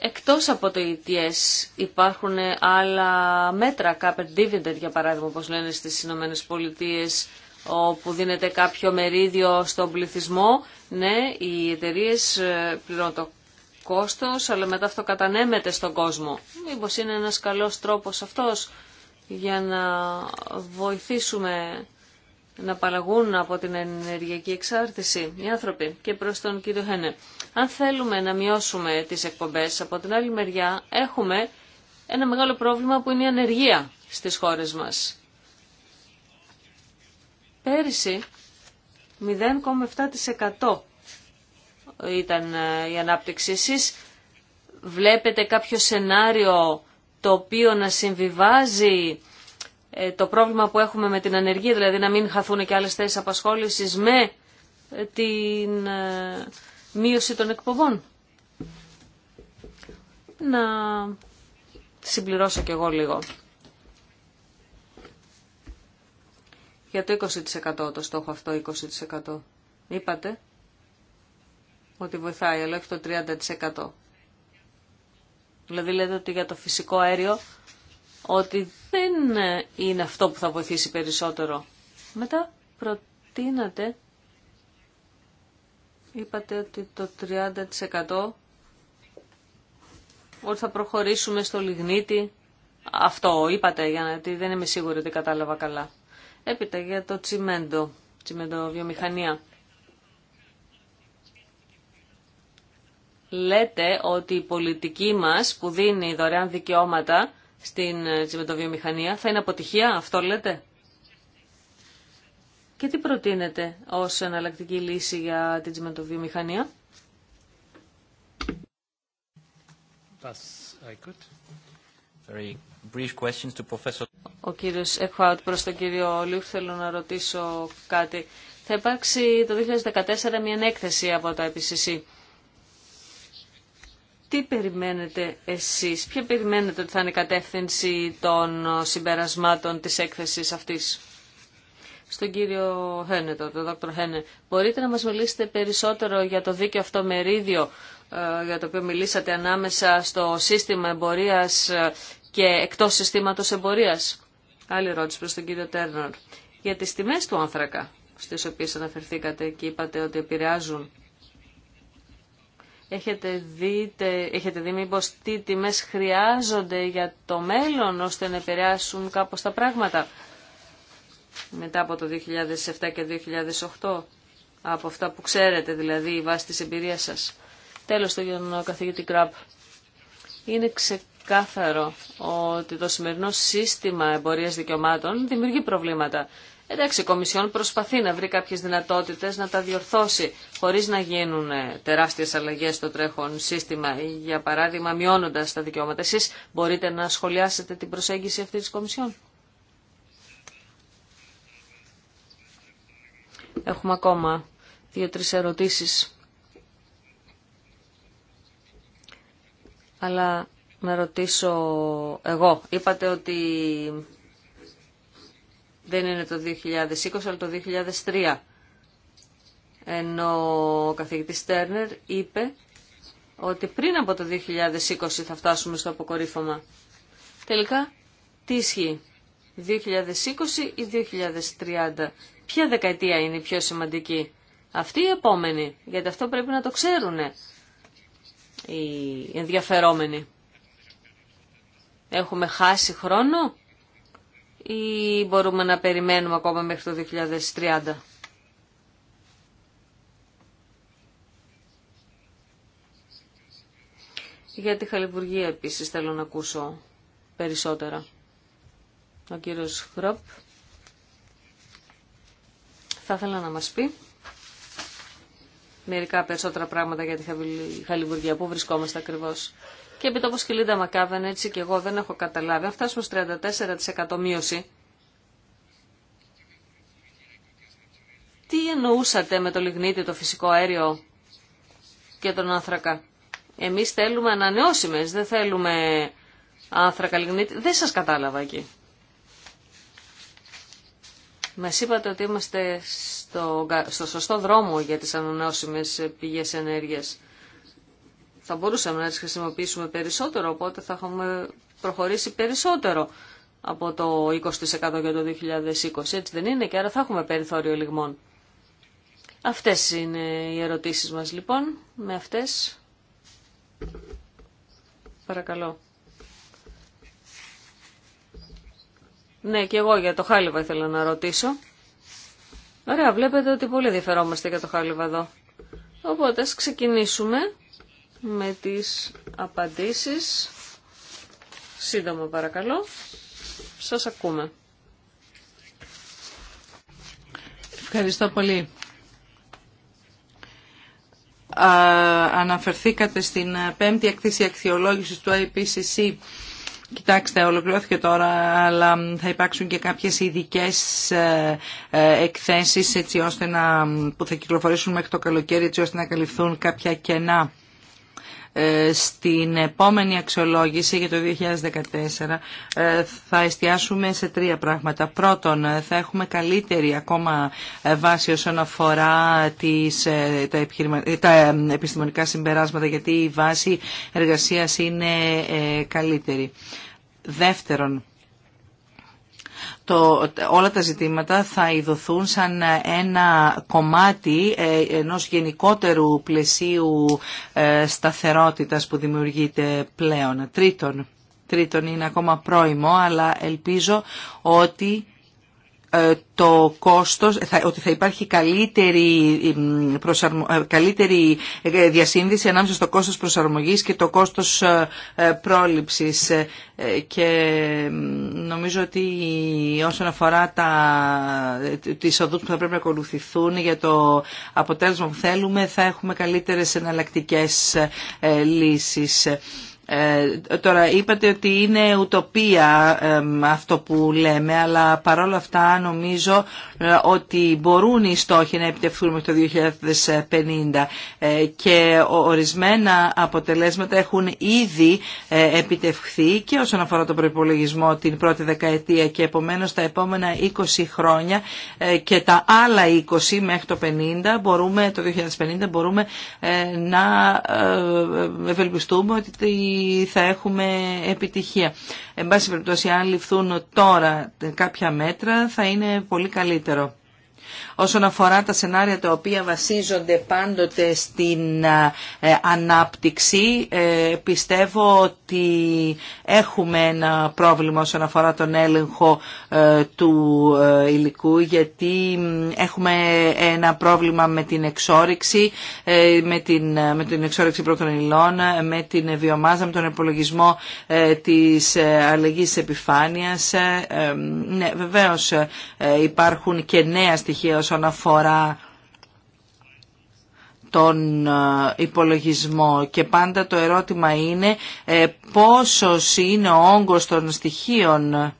Εκτός από το ETS υπάρχουν άλλα μέτρα, κάποια dividend για παράδειγμα, όπως λένε στις Ηνωμένες Πολιτείες, όπου δίνεται κάποιο μερίδιο στον πληθυσμό. Ναι, οι εταιρείε ε, πληρώνουν το κόστος, αλλά μετά αυτό κατανέμεται στον κόσμο. Μήπως είναι ένας καλός τρόπος αυτός για να βοηθήσουμε να απαλλαγούν από την ενεργειακή εξάρτηση οι άνθρωποι και προς τον κύριο Χένε. Αν θέλουμε να μειώσουμε τις εκπομπές, από την άλλη μεριά έχουμε ένα μεγάλο πρόβλημα που είναι η ανεργία στις χώρες μας. Πέρυσι 0,7% ήταν ε, η ανάπτυξη. Εσείς βλέπετε κάποιο σενάριο το οποίο να συμβιβάζει ε, το πρόβλημα που έχουμε με την ανεργία, δηλαδή να μην χαθούν και άλλες θέσεις απασχόλησης με ε, την μείωση των εκπομπών. Να συμπληρώσω κι εγώ λίγο. Για το 20% το στόχο αυτό, 20%. Είπατε ότι βοηθάει, αλλά όχι το 30%. Δηλαδή λέτε ότι για το φυσικό αέριο ότι δεν είναι αυτό που θα βοηθήσει περισσότερο. Μετά προτείνατε είπατε ότι το 30% ότι θα προχωρήσουμε στο λιγνίτι. Αυτό είπατε, γιατί δεν είμαι σίγουρη ότι κατάλαβα καλά. Έπειτα για το τσιμέντο, βιομηχανία. Λέτε ότι η πολιτική μας που δίνει δωρεάν δικαιώματα στην ε, βιομηχανία θα είναι αποτυχία, αυτό λέτε. Και τι προτείνετε ως εναλλακτική λύση για την τσιμεντοβιομηχανία. Uh, Ο κύριος Εχουάουτ προς τον κύριο Λιούχ θέλω να ρωτήσω κάτι. Θα υπάρξει το 2014 μια έκθεση από τα EPCC. Τι περιμένετε εσείς, ποια περιμένετε ότι θα είναι η κατεύθυνση των συμπερασμάτων της έκθεσης αυτής στον κύριο Χένε, τον δόκτωρ Χένε. Μπορείτε να μας μιλήσετε περισσότερο για το δίκαιο αυτό μερίδιο ε, για το οποίο μιλήσατε ανάμεσα στο σύστημα εμπορίας ε, και εκτός συστήματος εμπορίας. Άλλη ερώτηση προς τον κύριο Τέρνορ. Για τις τιμές του άνθρακα, στις οποίες αναφερθήκατε και είπατε ότι επηρεάζουν. Έχετε, δείτε, έχετε δει μήπως τι τιμές χρειάζονται για το μέλλον ώστε να επηρεάσουν κάπως τα πράγματα μετά από το 2007 και 2008, από αυτά που ξέρετε δηλαδή βάσει της εμπειρίας σας. Τέλος το για καθηγητή Κραπ. Είναι ξεκάθαρο ότι το σημερινό σύστημα εμπορίας δικαιωμάτων δημιουργεί προβλήματα. Εντάξει, η Κομισιόν προσπαθεί να βρει κάποιες δυνατότητες να τα διορθώσει χωρίς να γίνουν τεράστιες αλλαγές στο τρέχον σύστημα. Για παράδειγμα, μειώνοντας τα δικαιώματα. Εσείς μπορείτε να σχολιάσετε την προσέγγιση αυτή της Κομισιόν. Έχουμε ακόμα δύο-τρεις ερωτήσεις. Αλλά να ρωτήσω εγώ. Είπατε ότι δεν είναι το 2020 αλλά το 2003. Ενώ ο καθηγητής Τέρνερ είπε ότι πριν από το 2020 θα φτάσουμε στο αποκορύφωμα. Τελικά, τι ισχύει, 2020 ή 2030 ποια δεκαετία είναι η πιο σημαντική. Αυτή η επόμενη, γιατί αυτό πρέπει να το ξέρουν οι ενδιαφερόμενοι. Έχουμε χάσει χρόνο ή μπορούμε να περιμένουμε ακόμα μέχρι το 2030. Για τη Χαλιβουργία επίσης θέλω να ακούσω περισσότερα. Ο κύριος Χροπ θα ήθελα να μας πει μερικά περισσότερα πράγματα για τη Χαλιβουργία, πού βρισκόμαστε ακριβώς. Και επί τόπος και Μακάβεν, έτσι και εγώ δεν έχω καταλάβει, Αυτά φτάσουμε 34% μείωση, τι εννοούσατε με το λιγνίτι, το φυσικό αέριο και τον άνθρακα. Εμείς θέλουμε ανανεώσιμες, δεν θέλουμε άνθρακα λιγνίτι. Δεν σας κατάλαβα εκεί. Μας είπατε ότι είμαστε στο, σωστό δρόμο για τις ανανεώσιμες πηγές ενέργειας. Θα μπορούσαμε να τις χρησιμοποιήσουμε περισσότερο, οπότε θα έχουμε προχωρήσει περισσότερο από το 20% για το 2020. Έτσι δεν είναι και άρα θα έχουμε περιθώριο λιγμών. Αυτές είναι οι ερωτήσεις μας λοιπόν. Με αυτές. Παρακαλώ. Ναι, και εγώ για το χάλιβα ήθελα να ρωτήσω. Ωραία, βλέπετε ότι πολύ ενδιαφερόμαστε για το χάλιβα εδώ. Οπότε ας ξεκινήσουμε με τις απαντήσεις. Σύντομα παρακαλώ. Σας ακούμε. Ευχαριστώ πολύ. αναφερθήκατε στην πέμπτη εκτίση αξιολόγησης του IPCC Κοιτάξτε, ολοκληρώθηκε τώρα, αλλά θα υπάρξουν και κάποιες ειδικέ ε, ε, εκθέσεις έτσι ώστε να, που θα κυκλοφορήσουν μέχρι το καλοκαίρι έτσι ώστε να καλυφθούν κάποια κενά. Ε, στην επόμενη αξιολόγηση για το 2014 ε, θα εστιάσουμε σε τρία πράγματα. Πρώτον, ε, θα έχουμε καλύτερη ακόμα βάση όσον αφορά τις, τα, τα επιστημονικά συμπεράσματα, γιατί η βάση εργασίας είναι καλύτερη. Δεύτερον, το, όλα τα ζητήματα θα ειδωθούν σαν ένα κομμάτι ε, ενός γενικότερου πλαισίου ε, σταθερότητας που δημιουργείται πλέον. Τρίτον, τρίτον είναι ακόμα πρόημο, αλλά ελπίζω ότι ε, το κόστος, ότι θα υπάρχει καλύτερη, προσαρμο, ε, καλύτερη ε, διασύνδεση ανάμεσα στο κόστος προσαρμογής και το κόστος πρόληψης. Και νομίζω ότι όσον αφορά τα, τις οδούς που θα πρέπει να ακολουθηθούν για το αποτέλεσμα που θέλουμε, θα έχουμε καλύτερες εναλλακτικές λύσεις. Ε, τώρα είπατε ότι είναι ουτοπία αυτό που λέμε, αλλά παρόλα αυτά νομίζω ε, ότι μπορούν οι στόχοι να επιτευχθούν μέχρι το 2050 ε, και ορισμένα αποτελέσματα έχουν ήδη επιτευχθεί και όσον αφορά τον προϋπολογισμό την πρώτη δεκαετία και επομένως τα επόμενα 20 χρόνια και τα άλλα 20 μέχρι το 50 μπορούμε, το 2050 μπορούμε να ευελπιστούμε ότι θα έχουμε επιτυχία. Εν πάση περιπτώσει, αν ληφθούν τώρα κάποια μέτρα θα είναι πολύ καλύτερο. Όσον αφορά τα σενάρια τα οποία βασίζονται πάντοτε στην ε, ανάπτυξη, ε, πιστεύω ότι έχουμε ένα πρόβλημα όσον αφορά τον έλεγχο ε, του υλικού, γιατί έχουμε ένα πρόβλημα με την εξόριξη, με την, με την εξόριξη πρώτων υλών, με την βιομάζα, με τον υπολογισμό της αλλαγής επιφάνειας. Ναι, βεβαίως υπάρχουν και νέα στοιχεία όσον αφορά τον ε, υπολογισμό και πάντα το ερώτημα είναι ε, πόσος είναι ο όγκος των στοιχείων.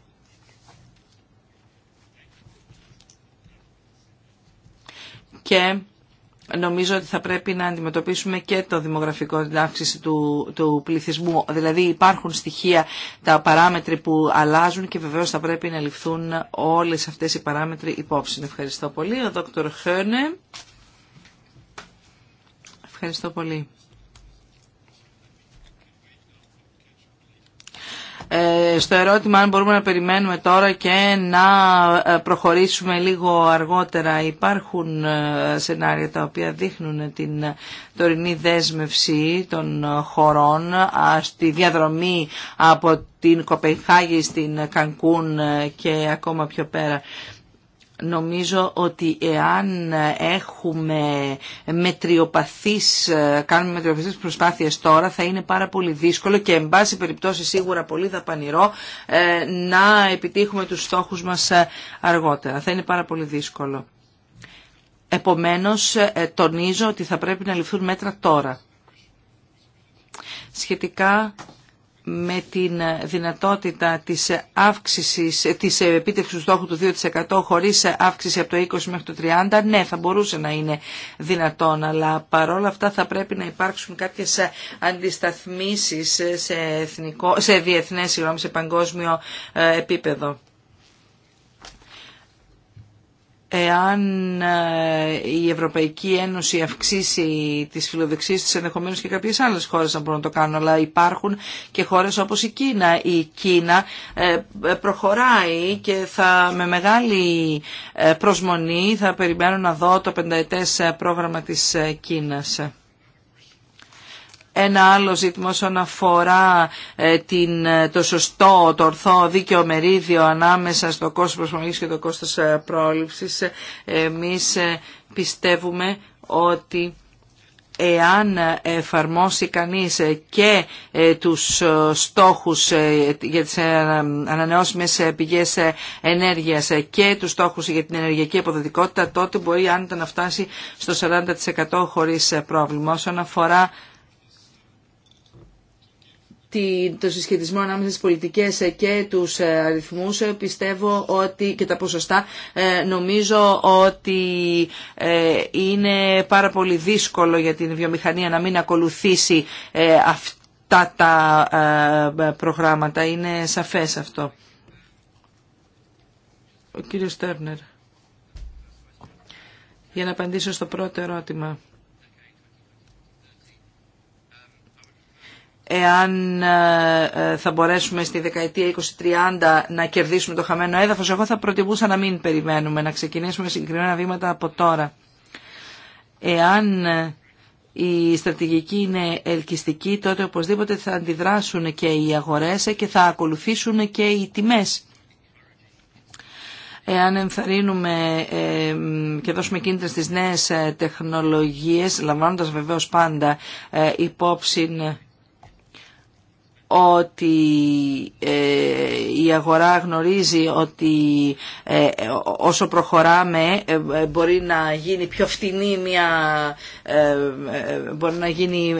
Και νομίζω ότι θα πρέπει να αντιμετωπίσουμε και το δημογραφικό, την αύξηση του, του πληθυσμού. Δηλαδή υπάρχουν στοιχεία, τα παράμετροι που αλλάζουν και βεβαίως θα πρέπει να ληφθούν όλες αυτές οι παράμετροι υπόψη. Ευχαριστώ πολύ. Ο Δόκτωρ Ευχαριστώ πολύ. Ε, στο ερώτημα αν μπορούμε να περιμένουμε τώρα και να ε, προχωρήσουμε λίγο αργότερα. Υπάρχουν ε, σενάρια τα οποία δείχνουν την τωρινή δέσμευση των χωρών στη διαδρομή από την Κοπεϊχάγη στην Κανκούν και ακόμα πιο πέρα. Νομίζω ότι εάν έχουμε μετριοπαθείς, κάνουμε μετριοπαθείς προσπάθειες τώρα θα είναι πάρα πολύ δύσκολο και εν πάση περιπτώσει σίγουρα πολύ δαπανηρό ε, να επιτύχουμε τους στόχους μας ε, αργότερα. Θα είναι πάρα πολύ δύσκολο. Επομένως ε, τονίζω ότι θα πρέπει να ληφθούν μέτρα τώρα. Σχετικά με την δυνατότητα της αύξησης, της επίτευξης του στόχου του 2% χωρίς αύξηση από το 20 μέχρι το 30, ναι θα μπορούσε να είναι δυνατόν, αλλά παρόλα αυτά θα πρέπει να υπάρξουν κάποιες αντισταθμίσεις σε, εθνικό, σε διεθνές, συγγνώμη, σε παγκόσμιο ε, επίπεδο εάν ε, η Ευρωπαϊκή Ένωση αυξήσει τις φιλοδεξίες της ενδεχομένως και κάποιες άλλες χώρες να μπορούν να το κάνουν αλλά υπάρχουν και χώρες όπως η Κίνα η Κίνα ε, προχωράει και θα με μεγάλη ε, προσμονή θα περιμένω να δω το πενταετές πρόγραμμα της Κίνας ένα άλλο ζήτημα όσον αφορά ε, την, ε, το σωστό, το ορθό δίκαιο μερίδιο ανάμεσα στο κόστος προσαρμογής και το κόστος ε, πρόληψης, εμείς πιστεύουμε ότι εάν εφαρμόσει κανείς και τους στόχους για τις ανανεώσιμες πηγές ενέργειας και τους στόχους για την ενεργειακή αποδοτικότητα, τότε μπορεί άνετα να φτάσει στο 40% χωρίς πρόβλημα. Όσον αφορά το συσχετισμό ανάμεσα στις πολιτικές ε, και τους ε, αριθμούς ε, πιστεύω ότι και τα ποσοστά νομίζω ότι είναι πάρα πολύ δύσκολο για την βιομηχανία να μην ακολουθήσει αυτά τα προγράμματα. Είναι σαφές αυτό. Ο κύριος Τέρνερ. Για να απαντήσω στο πρώτο ερώτημα. εάν ε, ε, θα μπορέσουμε στη δεκαετία 2030 να κερδίσουμε το χαμένο έδαφος. Εγώ θα προτιμούσα να μην περιμένουμε, να ξεκινήσουμε συγκεκριμένα βήματα από τώρα. Εάν ε, η στρατηγική είναι ελκυστική, τότε οπωσδήποτε θα αντιδράσουν και οι αγορές και θα ακολουθήσουν και οι τιμές. Εάν ενθαρρύνουμε και δώσουμε κίνητρα στις νέες τεχνολογίες, λαμβάνοντας βεβαίως πάντα υπόψη ότι ε, η αγορά γνωρίζει ότι ε, όσο προχωράμε ε, μπορεί να γίνει πιο φτηνή μια, να γίνει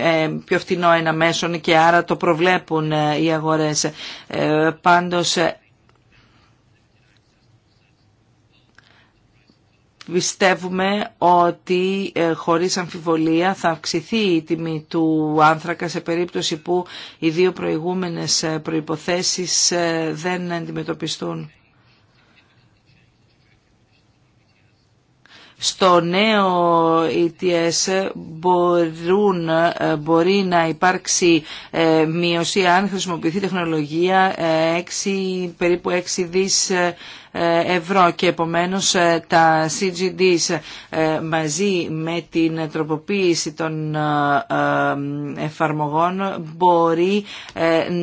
πιο φτηνό ένα μέσον και άρα το προβλέπουν οι αγορές. Πάντως Πιστεύουμε ότι ε, χωρίς αμφιβολία θα αυξηθεί η τιμή του άνθρακα σε περίπτωση που οι δύο προηγούμενες ε, προϋποθέσεις ε, δεν αντιμετωπιστούν. στο νέο ETS μπορούν, ε, μπορεί να υπάρξει ε, μειωσία αν χρησιμοποιηθεί τεχνολογία ε, περίπου 6 δις ευρώ και επομένως τα CGDs μαζί με την τροποποίηση των εφαρμογών μπορεί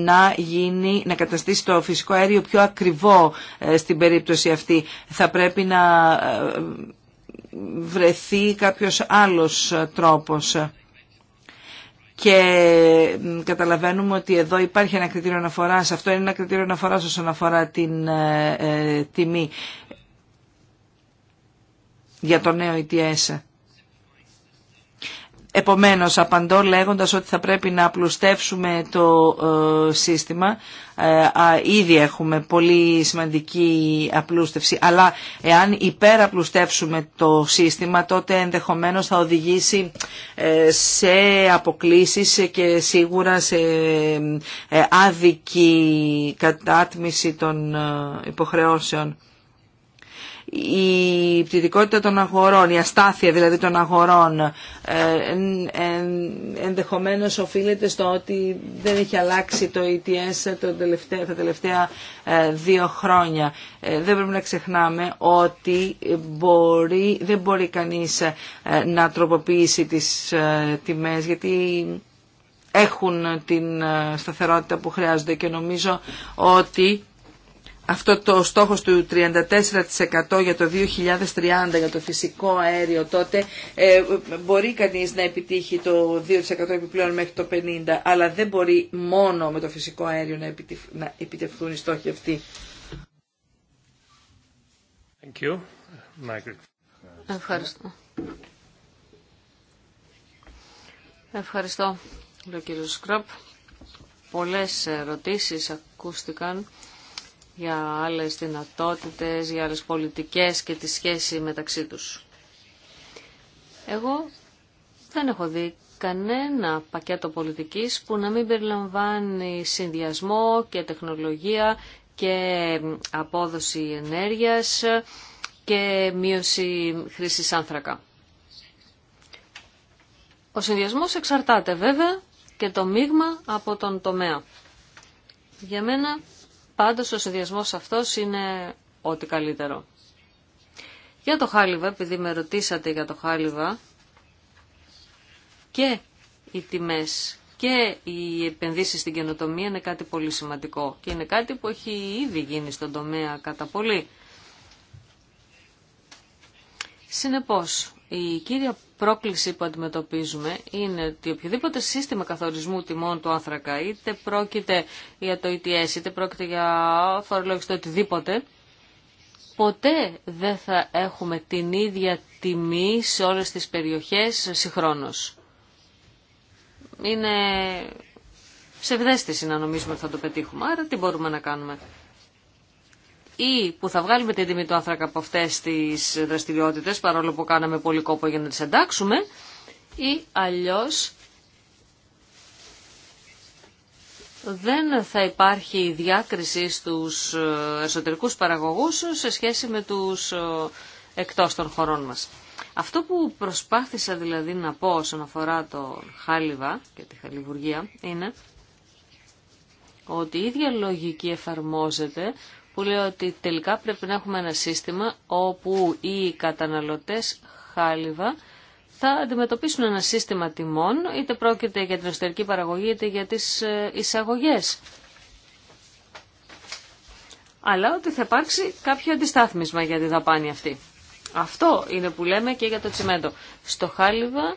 να, γίνει, να καταστήσει το φυσικό αέριο πιο ακριβό στην περίπτωση αυτή. Θα πρέπει να βρεθεί κάποιος άλλος τρόπος. Και καταλαβαίνουμε ότι εδώ υπάρχει ένα κριτήριο αναφοράς. Αυτό είναι ένα κριτήριο αναφοράς όσον αφορά την ε, ε, τιμή για το νέο ETS. Επομένως, απαντώ λέγοντας ότι θα πρέπει να απλουστεύσουμε το ε, σύστημα. Ε, ήδη έχουμε πολύ σημαντική απλούστευση, αλλά εάν υπεραπλουστεύσουμε το σύστημα, τότε ενδεχομένως θα οδηγήσει ε, σε αποκλήσεις και σίγουρα σε άδικη κατάτμιση των υποχρεώσεων η πτυτικότητα των αγορών, η αστάθεια δηλαδή των αγορών ε, ενδεχομένως οφείλεται στο ότι δεν έχει αλλάξει το ETS το τελευταία, τα τελευταία ε, δύο χρόνια. Ε, δεν πρέπει να ξεχνάμε ότι μπορεί, δεν μπορεί κανείς να τροποποιήσει τις τιμές γιατί έχουν την σταθερότητα που χρειάζονται και νομίζω ότι αυτό το στόχος του 34% για το 2030 για το φυσικό αέριο τότε ε, μπορεί κανείς να επιτύχει το 2% επιπλέον μέχρι το 50% αλλά δεν μπορεί μόνο με το φυσικό αέριο να, να επιτευχθούν οι στόχοι αυτοί. Thank you. Ευχαριστώ. Ευχαριστώ, κύριε Σκρόπ. Πολλές ερωτήσεις ακούστηκαν για άλλες δυνατότητες, για άλλες πολιτικές και τη σχέση μεταξύ τους. Εγώ δεν έχω δει κανένα πακέτο πολιτικής που να μην περιλαμβάνει συνδυασμό και τεχνολογία και απόδοση ενέργειας και μείωση χρήσης άνθρακα. Ο συνδυασμός εξαρτάται βέβαια και το μείγμα από τον τομέα. Για μένα Πάντως ο συνδυασμός αυτός είναι ό,τι καλύτερο. Για το χάλιβα, επειδή με ρωτήσατε για το χάλιβα, και οι τιμές και οι επενδύσεις στην καινοτομία είναι κάτι πολύ σημαντικό και είναι κάτι που έχει ήδη γίνει στον τομέα κατά πολύ. Συνεπώς, η κύρια πρόκληση που αντιμετωπίζουμε είναι ότι οποιοδήποτε σύστημα καθορισμού τιμών του άνθρακα, είτε πρόκειται για το ETS, είτε πρόκειται για φορολόγηση οτιδήποτε, ποτέ δεν θα έχουμε την ίδια τιμή σε όλες τις περιοχές συγχρόνως. Είναι ψευδέστηση να νομίζουμε ότι θα το πετύχουμε, άρα τι μπορούμε να κάνουμε ή που θα βγάλουμε την τιμή του άνθρακα από αυτές τι δραστηριότητες, παρόλο που κάναμε πολύ κόπο για να τις εντάξουμε, ή αλλιώ δεν θα υπάρχει διάκριση στους ε, εσωτερικούς παραγωγούς σε σχέση με τους ε, εκτός των χωρών μας. Αυτό που προσπάθησα δηλαδή να πω όσον αφορά το χάλιβα και τη χαλιβουργία είναι ότι η ίδια λογική εφαρμόζεται που λέει ότι τελικά πρέπει να έχουμε ένα σύστημα όπου οι καταναλωτές χάλιβα θα αντιμετωπίσουν ένα σύστημα τιμών, είτε πρόκειται για την εσωτερική παραγωγή, είτε για τις ε, εισαγωγές. Αλλά ότι θα υπάρξει κάποιο αντιστάθμισμα για τη δαπάνη αυτή. Αυτό είναι που λέμε και για το τσιμέντο. Στο χάλιβα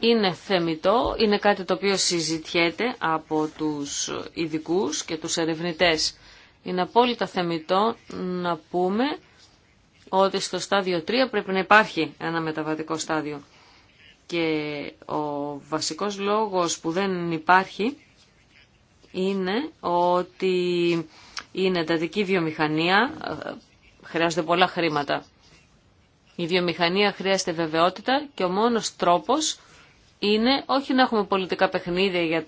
είναι θεμητό, είναι κάτι το οποίο συζητιέται από τους ειδικού και τους ερευνητές. Είναι απόλυτα θεμητό να πούμε ότι στο στάδιο 3 πρέπει να υπάρχει ένα μεταβατικό στάδιο. Και ο βασικός λόγος που δεν υπάρχει είναι ότι η εντατική βιομηχανία ε, χρειάζονται πολλά χρήματα. Η βιομηχανία χρειάζεται βεβαιότητα και ο μόνος τρόπος είναι όχι να έχουμε πολιτικά παιχνίδια για,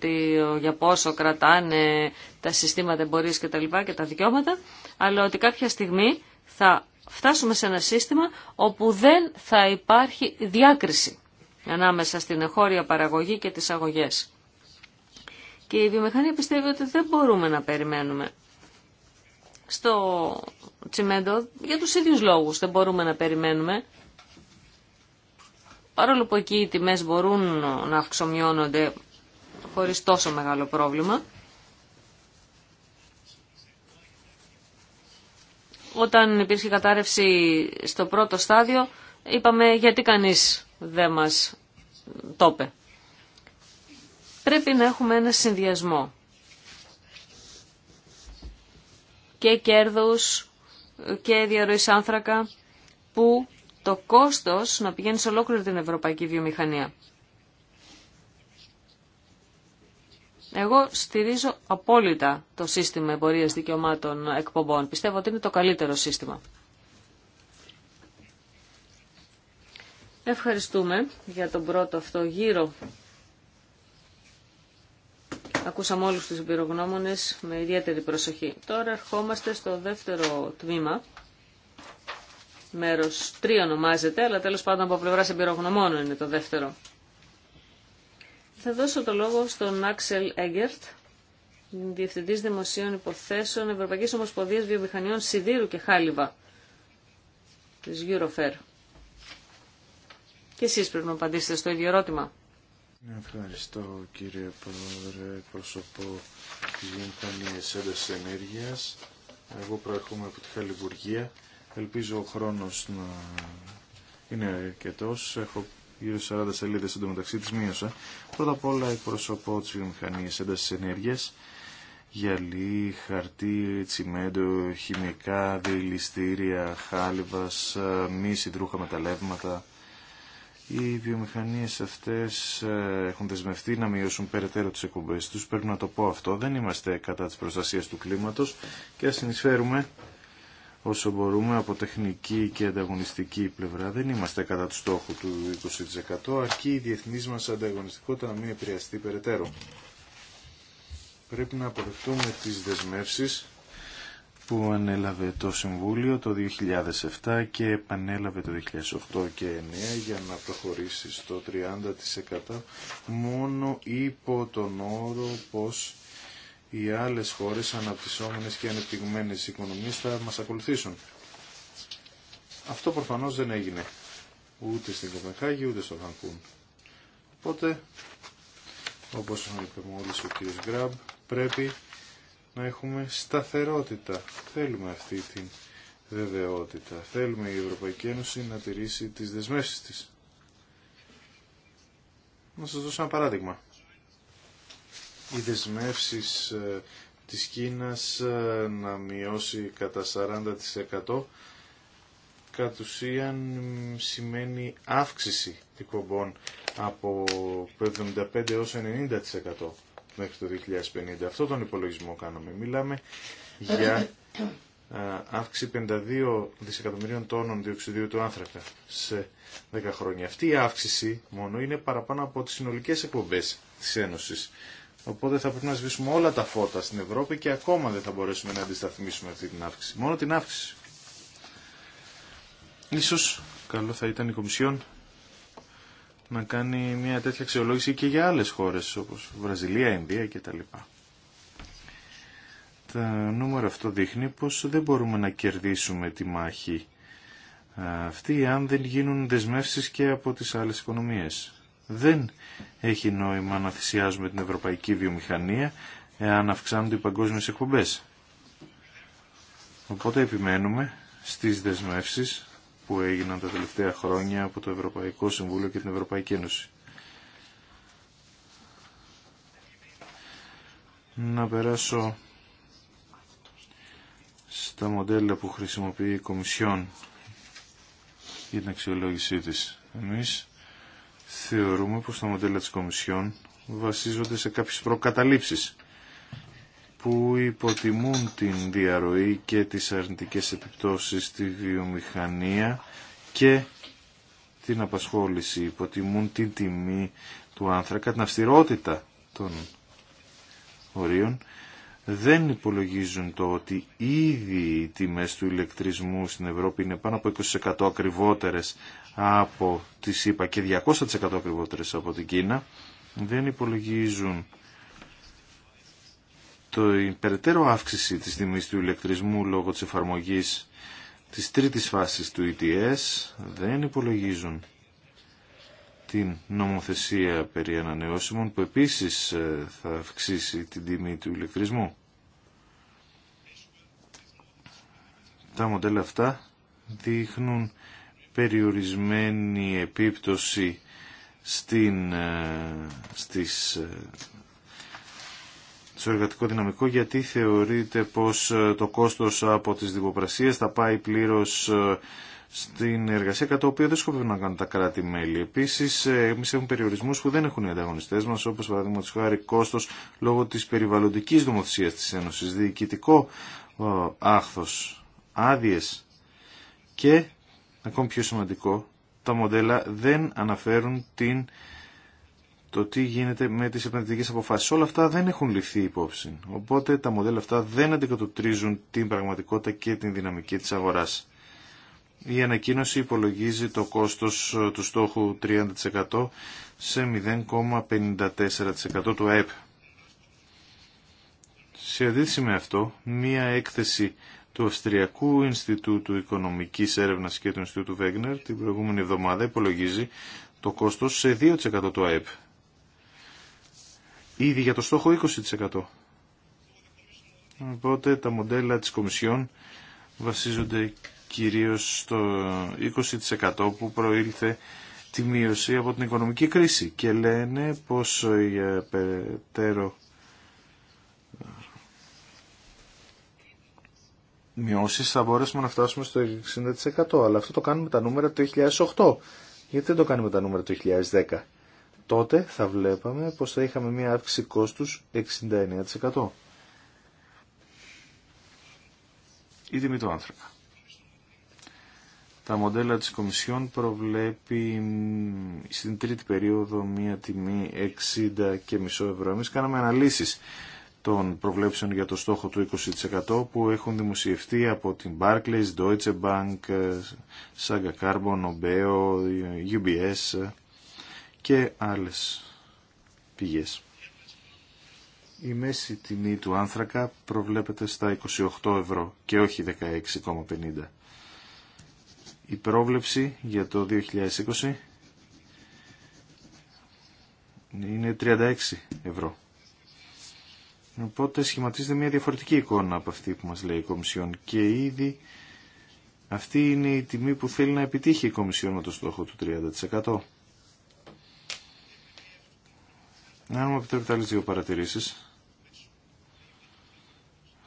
για πόσο κρατάνε τα συστήματα εμπορίας και τα λοιπά και τα δικαιώματα, αλλά ότι κάποια στιγμή θα φτάσουμε σε ένα σύστημα όπου δεν θα υπάρχει διάκριση ανάμεσα στην εχώρια παραγωγή και τις αγωγές. Και η βιομηχανία πιστεύει ότι δεν μπορούμε να περιμένουμε στο τσιμέντο για τους ίδιους λόγους δεν μπορούμε να περιμένουμε Παρόλο που εκεί οι τιμές μπορούν να αυξομοιώνονται χωρίς τόσο μεγάλο πρόβλημα, όταν υπήρχε κατάρρευση στο πρώτο στάδιο, είπαμε γιατί κανείς δεν μας το είπε. Πρέπει να έχουμε ένα συνδυασμό και κέρδους και διαρροής άνθρακα που το κόστος να πηγαίνει σε ολόκληρη την ευρωπαϊκή βιομηχανία. Εγώ στηρίζω απόλυτα το σύστημα εμπορίας δικαιωμάτων εκπομπών. Πιστεύω ότι είναι το καλύτερο σύστημα. Ευχαριστούμε για τον πρώτο αυτό γύρο. Ακούσαμε όλους τους εμπειρογνώμονες με ιδιαίτερη προσοχή. Τώρα ερχόμαστε στο δεύτερο τμήμα μέρος 3 ονομάζεται, αλλά τέλος πάντων από πλευράς εμπειρογνωμόνων είναι το δεύτερο. Θα δώσω το λόγο στον Άξελ Έγκερτ, Διευθυντής Δημοσίων Υποθέσεων Ευρωπαϊκής Ομοσπονδίας Βιομηχανιών Σιδήρου και Χάλιβα της Eurofair. Και εσείς πρέπει να απαντήσετε στο ίδιο ερώτημα. Ευχαριστώ κύριε Πρόεδρε, πρόσωπο της Βιομηχανίας Έντασης Ενέργειας. Εγώ προέρχομαι από τη Χαλιβουργία Ελπίζω ο χρόνος να είναι αρκετό. Έχω γύρω 40 σελίδε εντωμεταξύ τη μείωσα. Πρώτα απ' όλα εκπροσωπώ τι βιομηχανίε ένταση ενέργεια. Γυαλί, χαρτί, τσιμέντο, χημικά, δηληστήρια, χάλιβα, μη συντρούχα μεταλλεύματα. Οι βιομηχανίε αυτέ ε, έχουν δεσμευτεί να μειώσουν περαιτέρω τι εκπομπέ του. Πρέπει να το πω αυτό. Δεν είμαστε κατά τη προστασία του κλίματο και α συνεισφέρουμε όσο μπορούμε από τεχνική και ανταγωνιστική πλευρά. Δεν είμαστε κατά του στόχου του 20% αρκεί η διεθνή μας ανταγωνιστικότητα να μην επηρεαστεί περαιτέρω. Πρέπει να αποδεχτούμε τις δεσμεύσεις που ανέλαβε το Συμβούλιο το 2007 και επανέλαβε το 2008 και 2009 για να προχωρήσει στο 30% μόνο υπό τον όρο πως οι άλλες χώρες αναπτυσσόμενες και ανεπτυγμένες οικονομίες θα μας ακολουθήσουν. Αυτό προφανώς δεν έγινε ούτε στην Κοπενχάγη ούτε στο Βανκούν. Οπότε, όπως είπε μόλις ο κ. Γκραμπ, πρέπει να έχουμε σταθερότητα. Θέλουμε αυτή την βεβαιότητα. Θέλουμε η Ευρωπαϊκή Ένωση να τηρήσει τις δεσμεύσεις της. Να σας δώσω ένα παράδειγμα οι δεσμεύσει ε, της Κίνας ε, να μειώσει κατά 40% κατ' ουσίαν σημαίνει αύξηση εκπομπών από 75% έως 90% μέχρι το 2050. Αυτό τον υπολογισμό κάνουμε. Μιλάμε για ε, αύξηση 52 δισεκατομμυρίων τόνων διοξιδίου του άνθρακα σε 10 χρόνια. Αυτή η αύξηση μόνο είναι παραπάνω από τις συνολικές εκπομπές της Ένωσης Οπότε θα πρέπει να σβήσουμε όλα τα φώτα στην Ευρώπη και ακόμα δεν θα μπορέσουμε να αντισταθμίσουμε αυτή την αύξηση. Μόνο την αύξηση. Ίσως καλό θα ήταν η Κομισιόν να κάνει μια τέτοια αξιολόγηση και για άλλες χώρες όπως Βραζιλία, Ινδία κτλ. Τα νούμερο αυτό δείχνει πως δεν μπορούμε να κερδίσουμε τη μάχη αυτή αν δεν γίνουν δεσμεύσεις και από τις άλλες οικονομίες. Δεν έχει νόημα να θυσιάζουμε την ευρωπαϊκή βιομηχανία εάν αυξάνονται οι παγκόσμιες εκπομπές. Οπότε επιμένουμε στις δεσμεύσεις που έγιναν τα τελευταία χρόνια από το Ευρωπαϊκό Συμβούλιο και την Ευρωπαϊκή Ένωση. Να περάσω στα μοντέλα που χρησιμοποιεί η Κομισιόν για την αξιολόγησή της. Εμείς θεωρούμε πως τα μοντέλα της Κομισιόν βασίζονται σε κάποιες προκαταλήψεις που υποτιμούν την διαρροή και τις αρνητικές επιπτώσεις στη βιομηχανία και την απασχόληση, υποτιμούν την τιμή του άνθρακα, την αυστηρότητα των ορίων, δεν υπολογίζουν το ότι ήδη οι τιμές του ηλεκτρισμού στην Ευρώπη είναι πάνω από 20% ακριβότερες από τη ΣΥΠΑ και 200% ακριβότερες από την Κίνα, δεν υπολογίζουν το υπεραιτέρω αύξηση της τιμής του ηλεκτρισμού λόγω της εφαρμογής της τρίτης φάσης του ETS, δεν υπολογίζουν την νομοθεσία περί ανανεώσιμων που επίσης ε, θα αυξήσει την τιμή του ηλεκτρισμού. Τα μοντέλα αυτά δείχνουν περιορισμένη επίπτωση στην, ε, στις, ε, στο εργατικό δυναμικό γιατί θεωρείται πως ε, το κόστος από τις δημοπρασίες θα πάει πλήρως στην εργασία, κατά το οποίο δεν σκοπεύουν να κάνουν τα κράτη-μέλη. Επίση, εμεί έχουμε περιορισμού που δεν έχουν οι ανταγωνιστέ μα, όπω παραδείγματο χάρη κόστο λόγω τη περιβαλλοντική νομοθεσία τη Ένωση, διοικητικό άχθο, άδειε και ακόμη πιο σημαντικό, τα μοντέλα δεν αναφέρουν την, το τι γίνεται με τις επενδυτικές αποφάσεις. Όλα αυτά δεν έχουν ληφθεί υπόψη. Οπότε τα μοντέλα αυτά δεν αντικατοπτρίζουν την πραγματικότητα και την δυναμική της αγοράς. Η ανακοίνωση υπολογίζει το κόστος ε, του στόχου 30% σε 0,54% του ΑΕΠ. Σε αντίθεση με αυτό, μία έκθεση του Αυστριακού Ινστιτούτου Οικονομικής Έρευνας και του Ινστιτούτου Βέγνερ την προηγούμενη εβδομάδα υπολογίζει το κόστος σε 2% του ΑΕΠ. Ήδη για το στόχο 20%. Οπότε τα μοντέλα της Κομισιόν βασίζονται κυρίως στο 20% που προήλθε τη μείωση από την οικονομική κρίση και λένε πως για περαιτέρω μειώσεις θα μπορέσουμε να φτάσουμε στο 60%. Αλλά αυτό το κάνουμε τα νούμερα του 2008. Γιατί δεν το κάνουμε τα νούμερα του 2010. Τότε θα βλέπαμε πως θα είχαμε μια αύξηση κόστους 69%. Η τιμή του άνθρακα. Τα μοντέλα της Κομισιόν προβλέπει στην τρίτη περίοδο μία τιμή 60 και μισό ευρώ. Εμείς κάναμε αναλύσεις των προβλέψεων για το στόχο του 20% που έχουν δημοσιευτεί από την Barclays, Deutsche Bank, Saga Carbon, Obeo, UBS και άλλες πηγές. Η μέση τιμή του άνθρακα προβλέπεται στα 28 ευρώ και όχι 16,50. Η πρόβλεψη για το 2020 είναι 36 ευρώ. Οπότε σχηματίζεται μια διαφορετική εικόνα από αυτή που μας λέει η Κομισιόν και ήδη αυτή είναι η τιμή που θέλει να επιτύχει η Κομισιόν με το στόχο του 30%. Να μου επιτρέπετε άλλες δύο παρατηρήσεις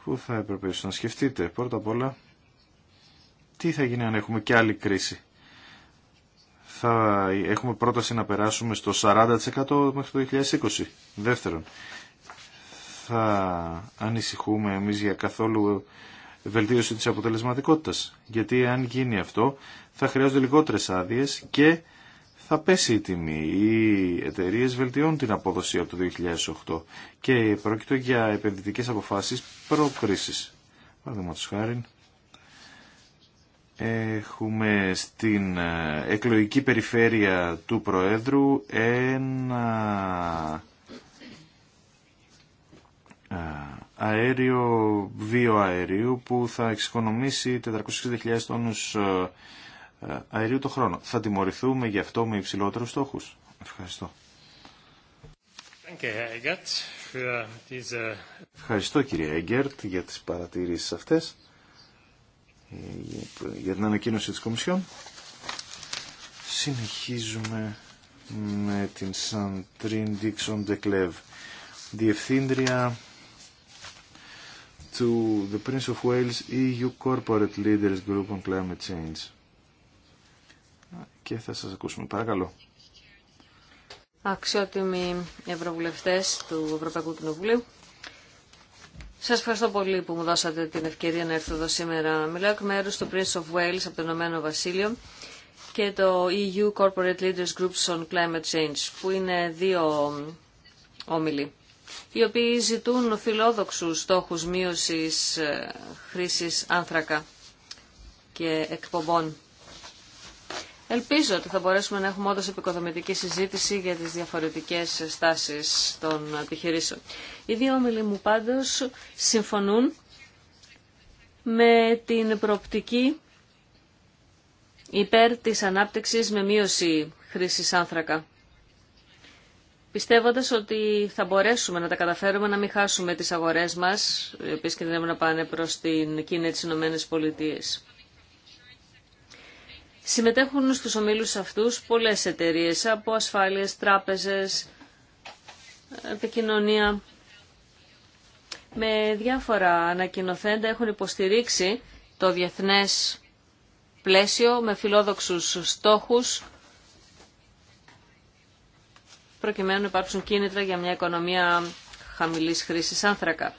που θα έπρεπε να σκεφτείτε. Πρώτα απ' όλα, τι θα γίνει αν έχουμε και άλλη κρίση. Θα έχουμε πρόταση να περάσουμε στο 40% μέχρι το 2020. Δεύτερον, θα ανησυχούμε εμείς για καθόλου βελτίωση της αποτελεσματικότητας. Γιατί αν γίνει αυτό θα χρειάζονται λιγότερες άδειε και θα πέσει η τιμή. Οι εταιρείε βελτιώνουν την απόδοση από το 2008 και πρόκειται για επενδυτικές αποφάσεις προκρίσεις. Παραδείγματο χάρη, έχουμε στην ε, εκλογική περιφέρεια του Προέδρου ένα αέριο βιοαερίου που θα εξοικονομήσει 460.000 τόνους ε, ε, αερίου το χρόνο. Θα τιμωρηθούμε γι' αυτό με υψηλότερους στόχους. Ευχαριστώ. Ευχαριστώ κύριε Έγκερτ για τις παρατηρήσεις αυτές, ε, για την ανακοίνωση της Κομισιόν. Συνεχίζουμε με την Σαντρίν Ντίξον Ντεκλέβ, Διευθύντρια to the Prince of Wales EU Corporate Leaders Group on Climate Change. Και θα σας ακούσουμε. Παρακαλώ. Αξιότιμοι ευρωβουλευτές του Ευρωπαϊκού Κοινοβουλίου, σας ευχαριστώ πολύ που μου δώσατε την ευκαιρία να έρθω εδώ σήμερα. Μιλάω εκ μέρους του Prince of Wales από το Ηνωμένο Βασίλειο και το EU Corporate Leaders Groups on Climate Change, που είναι δύο ε, όμιλοι οι οποίοι ζητούν φιλόδοξους στόχους μείωσης ε, χρήσης άνθρακα και εκπομπών. Ελπίζω ότι θα μπορέσουμε να έχουμε όντως επικοδομητική συζήτηση για τις διαφορετικές στάσεις των επιχειρήσεων. Οι δύο όμιλοι μου πάντως συμφωνούν με την προοπτική υπέρ της ανάπτυξης με μείωση χρήσης άνθρακα πιστεύοντας ότι θα μπορέσουμε να τα καταφέρουμε να μην χάσουμε τις αγορές μας, οι οποίες κινδυνεύουν να πάνε προς την Κίνα της Ηνωμένες Πολιτείες. Συμμετέχουν στους ομίλους αυτούς πολλές εταιρείες από ασφάλειες, τράπεζες, επικοινωνία. Με διάφορα ανακοινοθέντα έχουν υποστηρίξει το διεθνές πλαίσιο με φιλόδοξους στόχους προκειμένου να υπάρξουν κίνητρα για μια οικονομία χαμηλής χρήσης άνθρακα.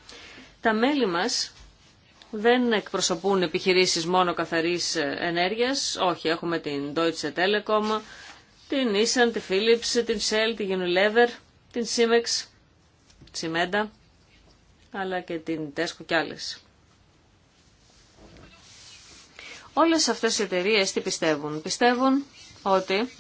Τα μέλη μας δεν εκπροσωπούν επιχειρήσεις μόνο καθαρής ενέργειας. Όχι, έχουμε την Deutsche Telekom, την Nissan, τη Philips, την Shell, την Unilever, την Simex, Cimenta, αλλά και την Tesco και άλλες. Όλες αυτές οι εταιρείες τι πιστεύουν. Πιστεύουν ότι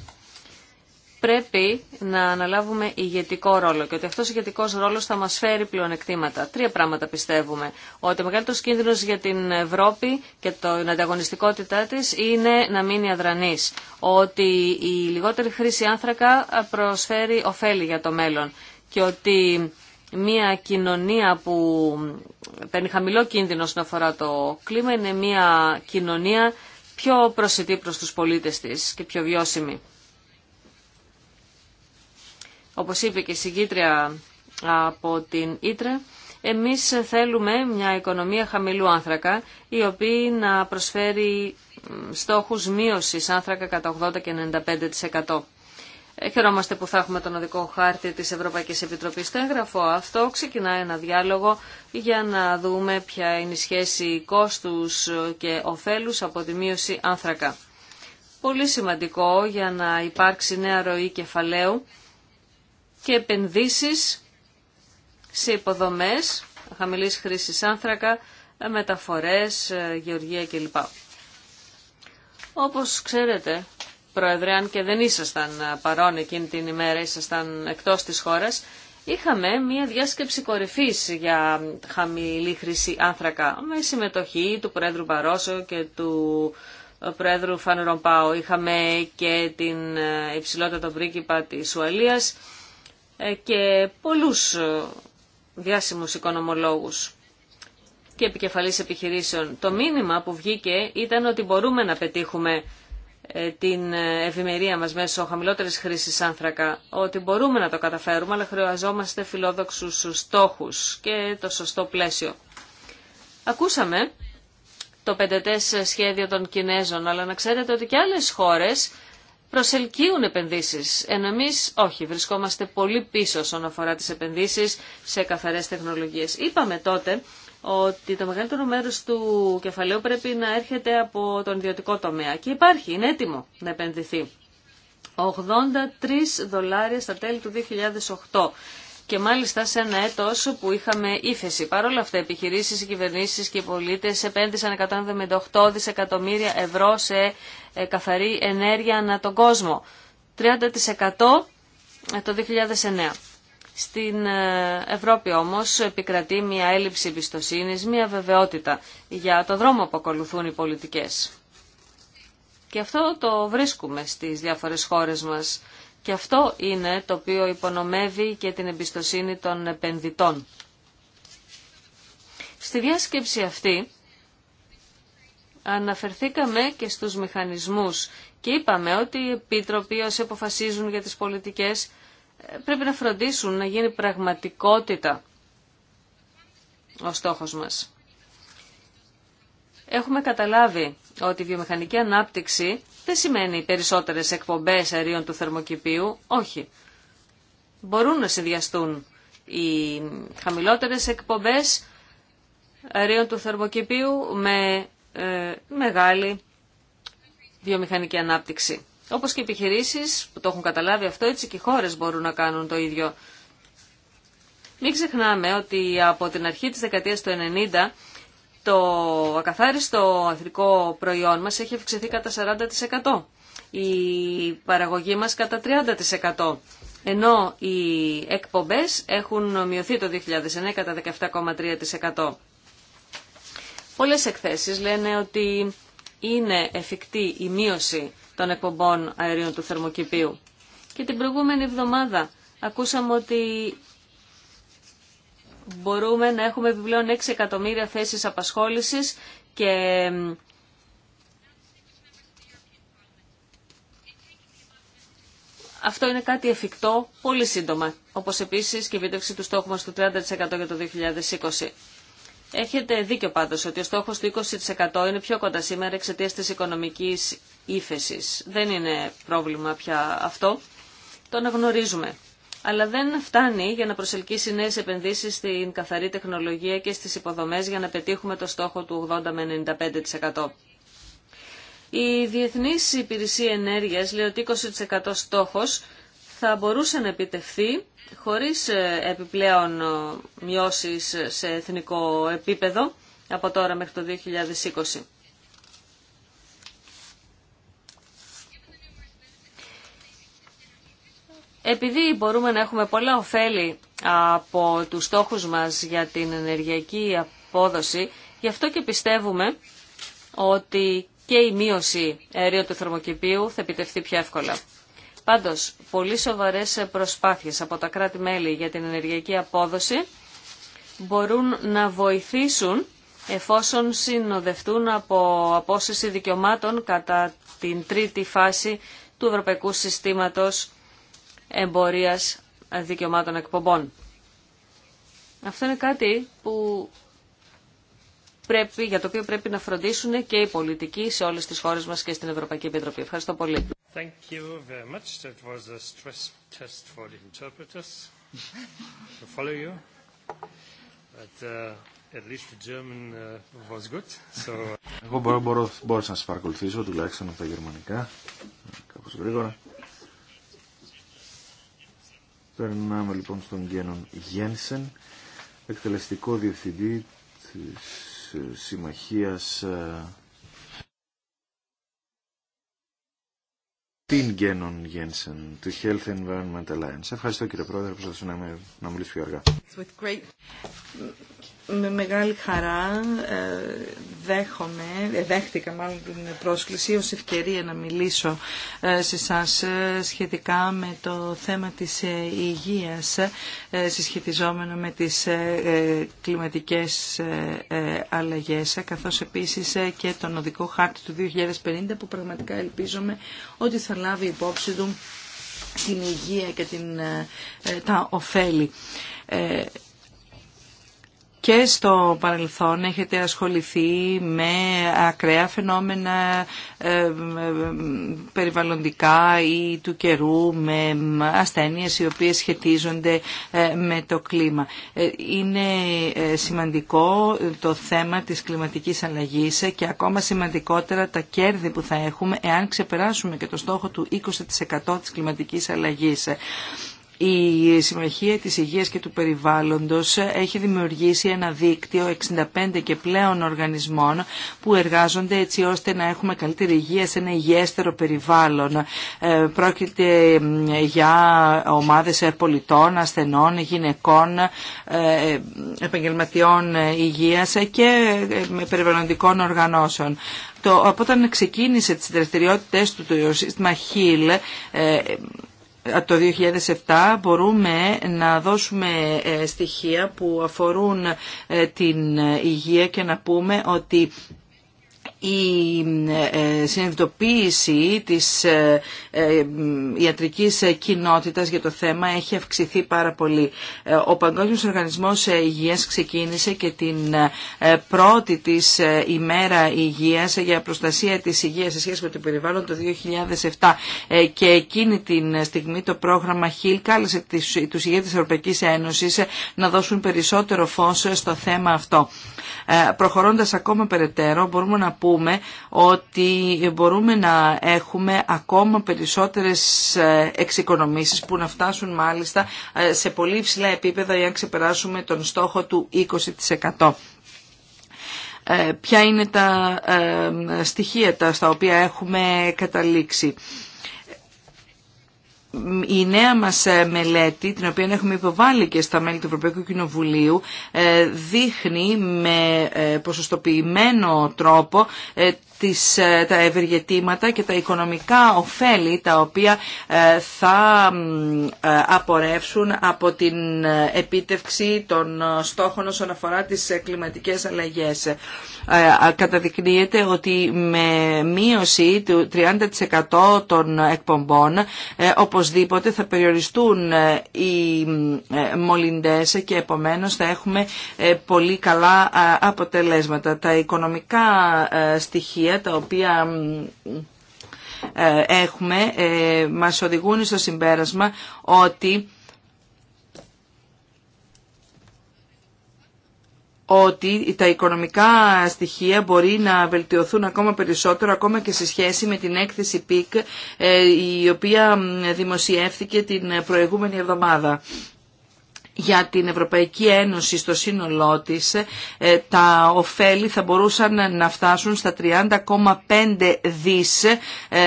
πρέπει να αναλάβουμε ηγετικό ρόλο και ότι αυτό ο ηγετικός ρόλο θα μα φέρει πλεονεκτήματα. Τρία πράγματα πιστεύουμε. Ότι ο μεγαλύτερο κίνδυνος για την Ευρώπη και την ανταγωνιστικότητά τη, είναι να μείνει αδρανή. Ότι η λιγότερη χρήση άνθρακα προσφέρει ωφέλη για το μέλλον και ότι μια κοινωνία που παίρνει χαμηλό κίνδυνο όσον αφορά το κλίμα είναι μια κοινωνία πιο προσιτή προς τους πολίτες της και πιο βιώσιμη. Όπως είπε και η συγκήτρια από την Ήτρε, εμείς θέλουμε μια οικονομία χαμηλού άνθρακα, η οποία να προσφέρει στόχους μείωσης άνθρακα κατά 80 και 95%. Ε, χαιρόμαστε που θα έχουμε τον οδικό χάρτη της Ευρωπαϊκής Επιτροπής στο έγγραφο. Αυτό ξεκινάει ένα διάλογο για να δούμε ποια είναι η σχέση κόστους και ωφέλους από τη μείωση άνθρακα. Πολύ σημαντικό για να υπάρξει νέα ροή κεφαλαίου και επενδύσεις σε υποδομές χαμηλής χρήσης άνθρακα, μεταφορές, ε, γεωργία κλπ. Όπως ξέρετε, Πρόεδρε, αν και δεν ήσασταν ε, παρόν εκείνη την ημέρα, ήσασταν εκτός της χώρας, είχαμε μια διάσκεψη κορυφής για χαμηλή χρήση άνθρακα με συμμετοχή του Πρόεδρου Παρόσο και του ε, Πρόεδρου Φανερομπάου. Είχαμε και την υψηλότητα των πρίγκιπα της Ουαλίας ε, και πολλούς ε, διάσημους οικονομολόγους και επικεφαλής επιχειρήσεων. Το μήνυμα που βγήκε ήταν ότι μπορούμε να πετύχουμε ε, την ευημερία μας μέσω χαμηλότερης χρήσης άνθρακα, ότι μπορούμε να το καταφέρουμε, αλλά χρειαζόμαστε φιλόδοξους στόχους και το σωστό πλαίσιο. Ακούσαμε το πεντετές σχέδιο των Κινέζων, αλλά να ξέρετε ότι και άλλες χώρες προσελκύουν επενδύσεις, ενώ εμείς όχι, βρισκόμαστε πολύ πίσω όσον αφορά τις επενδύσεις σε καθαρές τεχνολογίες. Είπαμε τότε ότι το μεγαλύτερο μέρος του κεφαλαίου πρέπει να έρχεται από τον ιδιωτικό τομέα και υπάρχει, είναι έτοιμο να επενδυθεί. 83 δολάρια στα τέλη του 2008 και μάλιστα σε ένα έτος που είχαμε ύφεση. Παρ' όλα αυτά, επιχειρήσεις, οι κυβερνήσεις και οι πολίτες επένδυσαν 178 δισεκατομμύρια ευρώ σε ε, καθαρή ενέργεια ανά τον κόσμο. 30% το 2009. Στην ε, Ευρώπη όμως επικρατεί μια έλλειψη εμπιστοσύνη, μια βεβαιότητα για το δρόμο που ακολουθούν οι πολιτικές. Και αυτό το βρίσκουμε στις διάφορες χώρες μας. Και αυτό είναι το οποίο υπονομεύει και την εμπιστοσύνη των επενδυτών. Στη διάσκεψη αυτή αναφερθήκαμε και στους μηχανισμούς και είπαμε ότι οι επίτροποι όσοι αποφασίζουν για τις πολιτικές πρέπει να φροντίσουν να γίνει πραγματικότητα ο στόχος μας. Έχουμε καταλάβει ότι η βιομηχανική ανάπτυξη δεν σημαίνει περισσότερες εκπομπές αερίων του θερμοκηπίου, όχι. Μπορούν να συνδυαστούν οι χαμηλότερες εκπομπές αερίων του θερμοκηπίου με ε, μεγάλη βιομηχανική ανάπτυξη. Όπως και επιχειρήσεις που το έχουν καταλάβει αυτό, έτσι και οι χώρες μπορούν να κάνουν το ίδιο. Μην ξεχνάμε ότι από την αρχή της δεκαετίας του 90 το ακαθάριστο αθρικό προϊόν μας έχει αυξηθεί κατά 40%. Η παραγωγή μας κατά 30%. Ενώ οι εκπομπές έχουν μειωθεί το 2009 κατά 17,3%. Πολλές εκθέσεις λένε ότι είναι εφικτή η μείωση των εκπομπών αερίων του θερμοκηπίου. Και την προηγούμενη εβδομάδα ακούσαμε ότι μπορούμε να έχουμε επιπλέον 6 εκατομμύρια θέσεις απασχόλησης και αυτό είναι κάτι εφικτό πολύ σύντομα, όπως επίσης και η επίτευξη του στόχου μας του 30% για το 2020. Έχετε δίκιο πάντως ότι ο στόχος του 20% είναι πιο κοντά σήμερα εξαιτίας της οικονομικής ύφεσης. Δεν είναι πρόβλημα πια αυτό. Το αναγνωρίζουμε αλλά δεν φτάνει για να προσελκύσει νέες επενδύσεις στην καθαρή τεχνολογία και στις υποδομές για να πετύχουμε το στόχο του 80 με 95%. Η Διεθνής Υπηρεσία Ενέργειας λέει ότι 20% στόχος θα μπορούσε να επιτευχθεί χωρίς ε, επιπλέον ε, μειώσεις σε εθνικό επίπεδο από τώρα μέχρι το 2020. Επειδή μπορούμε να έχουμε πολλά ωφέλη από τους στόχους μας για την ενεργειακή απόδοση, γι' αυτό και πιστεύουμε ότι και η μείωση αερίου του θερμοκηπίου θα επιτευχθεί πιο εύκολα. Πάντως, πολύ σοβαρές προσπάθειες από τα κράτη-μέλη για την ενεργειακή απόδοση μπορούν να βοηθήσουν εφόσον συνοδευτούν από απόσυση δικαιωμάτων κατά την τρίτη φάση του Ευρωπαϊκού Συστήματος εμπορίας δικαιωμάτων εκπομπών. Αυτό είναι κάτι που πρέπει, για το οποίο πρέπει να φροντίσουν και οι πολιτικοί σε όλες τις χώρες μας και στην Ευρωπαϊκή Επιτροπή. Ευχαριστώ πολύ. Εγώ μπορώ, μπορώ να σας παρακολουθήσω τουλάχιστον από τα γερμανικά, κάπως γρήγορα. Περνάμε λοιπόν στον Γκένον Γένσεν, εκτελεστικό διευθυντή της ε, Συμμαχίας ε, την Γκένον Γένσεν του Health Environment Alliance. Ευχαριστώ κύριε Πρόεδρε που σας να, να μιλήσω πιο αργά με μεγάλη χαρά ε, δέχομαι, ε, δέχτηκα μάλλον την πρόσκληση ως ευκαιρία να μιλήσω ε, σε εσά σχετικά με το θέμα της υγείας συσχετιζόμενο με τις κλιματικές αλλαγές καθώς επίσης και τον οδικό χάρτη του 2050 που πραγματικά ελπίζομαι ότι θα λάβει υπόψη του την υγεία και την, τα ωφέλη και στο παρελθόν έχετε ασχοληθεί με ακραία φαινόμενα ε, περιβαλλοντικά ή του καιρού με ασθένειες οι οποίες σχετίζονται ε, με το κλίμα. Ε, είναι σημαντικό το θέμα της κλιματικής αλλαγής και ακόμα σημαντικότερα τα κέρδη που θα έχουμε εάν ξεπεράσουμε και το στόχο του 20% της κλιματικής αλλαγής. Η Συμμαχία της Υγείας και του Περιβάλλοντος έχει δημιουργήσει ένα δίκτυο 65 και πλέον οργανισμών που εργάζονται έτσι ώστε να έχουμε καλύτερη υγεία σε ένα υγιέστερο περιβάλλον. Ε, πρόκειται ε, για ομάδες ε, πολιτών, ασθενών, γυναικών, επαγγελματιών υγείας και περιβαλλοντικών οργανώσεων. Το, από όταν ξεκίνησε τις δραστηριότητες του το σύστημα ΧΙΛ, το 2007 μπορούμε να δώσουμε ε, στοιχεία που αφορούν ε, την ε, υγεία και να πούμε ότι η ε, ε, συνειδητοποίηση της ε, ιατρικής κοινότητας για το θέμα έχει αυξηθεί πάρα πολύ. Ο Παγκόσμιος Οργανισμός Υγείας ξεκίνησε και την πρώτη της ημέρα υγείας για προστασία της υγείας σε σχέση με το περιβάλλον το 2007 και εκείνη την στιγμή το πρόγραμμα HIL κάλεσε τους ηγέτες της Ευρωπαϊκής Ένωσης να δώσουν περισσότερο φως στο θέμα αυτό. Προχωρώντας ακόμα περαιτέρω μπορούμε να πούμε πούμε ότι μπορούμε να έχουμε ακόμα περισσότερες ε, εξοικονομήσεις που να φτάσουν μάλιστα ε, σε πολύ υψηλά επίπεδα να ξεπεράσουμε τον στόχο του 20%. Ε, ποια είναι τα στοιχεία τα στα οποία έχουμε καταλήξει η νέα μας ε, μελέτη, την οποία έχουμε υποβάλει και στα μέλη του Ευρωπαϊκού Κοινοβουλίου, ε, δείχνει με ε, ποσοστοποιημένο τρόπο τις, ε, τα ευεργετήματα και τα οικονομικά ωφέλη τα οποία ε, θα ε, απορρεύσουν από την επίτευξη των στόχων όσον αφορά τις κλιματικές αλλαγές. Καταδεικνύεται ότι με μείωση του 30% των εκπομπών οπωσδήποτε θα περιοριστούν οι μολυντές και επομένως θα έχουμε πολύ καλά αποτελέσματα. Τα οικονομικά στοιχεία τα οποία ε, έχουμε ε, μας οδηγούν στο συμπέρασμα ότι ότι τα οικονομικά στοιχεία μπορεί να βελτιωθούν ακόμα περισσότερο, ακόμα και σε σχέση με την έκθεση ΠΙΚ, ε, η οποία δημοσιεύθηκε την προηγούμενη εβδομάδα για την Ευρωπαϊκή Ένωση στο σύνολό της ε, τα ωφέλη θα μπορούσαν να φτάσουν στα 30,5 δις ε,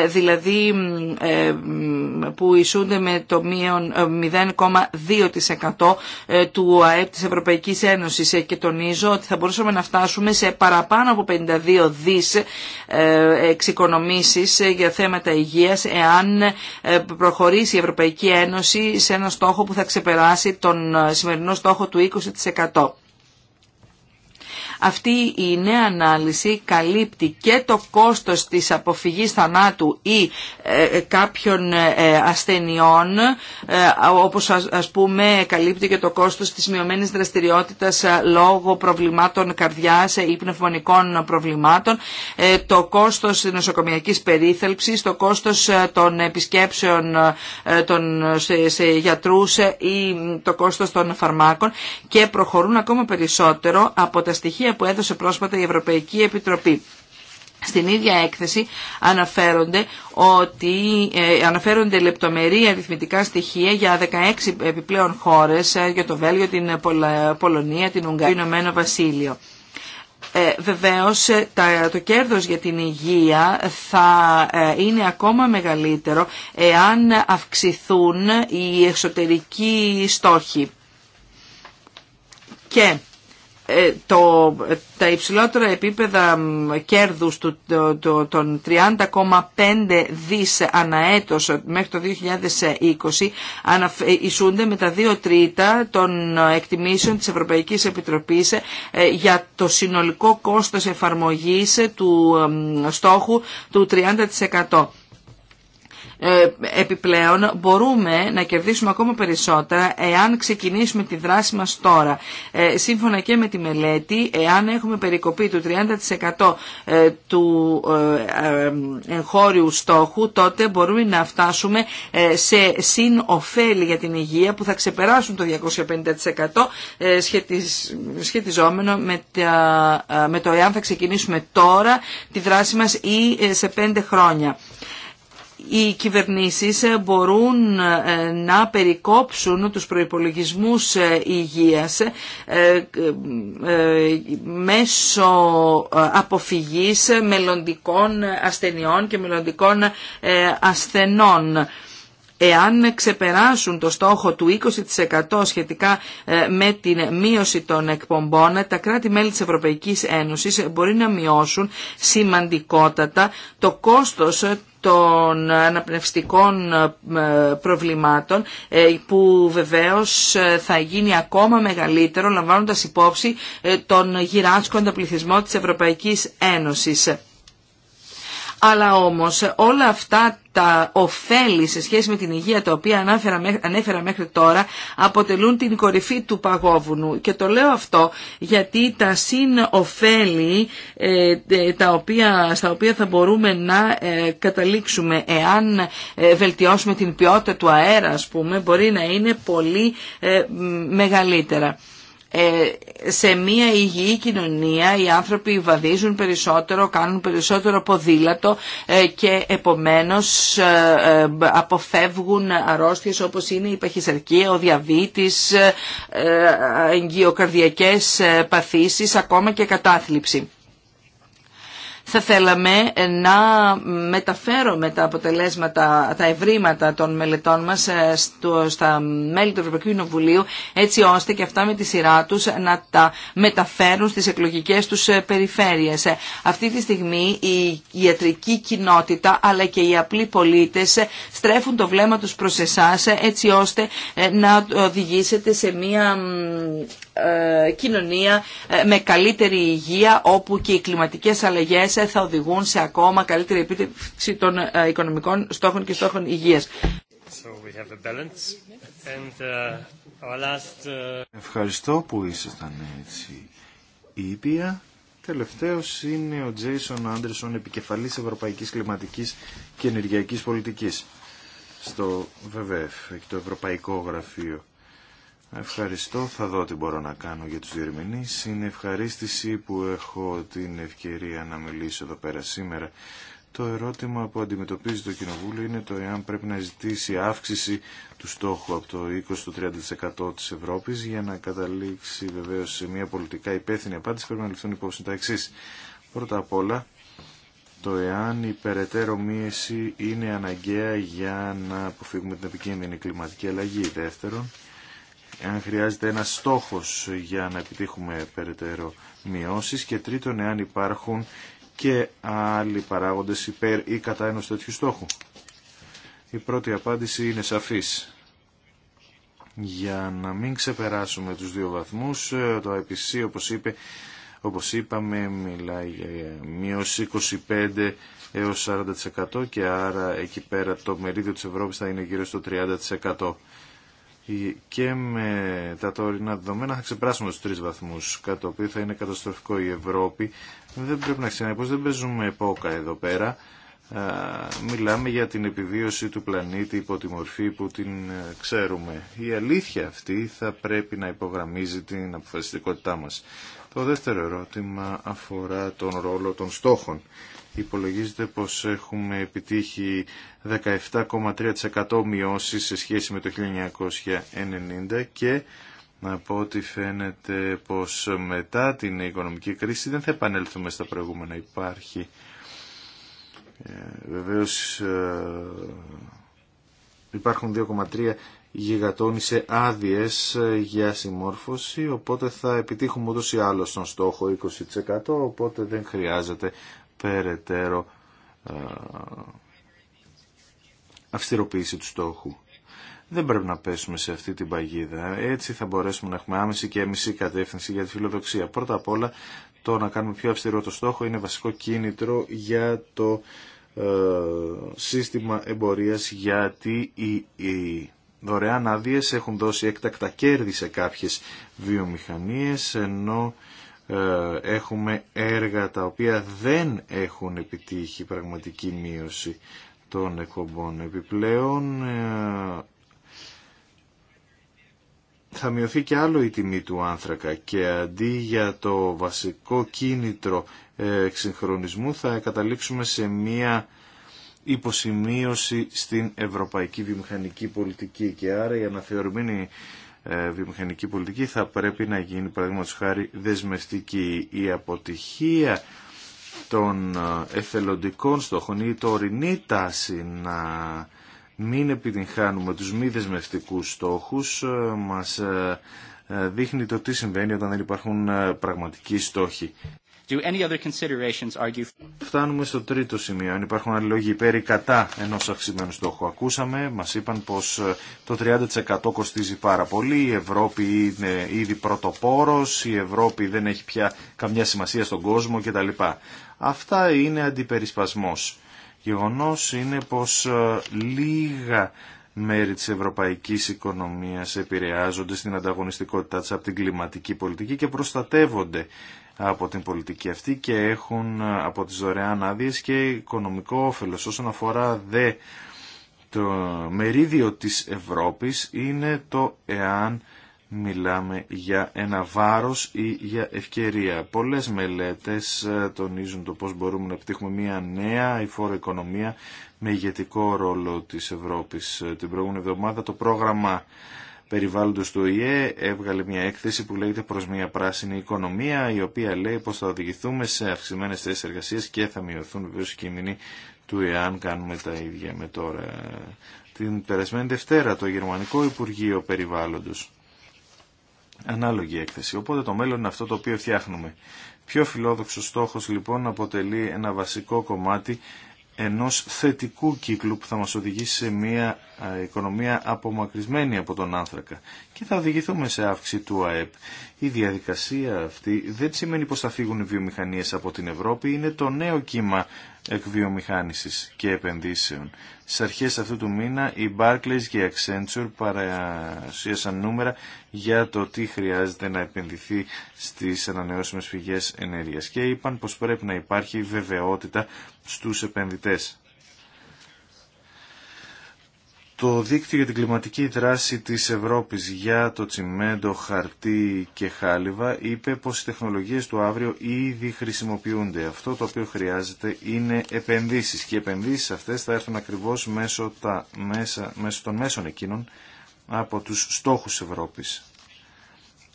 δηλαδή ε, που ισούνται με το 0,2% του ΑΕΠ της Ευρωπαϊκής Ένωσης και τονίζω ότι θα μπορούσαμε να φτάσουμε σε παραπάνω από 52 δις εξοικονομήσεις για θέματα υγείας εάν προχωρήσει η Ευρωπαϊκή Ένωση σε ένα στόχο που θα ξεπεράσει τον σημερινό στόχο του 20%. Αυτή η νέα ανάλυση καλύπτει και το κόστος της αποφυγής θανάτου ή ε, ε, κάποιων ε, ασθενειών, όπως ας πούμε καλύπτει και το κόστος της μειωμένης δραστηριότητας λόγω προβλημάτων καρδιάς ή πνευμονικών προβλημάτων, το κόστος νοσοκομιακής περίθαλψης, το κόστος των επισκέψεων των, σε, γιατρούς ή το κόστος των φαρμάκων και προχωρούν ακόμα περισσότερο από τα στοιχεία που έδωσε πρόσφατα η Ευρωπαϊκή Επιτροπή. Στην ίδια έκθεση αναφέρονται, ότι, ε, αναφέρονται λεπτομερή αριθμητικά στοιχεία για 16 επιπλέον χώρες, ε, για το Βέλγιο, την Πολωνία, την Ουγγαρία, το Ηνωμένο Βασίλειο. Ε, βεβαίως ε, το κέρδος για την υγεία θα είναι ακόμα μεγαλύτερο εάν αυξηθούν οι εξωτερικοί στόχοι. Και ε, το, τα υψηλότερα επίπεδα κέρδους του, των 30,5 δις αναέτος μέχρι το 2020 αναφυσούνται ε, με τα δύο τρίτα των εκτιμήσεων της Ευρωπαϊκής Επιτροπής ε, για το συνολικό κόστος εφαρμογής του στόχου του 30%. Ε, επιπλέον μπορούμε να κερδίσουμε ακόμα περισσότερα εάν ξεκινήσουμε τη δράση μας τώρα. Ε, σύμφωνα και με τη μελέτη, εάν έχουμε περικοπή του 30% ε, του εγχώριου στόχου, τότε μπορούμε να φτάσουμε σε συνοφέλη για την υγεία που θα ξεπεράσουν το 250% σχετιζόμενο με το εάν θα ξεκινήσουμε τώρα τη δράση μας ή σε 5 χρόνια οι κυβερνήσεις ε, μπορούν ε, να περικόψουν τους προϋπολογισμούς ε, υγείας μέσω αποφυγής μελλοντικών ασθενειών και μελλοντικών ασθενών. Εάν ξεπεράσουν το στόχο του 20% σχετικά με την μείωση των εκπομπών, τα κράτη-μέλη της Ευρωπαϊκής Ένωσης μπορεί να μειώσουν σημαντικότατα το κόστος των αναπνευστικών ε, προβλημάτων ε, που βεβαίως ε, θα γίνει ακόμα μεγαλύτερο λαμβάνοντας υπόψη τον γυράσκοντα πληθυσμό της Ευρωπαϊκής Ένωσης. Αλλά όμως όλα αυτά τα ωφέλη σε σχέση με την υγεία τα οποία ανέφερα, ανέφερα μέχρι τώρα αποτελούν την κορυφή του παγόβουνου και το λέω αυτό γιατί τα συνοφέλη ε, ε, τα οποία, στα οποία θα μπορούμε να ε, καταλήξουμε εάν βελτιώσουμε την ποιότητα του αέρα ας πούμε μπορεί να είναι πολύ μεγαλύτερα. Ε, σε μια υγιή κοινωνία οι άνθρωποι βαδίζουν περισσότερο, κάνουν περισσότερο ποδήλατο ε, και επομένως ε, αποφεύγουν αρρώστιες όπως είναι η παχυσαρκία, ο διαβήτης, εγκυοκαρδιακές παθήσεις, ακόμα και κατάθλιψη θα θέλαμε να μεταφέρουμε τα αποτελέσματα, τα ευρήματα των μελετών μας ε, στο, στα μέλη του Ευρωπαϊκού Κοινοβουλίου, έτσι ώστε και αυτά με τη σειρά τους να τα μεταφέρουν στις εκλογικές τους ε, περιφέρειες. Ε, αυτή τη στιγμή η ιατρική κοινότητα αλλά και οι απλοί πολίτες στρέφουν το βλέμμα τους προς εσάς έτσι ώστε να οδηγήσετε σε μια ε, κοινωνία ε, με καλύτερη υγεία όπου και οι κλιματικές αλλαγές ε, θα οδηγούν σε ακόμα καλύτερη επίτευξη των οικονομικών στόχων και στόχων υγείας. Uh, uh, Ευχαριστώ που ήσασταν έτσι ήπια. Τελευταίος είναι ο Τζέισον Άντρισον επικεφαλής Ευρωπαϊκής Κλιματικής και Ενεργειακής Πολιτικής στο ΒΒΕΦ και το Ευρωπαϊκό Γραφείο Ευχαριστώ. Θα δω τι μπορώ να κάνω για τους διερμηνείς. Είναι ευχαρίστηση που έχω την ευκαιρία να μιλήσω εδώ πέρα σήμερα. Το ερώτημα που αντιμετωπίζει το Κοινοβούλιο είναι το εάν πρέπει να ζητήσει αύξηση του στόχου από το 20% στο 30% της Ευρώπης για να καταλήξει βεβαίως σε μια πολιτικά υπεύθυνη απάντηση πρέπει να ληφθούν υπόψη τα εξής. Πρώτα απ' όλα, το εάν η περαιτέρω μίεση είναι αναγκαία για να αποφύγουμε την επικίνδυνη κλιματική αλλαγή. Δεύτερον, εάν χρειάζεται ένας στόχος για να επιτύχουμε περαιτέρω μειώσεις και τρίτον εάν υπάρχουν και άλλοι παράγοντες υπέρ ή κατά ενός τέτοιου στόχου. Η πρώτη απάντηση είναι σαφής. Για να μην ξεπεράσουμε τους δύο βαθμούς, ε, το IPC όπως, είπε, όπως είπαμε μιλάει για μείωση 25 έως 40% και άρα εκεί πέρα το μερίδιο της Ευρώπης θα είναι γύρω στο 30% και με τα τωρινά δεδομένα θα ξεπράσουμε του τρει βαθμούς, κατά το οποίο θα είναι καταστροφικό η Ευρώπη. Δεν πρέπει να πώ. δεν παίζουμε πόκα εδώ πέρα. Μιλάμε για την επιβίωση του πλανήτη υπό τη μορφή που την ε, ξέρουμε. Η αλήθεια αυτή θα πρέπει να υπογραμμίζει την αποφασιστικότητά μας. Το δεύτερο ερώτημα αφορά τον ρόλο των στόχων υπολογίζεται πως έχουμε επιτύχει 17,3% μειώσεις σε σχέση με το 1990 και να πω ό,τι φαίνεται πως μετά την οικονομική κρίση δεν θα επανέλθουμε στα προηγούμενα. Υπάρχει ε, βεβαίως ε, υπάρχουν 2,3 γιγατόνι σε άδειε ε, για συμμόρφωση, οπότε θα επιτύχουμε ούτως ή άλλως τον στόχο 20%, οπότε δεν χρειάζεται περαιτέρω ε, αυστηροποίηση του στόχου. Δεν πρέπει να πέσουμε σε αυτή την παγίδα. Έτσι θα μπορέσουμε να έχουμε άμεση και μισή κατεύθυνση για τη φιλοδοξία. Πρώτα απ' όλα το να κάνουμε πιο αυστηρό το στόχο είναι βασικό κίνητρο για το ε, σύστημα εμπορίας γιατί οι, δωρεάν άδειε έχουν δώσει έκτακτα κέρδη σε κάποιες βιομηχανίες ενώ ε, έχουμε έργα τα οποία δεν έχουν επιτύχει πραγματική μείωση των εκπομπών. Επιπλέον ε, θα μειωθεί και άλλο η τιμή του άνθρακα και αντί για το βασικό κίνητρο ε, εξυγχρονισμού θα καταλήξουμε σε μία υποσημείωση στην ευρωπαϊκή βιομηχανική πολιτική και άρα η αναθεωρημένη ε, βιομηχανική πολιτική θα πρέπει να γίνει παραδείγματος χάρη δεσμευτική. Η αποτυχία των ε, εθελοντικών στόχων ή η τωρινή τάση να μην επιτυγχάνουμε τους μη δεσμευτικούς στόχους ε, μας δείχνει το τι συμβαίνει όταν δεν υπάρχουν πραγματικοί στόχοι. Φτάνουμε στο τρίτο σημείο. Αν υπάρχουν άλλοι λόγοι υπέρ ή κατά ενό αυξημένου στόχου. Ακούσαμε, μα είπαν πω ε, το 30% κοστίζει πάρα πολύ. Η Ευρώπη είναι ήδη πρωτοπόρο. Η Ευρώπη δεν έχει πια καμιά σημασία στον κόσμο κτλ. Αυτά είναι αντιπερισπασμό. Γεγονό είναι πω ε, λίγα μέρη της ευρωπαϊκής οικονομίας επηρεάζονται στην ανταγωνιστικότητά της από την κλιματική πολιτική και προστατεύονται από την πολιτική αυτή και έχουν ε, από τις δωρεάν άδειες και οικονομικό όφελος. Όσον αφορά δε το μερίδιο της Ευρώπης είναι το εάν μιλάμε για ένα βάρος ή για ευκαιρία. Πολλές μελέτες ε, τονίζουν το πώς μπορούμε να επιτύχουμε μια νέα υφόρο οικονομία με ηγετικό ρόλο της Ευρώπης. Ε, την προηγούμενη εβδομάδα το πρόγραμμα περιβάλλοντος του ΟΗΕ έβγαλε μια έκθεση που λέγεται προς μια πράσινη οικονομία η οποία λέει πως θα οδηγηθούμε σε αυξημένες θέσεις εργασίας και θα μειωθούν βεβαίω οι κίνδυνοι του εάν κάνουμε τα ίδια με τώρα. Την περασμένη Δευτέρα το Γερμανικό Υπουργείο Περιβάλλοντος. Ανάλογη έκθεση. Οπότε το μέλλον είναι αυτό το οποίο φτιάχνουμε. Πιο φιλόδοξος στόχος λοιπόν αποτελεί ένα βασικό κομμάτι ενός θετικού κύκλου που θα μας οδηγήσει σε μια οικονομία απομακρυσμένη από τον άνθρακα και θα οδηγηθούμε σε αύξηση του ΑΕΠ. Η διαδικασία αυτή δεν σημαίνει πως θα φύγουν οι βιομηχανίες από την Ευρώπη, είναι το νέο κύμα εκβιομηχάνησης και επενδύσεων. Στι αρχές αυτού του μήνα οι Barclays και η Accenture παρασίασαν νούμερα για το τι χρειάζεται να επενδυθεί στις ανανεώσιμες πηγές ενέργειας και είπαν πως πρέπει να υπάρχει βεβαιότητα στους επενδυτές το δίκτυο για την κλιματική δράση της Ευρώπης για το τσιμέντο, χαρτί και χάλιβα είπε πως οι τεχνολογίες του αύριο ήδη χρησιμοποιούνται. Αυτό το οποίο χρειάζεται είναι επενδύσεις και οι επενδύσεις αυτές θα έρθουν ακριβώς μέσω, τα, μέσα, των μέσων εκείνων από τους στόχους Ευρώπης.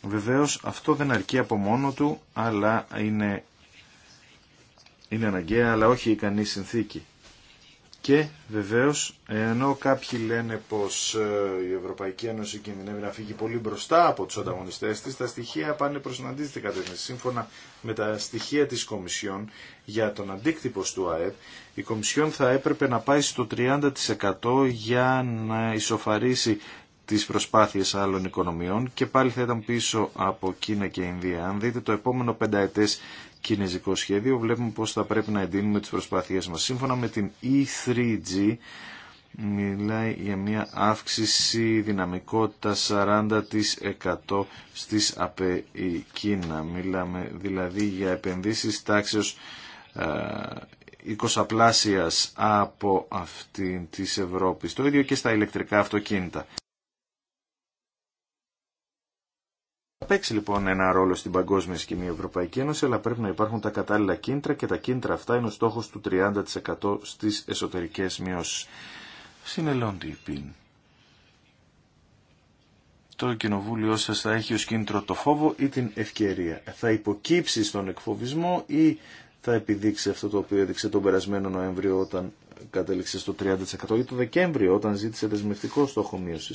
Βεβαίως αυτό δεν αρκεί από μόνο του αλλά είναι, είναι αναγκαία αλλά όχι ικανή συνθήκη. Και βεβαίως, ενώ κάποιοι λένε πως ε, η Ευρωπαϊκή Ένωση κινδυνεύει να φύγει πολύ μπροστά από τους ανταγωνιστές της, τα στοιχεία πάνε προς την αντίθετη κατεύθυνση. Σύμφωνα με τα στοιχεία της Κομισιόν για τον αντίκτυπο του ΑΕΠ, η Κομισιόν θα έπρεπε να πάει στο 30% για να ισοφαρίσει τις προσπάθειες άλλων οικονομιών και πάλι θα ήταν πίσω από Κίνα και Ινδία. Αν δείτε το επόμενο πενταετές κινέζικο σχέδιο, βλέπουμε πώς θα πρέπει να εντείνουμε τις προσπάθειές μας. Σύμφωνα με την E3G, μιλάει για μια αύξηση δυναμικότητα 40% στις ΑΠΕ Κίνα. Μιλάμε δηλαδή για επενδύσεις τάξεως 20 πλάσιας από αυτήν της Ευρώπης. Το ίδιο και στα ηλεκτρικά αυτοκίνητα. παίξει λοιπόν ένα ρόλο στην παγκόσμια σκηνή Ευρωπαϊκή Ένωση, αλλά πρέπει να υπάρχουν τα κατάλληλα κίνητρα και τα κίνητρα αυτά είναι ο στόχο του 30% στι εσωτερικέ μειώσει. Συνελώντη, Ιππίν. Το κοινοβούλιο σα θα έχει ω κίνητρο το φόβο ή την ευκαιρία. Θα υποκύψει στον εκφοβισμό ή θα επιδείξει αυτό το οποίο έδειξε τον περασμένο Νοέμβριο όταν κατέληξε στο 30% ή το Δεκέμβριο όταν ζήτησε δεσμευτικό στόχο μείωση.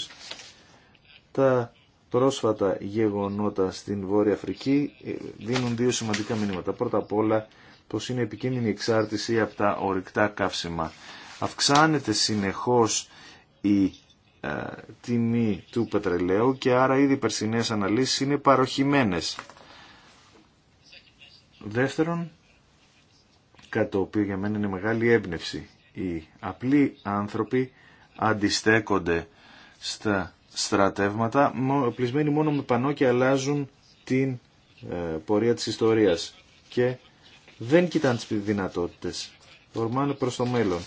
Τα πρόσφατα γεγονότα στην Βόρεια Αφρική ε, δίνουν δύο σημαντικά μηνύματα. Πρώτα απ' όλα πως είναι επικίνδυνη η εξάρτηση από τα ορυκτά καύσιμα. Αυξάνεται συνεχώς η ε, τιμή του πετρελαίου και άρα ήδη οι περσινές αναλύσεις είναι παροχημένες. Δεύτερον, κάτι το οποίο για μένα είναι μεγάλη έμπνευση. Οι απλοί άνθρωποι αντιστέκονται στα στρατεύματα πλησμένοι μόνο με πανό και αλλάζουν την ε, πορεία της ιστορίας και δεν κοιτάνε τις δυνατότητες ορμάνε προς το μέλλον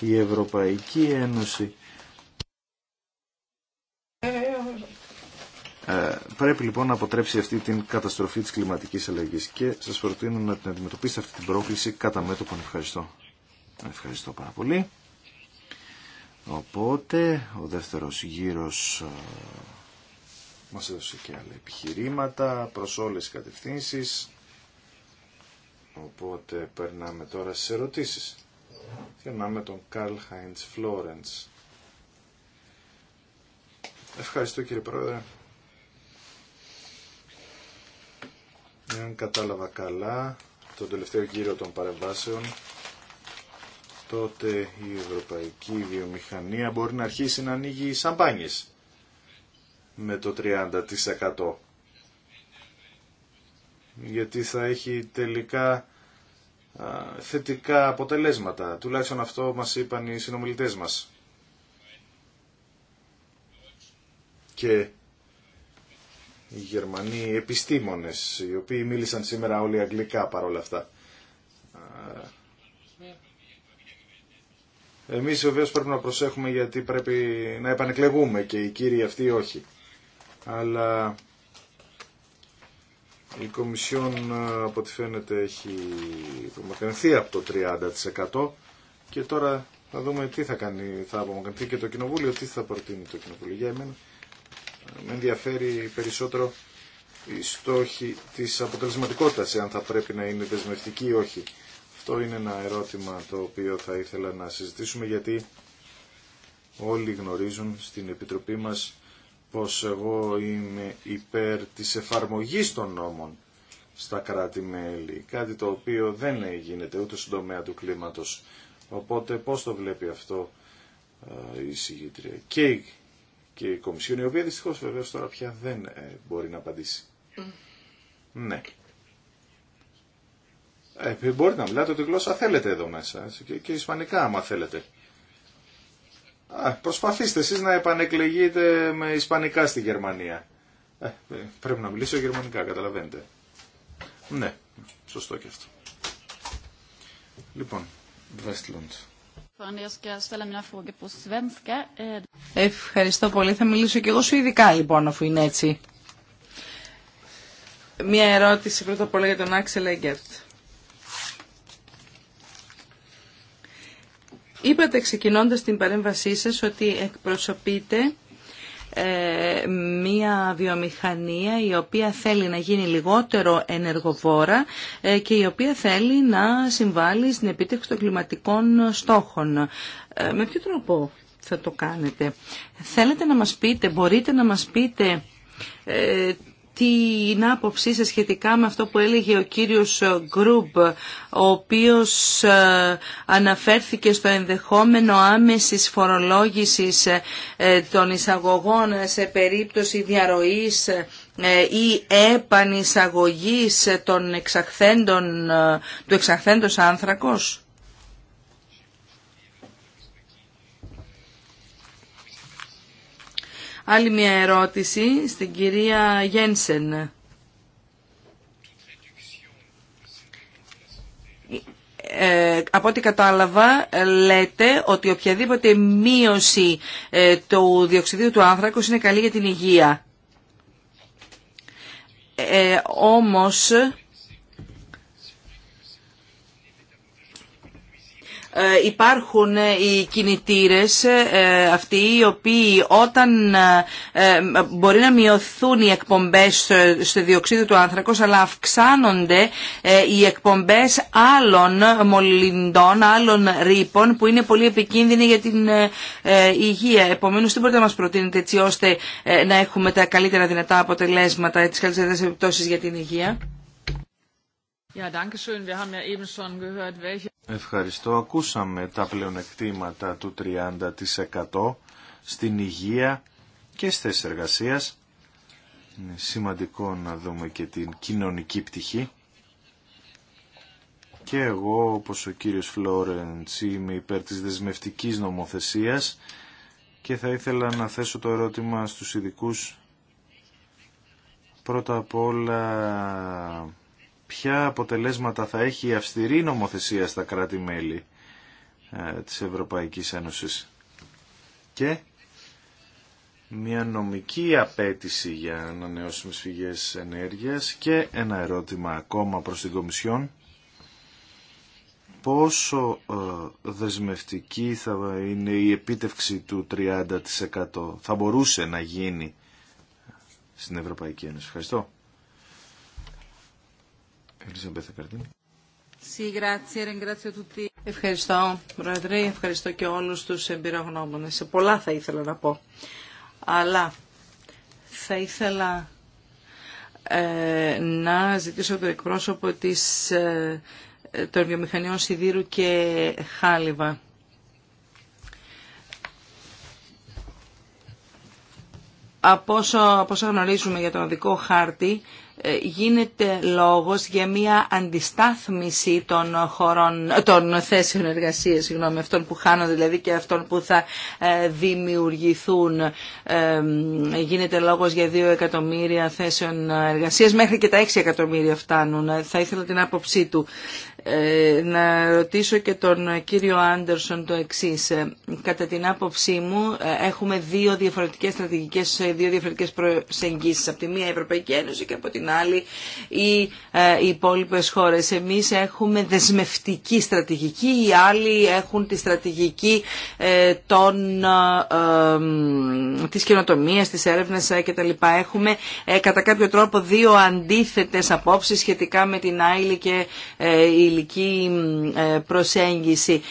η Ευρωπαϊκή Ένωση ε, πρέπει λοιπόν να αποτρέψει αυτή την καταστροφή της κλιματικής αλλαγής και σας προτείνω να την αντιμετωπίσετε αυτή την πρόκληση κατά μέτωπον. Ευχαριστώ. Ευχαριστώ πάρα πολύ. Οπότε ο δεύτερος γύρος ε, μας έδωσε και άλλα επιχειρήματα προς όλες τις κατευθύνσεις. Οπότε περνάμε τώρα στις ερωτήσεις. Περνάμε τον Καρλ Χάιντς Φλόρεντς. Ευχαριστώ κύριε Πρόεδρε. Αν κατάλαβα καλά, τον τελευταίο γύρο των παρεμβάσεων τότε η ευρωπαϊκή βιομηχανία μπορεί να αρχίσει να ανοίγει σαμπάνιες με το 30% γιατί θα έχει τελικά θετικά αποτελέσματα. Τουλάχιστον αυτό μας είπαν οι συνομιλητές μας. Και οι Γερμανοί επιστήμονες, οι οποίοι μίλησαν σήμερα όλοι αγγλικά παρόλα αυτά. Εμείς βεβαίως πρέπει να προσέχουμε γιατί πρέπει να επανεκλεγούμε και οι κύριοι αυτοί όχι. Αλλά η Κομισιόν ε, από ό,τι φαίνεται έχει απομακρυνθεί από το 30% και τώρα θα δούμε τι θα κάνει, θα απομακρυνθεί και το Κοινοβούλιο, τι θα προτείνει το Κοινοβούλιο. Για εμένα ε, με ενδιαφέρει περισσότερο η στόχη της αποτελεσματικότητας, αν θα πρέπει να είναι δεσμευτική ή όχι. Αυτό είναι ένα ερώτημα το οποίο θα ήθελα να συζητήσουμε γιατί όλοι γνωρίζουν στην Επιτροπή μας πως εγώ είμαι υπέρ της εφαρμογής των νόμων στα κράτη-μέλη, κάτι το οποίο δεν γίνεται ούτε στον τομέα του κλίματος. Οπότε πώς το βλέπει αυτό ε, η συγγήτρια και, η, και η Κομισιόν, η οποία δυστυχώς βεβαίως τώρα πια δεν ε, μπορεί να απαντήσει. Ναι. Ε, μπορείτε να μιλάτε ό,τι γλώσσα θέλετε εδώ μέσα και, ισπανικά άμα θέλετε. Α, προσπαθήστε εσείς να επανεκλεγείτε με ισπανικά στη Γερμανία. Ε, ε, πρέπει να μιλήσω γερμανικά, καταλαβαίνετε. Ναι, σωστό και αυτό. Λοιπόν, Westlund. Ευχαριστώ πολύ. Θα μιλήσω και εγώ σου ειδικά λοιπόν αφού είναι έτσι. Μία ερώτηση πρώτα απ' όλα για τον Άξελ Έγκερτ. Είπατε ξεκινώντας την παρέμβασή σας ότι εκπροσωπείτε ε, μία βιομηχανία η οποία θέλει να γίνει λιγότερο ενεργοβόρα ε, και η οποία θέλει να συμβάλλει στην επίτευξη των κλιματικών στόχων. Ε, με ποιο τρόπο θα το κάνετε. Θέλετε να μας πείτε, μπορείτε να μας πείτε τι είναι άποψή σας σχετικά με αυτό που έλεγε ο κύριος Γκρουμπ, ο οποίος ε, αναφέρθηκε στο ενδεχόμενο άμεσης φορολόγησης ε, ε, των εισαγωγών σε περίπτωση διαρροής ή επανεισαγωγής των εξαχθέντων, του εξαχθέντος άνθρακος. Άλλη μια ερώτηση στην κυρία Γένσεν. Ε, από ό,τι κατάλαβα λέτε ότι οποιαδήποτε μείωση ε, του διοξιδίου του άνθρακος είναι καλή για την υγεία. Ε, όμως Ε, υπάρχουν ε, οι κινητήρες ε, αυτοί οι οποίοι όταν μπορεί να μειωθούν οι εκπομπές στο διοξείδιο του άνθρακος αλλά αυξάνονται οι εκπομπές άλλων μολυντών, άλλων ρήπων που είναι πολύ επικίνδυνοι για την υγεία. Επομένως τι μπορείτε να μας προτείνετε έτσι ώστε να έχουμε τα καλύτερα δυνατά αποτελέσματα, τις καλύτερες επιπτώσεις για την υγεία. Ευχαριστώ. Ακούσαμε τα πλεονεκτήματα του 30% στην υγεία και στις εργασίες. Είναι σημαντικό να δούμε και την κοινωνική πτυχή. Και εγώ, όπως ο κύριος Φλόρεντς, είμαι υπέρ της δεσμευτικής νομοθεσίας και θα ήθελα να θέσω το ερώτημα στους ειδικούς πρώτα απ' όλα ποια αποτελέσματα θα έχει η αυστηρή νομοθεσία στα κράτη-μέλη ε, της Ευρωπαϊκής Ένωσης. Και μια νομική απέτηση για ανανεώσιμες φυγές ενέργειας και ένα ερώτημα ακόμα προς την Κομισιόν. Πόσο ε, δεσμευτική θα είναι η επίτευξη του 30% θα μπορούσε να γίνει στην Ευρωπαϊκή Ένωση. Ευχαριστώ. Ευχαριστώ, Πρόεδρε. Ευχαριστώ και όλους τους εμπειρογνώμονες. Σε πολλά θα ήθελα να πω. Αλλά θα ήθελα ε, να ζητήσω το εκπρόσωπο της, ε, των βιομηχανιών Σιδήρου και Χάλιβα. Από όσο, από γνωρίζουμε για τον οδικό χάρτη, ε, γίνεται λόγος για μια αντιστάθμιση των, χωρών, των θέσεων εργασίας, συγγνώμη, αυτών που χάνονται δηλαδή και αυτών που θα ε, δημιουργηθούν. Ε, γίνεται λόγος για 2 εκατομμύρια θέσεων εργασίας, μέχρι και τα 6 εκατομμύρια φτάνουν. Θα ήθελα την άποψή του. να ρωτήσω και τον κύριο Άντερσον το εξής. Κατά την άποψή μου έχουμε δύο διαφορετικές στρατηγικές, δύο διαφορετικές προσεγγίσεις. Από τη μία Ευρωπαϊκή Ένωση και από την την οι ε, υπόλοιπε χώρε. Εμεί έχουμε δεσμευτική στρατηγική, οι άλλοι έχουν τη στρατηγική ε, των, ε, της καινοτομίας, της έρευνας κτλ. Έχουμε κατά κάποιο τρόπο δύο αντίθετες απόψεις σχετικά με την άλλη και η ηλική προσέγγιση.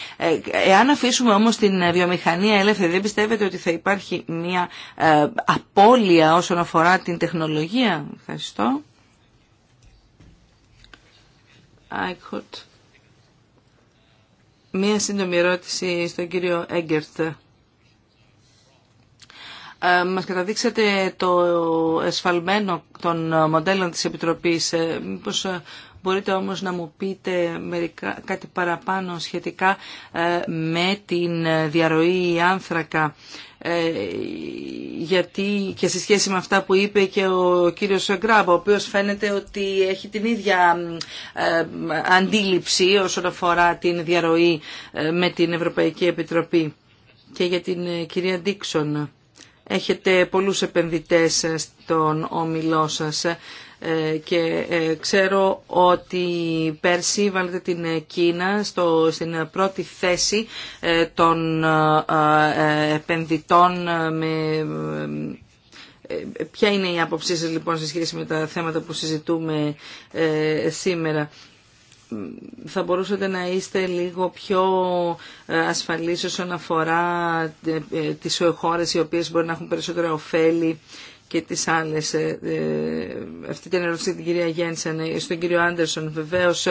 Εάν αφήσουμε όμως την βιομηχανία ελεύθερη, δεν πιστεύετε ότι θα υπάρχει μια απώλεια όσον αφορά την τεχνολογία. Ευχαριστώ. Μία σύντομη ερώτηση στον κύριο Έγκερτ. Ε, μας καταδείξατε το εσφαλμένο των μοντέλων της Επιτροπής. Ε, μήπως ε, μπορείτε όμως να μου πείτε κάτι παραπάνω σχετικά με την διαρροή άνθρακα ε, γιατί και σε σχέση με αυτά που είπε και ο κύριος Γκράμπ, ο οποίος φαίνεται ότι έχει την ίδια ε, αντίληψη όσον αφορά την διαρροή ε, με την Ευρωπαϊκή Επιτροπή και για την κυρία Ντίξον. Έχετε πολλούς επενδυτές στον όμιλό σας ε, και ε, ξέρω ότι πέρσι βάλετε την ε, Κίνα στο, στην πρώτη θέση των επενδυτών με Ποια είναι η άποψή σας λοιπόν σε σχέση με τα θέματα που συζητούμε σήμερα θα μπορούσατε να είστε λίγο πιο ασφαλείς όσον αφορά τις χώρες οι οποίες μπορεί να έχουν περισσότερα ωφέλη και τις άλλες. Ε, ε, αυτή την ερώτηση την κυρία Γένσεν. Ε, στον κύριο Άντερσον βεβαίως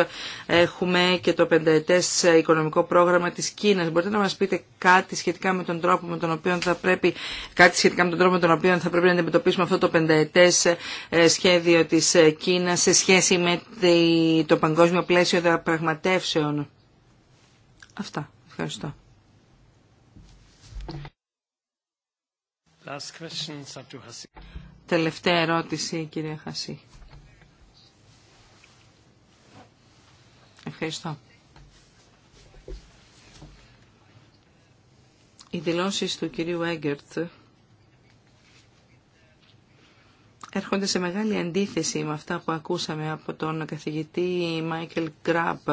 έχουμε και το πενταετές οικονομικό πρόγραμμα της Κίνας. Μπορείτε να μας πείτε κάτι σχετικά με τον τρόπο με τον οποίο θα πρέπει, κάτι σχετικά με τον τρόπο με τον οποίο θα πρέπει να αντιμετωπίσουμε αυτό το πενταετές σχέδιο της Κίνας σε σχέση με το παγκόσμιο πλαίσιο διαπραγματεύσεων. Αυτά. Ευχαριστώ. Τελευταία ερώτηση, κύριε Χασί. Ευχαριστώ. Οι δηλώσει του κυρίου Έγκερτ έρχονται σε μεγάλη αντίθεση με αυτά που ακούσαμε από τον καθηγητή Μάικελ Γκράμπ.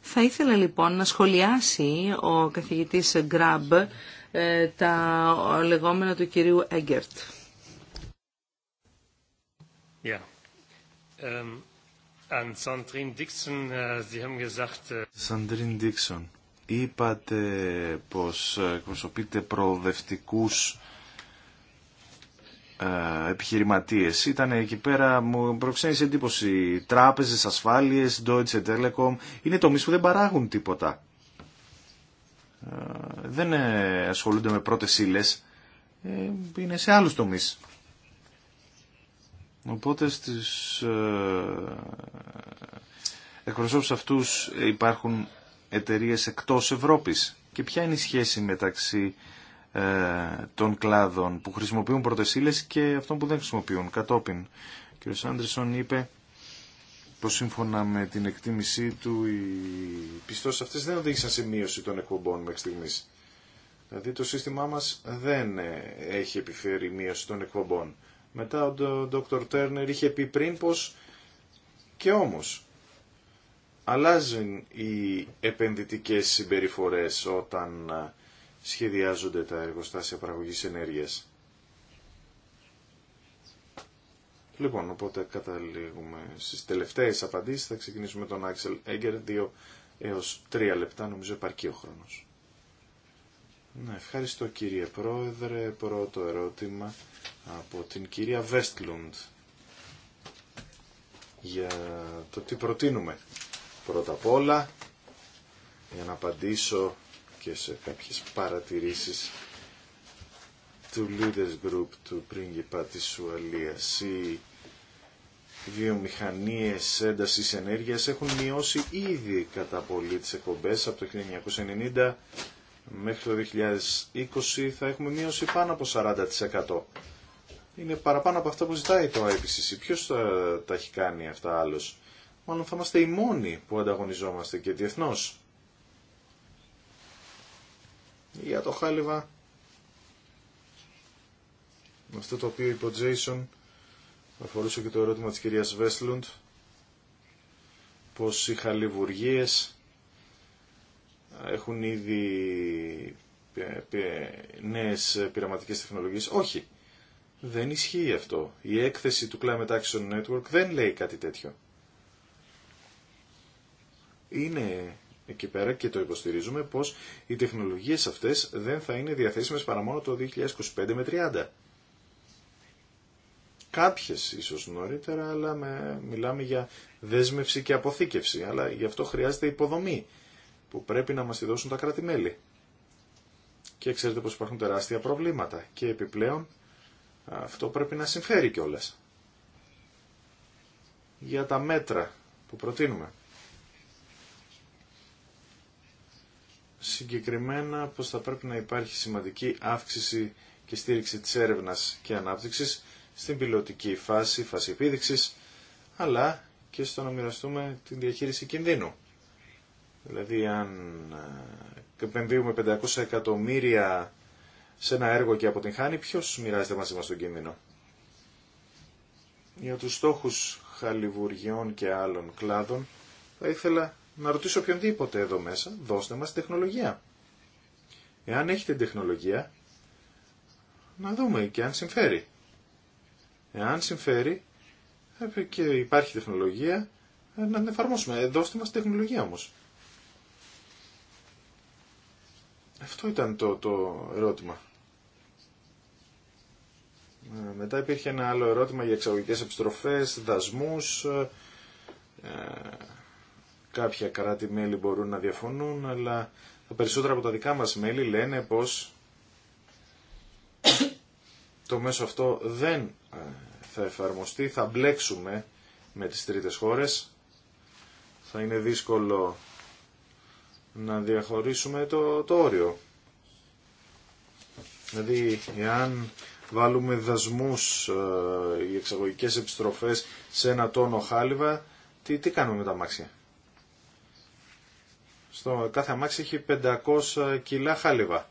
Θα ήθελα λοιπόν να σχολιάσει ο καθηγητής Γκράμπ ε, τα λεγόμενα του κυρίου Έγκερτ. Yeah. Ähm, äh, um, äh, είπατε πως εκπροσωπείτε προοδευτικούς ε, επιχειρηματίες. Ήταν εκεί πέρα, μου προξένησε εντύπωση, τράπεζες, ασφάλειες, Deutsche Telekom, είναι τομείς που δεν παράγουν τίποτα. Ε, δεν ε, ασχολούνται με πρώτες ύλε. Ε, είναι σε άλλους τομείς. Οπότε στις εκπροσώπους αυτούς υπάρχουν εταιρείες εκτός Ευρώπης. Και ποια είναι η σχέση μεταξύ των κλάδων που χρησιμοποιούν πρωτεσίλες και αυτών που δεν χρησιμοποιούν κατόπιν. Ο κ. Άντρισον είπε σύμφωνα με την εκτίμησή του οι πιστώσεις αυτές δεν οδήγησαν σε μείωση των εκπομπών μέχρι στιγμής. Δηλαδή το σύστημά μας δεν ε, έχει επιφέρει μείωση των εκπομπών. Μετά ο Dr. Turner είχε πει πριν πως και όμως αλλάζουν οι επενδυτικές συμπεριφορές όταν ε, σχεδιάζονται τα εργοστάσια παραγωγής ενέργειας. Λοιπόν, οπότε καταλήγουμε στις τελευταίες απαντήσεις. Θα ξεκινήσουμε με τον Άξελ Έγκερ, 2 έως 3 λεπτά, νομίζω επαρκεί ο χρόνος. Ναι, ευχαριστώ κύριε Πρόεδρε. Πρώτο ερώτημα από την κυρία Βέστλουντ για το τι προτείνουμε. Πρώτα απ' όλα, για να απαντήσω και σε κάποιες παρατηρήσεις του Leaders Group του πρίγκιπα της Ουαλίας. Οι βιομηχανίες έντασης ενέργειας έχουν μειώσει ήδη κατά πολύ τις εκπομπές από το 1990 μέχρι το 2020 θα έχουμε μείωση πάνω από 40%. Είναι παραπάνω από αυτά που ζητάει το IPCC. Ποιος τα, τα έχει κάνει αυτά άλλος. Μάλλον θα είμαστε οι μόνοι που ανταγωνιζόμαστε και διεθνώς. Για το χάλιβα με Αυτό το οποίο είπε ο Τζέισον αφορούσε και το ερώτημα της κυρίας Βέσλουντ πως οι χαλιβουργίες έχουν ήδη νέες πειραματικές τεχνολογίες. Όχι, δεν ισχύει αυτό. Η έκθεση του Climate Action Network δεν λέει κάτι τέτοιο. Είναι εκεί πέρα και το υποστηρίζουμε πως οι τεχνολογίες αυτές δεν θα είναι διαθέσιμες παρά μόνο το 2025 με 30 κάποιες ίσως νωρίτερα, αλλά με, μιλάμε για δέσμευση και αποθήκευση. Αλλά γι' αυτό χρειάζεται υποδομή που πρέπει να μας τη δώσουν τα κράτη-μέλη. Και ξέρετε πως υπάρχουν τεράστια προβλήματα και επιπλέον αυτό πρέπει να συμφέρει κιόλα. Για τα μέτρα που προτείνουμε. Συγκεκριμένα πως θα πρέπει να υπάρχει σημαντική αύξηση και στήριξη της έρευνας και ανάπτυξης στην πιλωτική φάση, φάση επίδειξης, αλλά και στο να μοιραστούμε την διαχείριση κινδύνου. Δηλαδή αν ε, επενδύουμε 500 εκατομμύρια σε ένα έργο και αποτυγχάνει, ποιος μοιράζεται μαζί μας τον κίνδυνο. Για τους στόχους χαλιβουργιών και άλλων κλάδων, θα ήθελα να ρωτήσω οποιονδήποτε εδώ μέσα, δώστε μας τεχνολογία. Εάν έχετε τεχνολογία, να δούμε και αν συμφέρει. Εάν συμφέρει και υπάρχει τεχνολογία, να την εφαρμόσουμε. Δώστε μας τεχνολογία όμως. Αυτό ήταν το, το ερώτημα. Ε, μετά υπήρχε ένα άλλο ερώτημα για εξαγωγικές επιστροφές, δασμούς. Ε, κάποια κράτη-μέλη μπορούν να διαφωνούν, αλλά τα περισσότερα από τα δικά μας μέλη λένε πως το μέσο αυτό δεν ε, θα εφαρμοστεί, θα μπλέξουμε με τις τρίτες χώρες. Θα είναι δύσκολο να διαχωρίσουμε το, το όριο. Δηλαδή, εάν βάλουμε δασμούς ε, οι εξαγωγικές επιστροφές σε ένα τόνο χάλιβα, τι, τι κάνουμε με τα αμάξια. Στο κάθε αμάξι έχει 500 κιλά χάλιβα.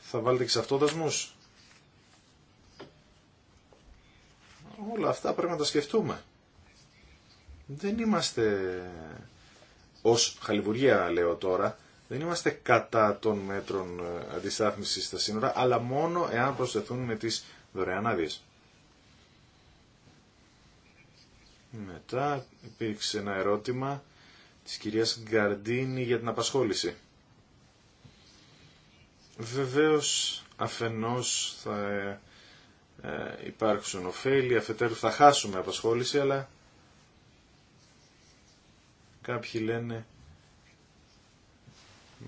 Θα βάλετε και σε αυτό δασμούς. Όλα αυτά πρέπει να τα σκεφτούμε. Δεν είμαστε, ως χαλιβουργία λέω τώρα, δεν είμαστε κατά των μέτρων ε, αντιστάθμισης στα σύνορα, αλλά μόνο εάν προσθεθούν με τις δωρεάν άδειες. Μετά υπήρξε ένα ερώτημα της κυρίας Γκαρντίνη για την απασχόληση. Βεβαίως αφενός θα ε, ε, Υπάρχουν ωφέλη, αφετέρου θα χάσουμε απασχόληση, αλλά κάποιοι λένε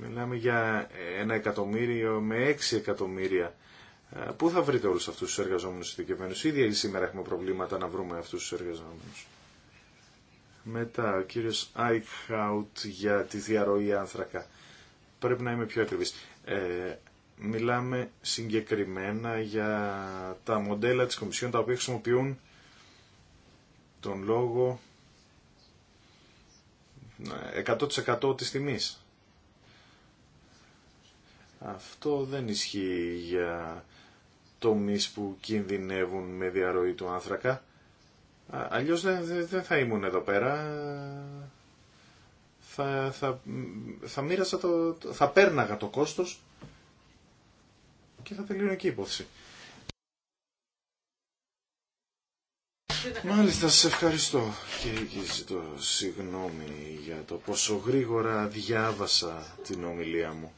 μιλάμε για ένα εκατομμύριο με έξι εκατομμύρια ε, Πού θα βρείτε όλους αυτούς τους εργαζόμενους ειδικευμένους. Ήδη σήμερα έχουμε προβλήματα να βρούμε αυτούς τους εργαζόμενους. Μετά ο κύριος Άικχαουτ για τη διαρροή άνθρακα. Πρέπει να είμαι πιο ακριβής. Ε, μιλάμε συγκεκριμένα για τα μοντέλα της Κομισιόν τα οποία χρησιμοποιούν τον λόγο 100% της τιμής. Αυτό δεν ισχύει για τομείς που κινδυνεύουν με διαρροή του άνθρακα. Αλλιώς δεν θα ήμουν εδώ πέρα. Θα, θα, θα το, θα πέρναγα το κόστος και θα τελειώνει εκεί η υπόθεση. Μάλιστα, σε ευχαριστώ και, ζητώ συγγνώμη για το πόσο γρήγορα διάβασα την ομιλία μου.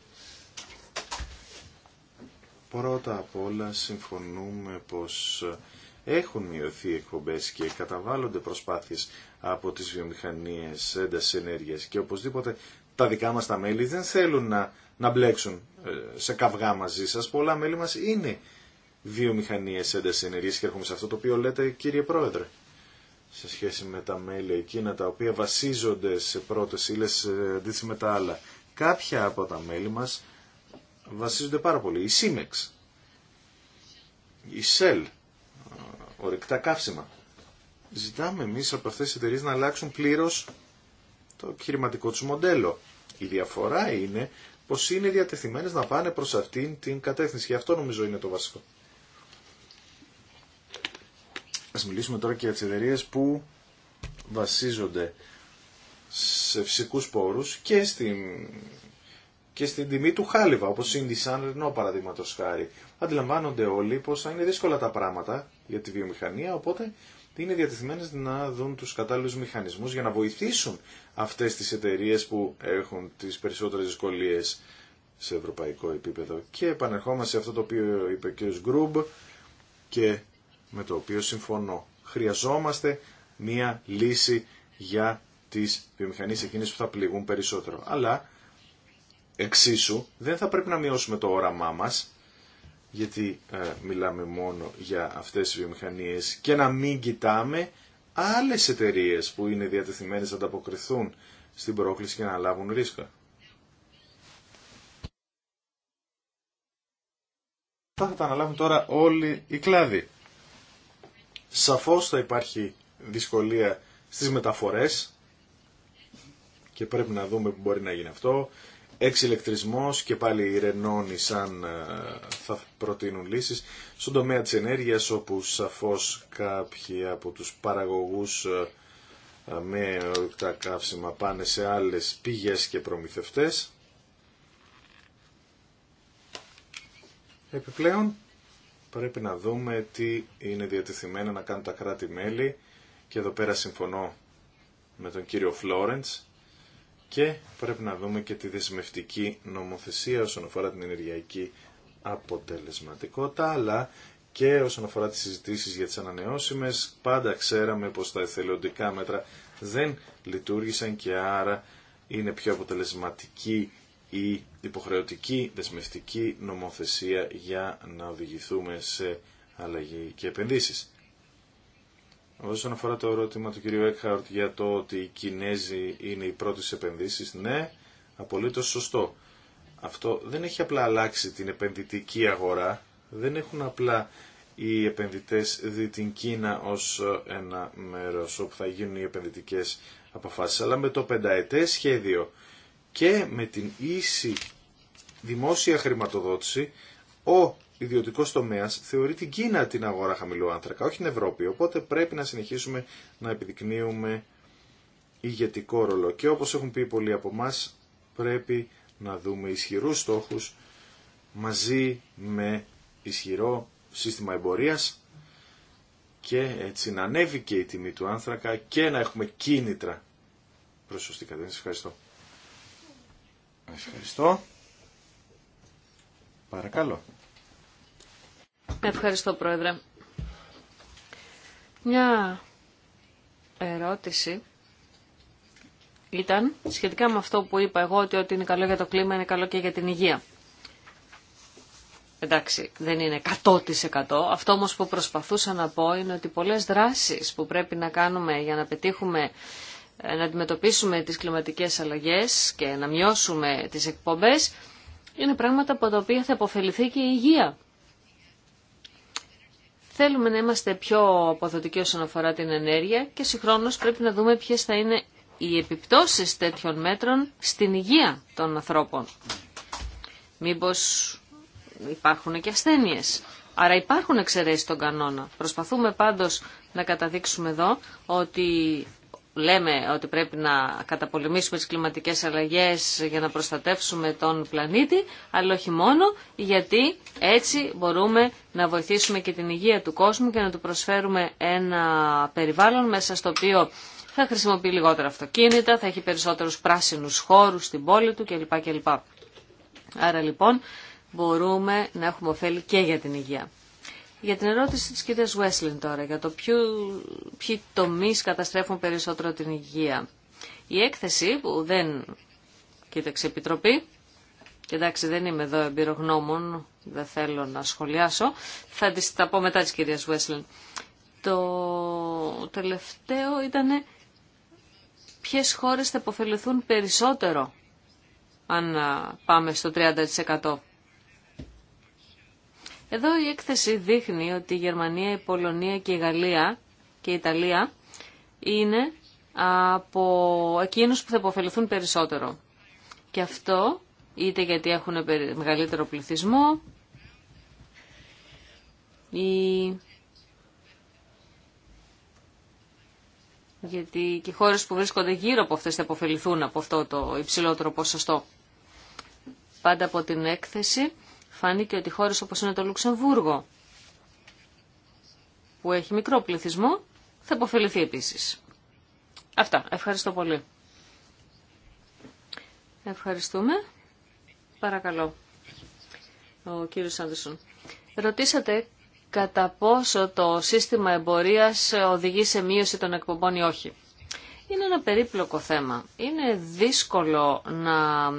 Πρώτα απ' όλα συμφωνούμε πως έχουν μειωθεί οι εκπομπές και καταβάλλονται προσπάθειες από τις βιομηχανίες ένταση ενέργειας και οπωσδήποτε τα δικά μας τα μέλη δεν θέλουν να να μπλέξουν ε, σε καυγά μαζί σας. Πολλά μέλη μας είναι βιομηχανίες ένταση ενεργής και έρχομαι σε αυτό το οποίο λέτε κύριε Πρόεδρε σε σχέση με τα μέλη εκείνα τα οποία βασίζονται σε πρώτες ύλε αντίθεση με τα άλλα. Κάποια από τα μέλη μας βασίζονται πάρα πολύ. Η σύμεξ, η ΣΕΛ, ορυκτά καύσιμα. Ζητάμε εμείς από αυτές τις εταιρείε να αλλάξουν πλήρως το επιχειρηματικό τους μοντέλο. Η διαφορά είναι Πώ είναι διατεθειμένες να πάνε προ αυτήν την κατεύθυνση. Και αυτό νομίζω είναι το βασικό. Α μιλήσουμε τώρα και για τι εταιρείε που βασίζονται σε φυσικού πόρου και στην, και στην τιμή του χάλιβα, όπως είναι η Σαν Ρινό παραδείγματος χάρη. Αντιλαμβάνονται όλοι πως θα είναι δύσκολα τα πράγματα για τη βιομηχανία, οπότε είναι διατεθειμένες να δουν τους κατάλληλους μηχανισμούς για να βοηθήσουν αυτές τις εταιρείες που έχουν τις περισσότερες δυσκολίες σε ευρωπαϊκό επίπεδο. Και επανερχόμαστε σε αυτό το οποίο είπε ο κ. Γκρουμπ και με το οποίο συμφωνώ. Χρειαζόμαστε μία λύση για τις βιομηχανίες εκείνες που θα πληγούν περισσότερο. Αλλά εξίσου δεν θα πρέπει να μειώσουμε το όραμά μας γιατί ε, μιλάμε μόνο για αυτές τις βιομηχανίες και να μην κοιτάμε άλλες εταιρείες που είναι διατεθειμένες να ανταποκριθούν στην πρόκληση και να λάβουν ρίσκα. Αυτά θα τα αναλάβουν τώρα όλοι οι κλάδοι. Σαφώς θα υπάρχει δυσκολία στις μεταφορές και πρέπει να δούμε που μπορεί να γίνει αυτό εξηλεκτρισμός και πάλι οι ε, θα προτείνουν λύσεις στον τομέα της ενέργειας όπου σαφώς κάποιοι από τους παραγωγούς ε, με τα καύσιμα πάνε σε άλλες πηγές και προμηθευτές. Επιπλέον πρέπει να δούμε τι είναι διατεθειμένα να κάνουν τα κράτη-μέλη και εδώ πέρα συμφωνώ με τον κύριο Φλόρεντς και πρέπει να δούμε και τη δεσμευτική νομοθεσία όσον αφορά την ενεργειακή αποτελεσματικότητα, αλλά και όσον αφορά τις συζητήσεις για τις ανανεώσιμες, πάντα ξέραμε πως τα εθελοντικά μέτρα δεν λειτουργήσαν και άρα είναι πιο αποτελεσματική η υποχρεωτική δεσμευτική νομοθεσία για να οδηγηθούμε σε αλλαγή και επενδύσεις. Όσον αφορά το ερώτημα του κυρίου Έκχαρτ για το ότι οι Κινέζοι είναι οι πρώτε επενδύσεις, ναι, απολύτως σωστό. Αυτό δεν έχει απλά αλλάξει την επενδυτική αγορά, δεν έχουν απλά οι επενδυτές δει την Κίνα ως ε, ένα μέρος όπου θα γίνουν οι επενδυτικές αποφάσεις, αλλά με το πενταετές σχέδιο και με την ίση δημόσια χρηματοδότηση, ο ιδιωτικό τομέα θεωρεί την Κίνα την αγορά χαμηλού άνθρακα, όχι την Ευρώπη. Οπότε πρέπει να συνεχίσουμε να επιδεικνύουμε ηγετικό ρόλο. Και όπω έχουν πει πολλοί από εμά, πρέπει να δούμε ισχυρού στόχου μαζί με ισχυρό σύστημα εμπορία και έτσι να ανέβει και η τιμή του άνθρακα και να έχουμε κίνητρα προς σωστή κατεύθυνση. Ευχαριστώ. Ευχαριστώ. Παρακαλώ. Ευχαριστώ, Πρόεδρε. Μια ερώτηση ήταν σχετικά με αυτό που είπα εγώ ότι ό,τι είναι καλό για το κλίμα είναι καλό και για την υγεία. Εντάξει, δεν είναι 100%. Αυτό όμως που προσπαθούσα να πω είναι ότι πολλές δράσεις που πρέπει να κάνουμε για να πετύχουμε να αντιμετωπίσουμε τις κλιματικές αλλαγές και να μειώσουμε τις εκπομπές είναι πράγματα από τα οποία θα αποφεληθεί και η υγεία. Θέλουμε να είμαστε πιο αποδοτικοί όσον αφορά την ενέργεια και συγχρόνως πρέπει να δούμε ποιες θα είναι οι επιπτώσεις τέτοιων μέτρων στην υγεία των ανθρώπων. Μήπως υπάρχουν και ασθένειες. Άρα υπάρχουν εξαιρέσεις στον κανόνα. Προσπαθούμε πάντως να καταδείξουμε εδώ ότι λέμε ότι πρέπει να καταπολεμήσουμε τις κλιματικές αλλαγές για να προστατεύσουμε τον πλανήτη, αλλά όχι μόνο, γιατί έτσι μπορούμε να βοηθήσουμε και την υγεία του κόσμου και να του προσφέρουμε ένα περιβάλλον μέσα στο οποίο θα χρησιμοποιεί λιγότερα αυτοκίνητα, θα έχει περισσότερους πράσινους χώρους στην πόλη του κλπ. Άρα λοιπόν μπορούμε να έχουμε ωφέλη και για την υγεία. Για την ερώτηση της κυρίας Βέσλιν τώρα, για το ποιο, ποιοι τομείς καταστρέφουν περισσότερο την υγεία. Η έκθεση που δεν κοίταξε επιτροπή, και εντάξει δεν είμαι εδώ εμπειρογνώμων, δεν θέλω να σχολιάσω, θα τις τα πω μετά της κυρίας Βέσλιν. Το τελευταίο ήταν ποιες χώρες θα υποφεληθούν περισσότερο αν πάμε στο 30%. Εδώ η έκθεση δείχνει ότι η Γερμανία, η Πολωνία και η Γαλλία και η Ιταλία είναι από εκείνους που θα υποφεληθούν περισσότερο. Και αυτό είτε γιατί έχουν μεγαλύτερο πληθυσμό ή γιατί και οι χώρες που βρίσκονται γύρω από αυτές θα υποφεληθούν από αυτό το υψηλότερο ποσοστό. Πάντα από την έκθεση φάνηκε ότι χώρες όπως είναι το Λουξεμβούργο, που έχει μικρό πληθυσμό, θα υποφεληθεί επίσης. Αυτά. Ευχαριστώ πολύ. Ευχαριστούμε. Παρακαλώ. Ο κύριος Άντερσον. Ρωτήσατε κατά πόσο το σύστημα εμπορίας οδηγεί σε μείωση των εκπομπών ή όχι. Είναι ένα περίπλοκο θέμα. Είναι δύσκολο να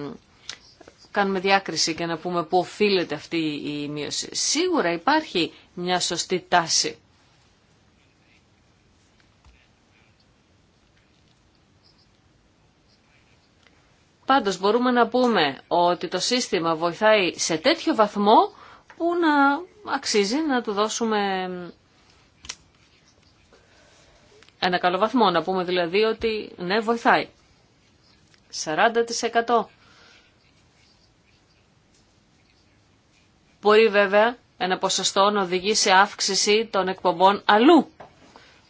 κάνουμε διάκριση και να πούμε πού οφείλεται αυτή η μείωση. Σίγουρα υπάρχει μια σωστή τάση. Πάντως μπορούμε να πούμε ότι το σύστημα βοηθάει σε τέτοιο βαθμό που να αξίζει να του δώσουμε ένα καλό βαθμό. Να πούμε δηλαδή ότι ναι βοηθάει. 40% Μπορεί βέβαια ένα ποσοστό να οδηγεί σε αύξηση των εκπομπών αλλού.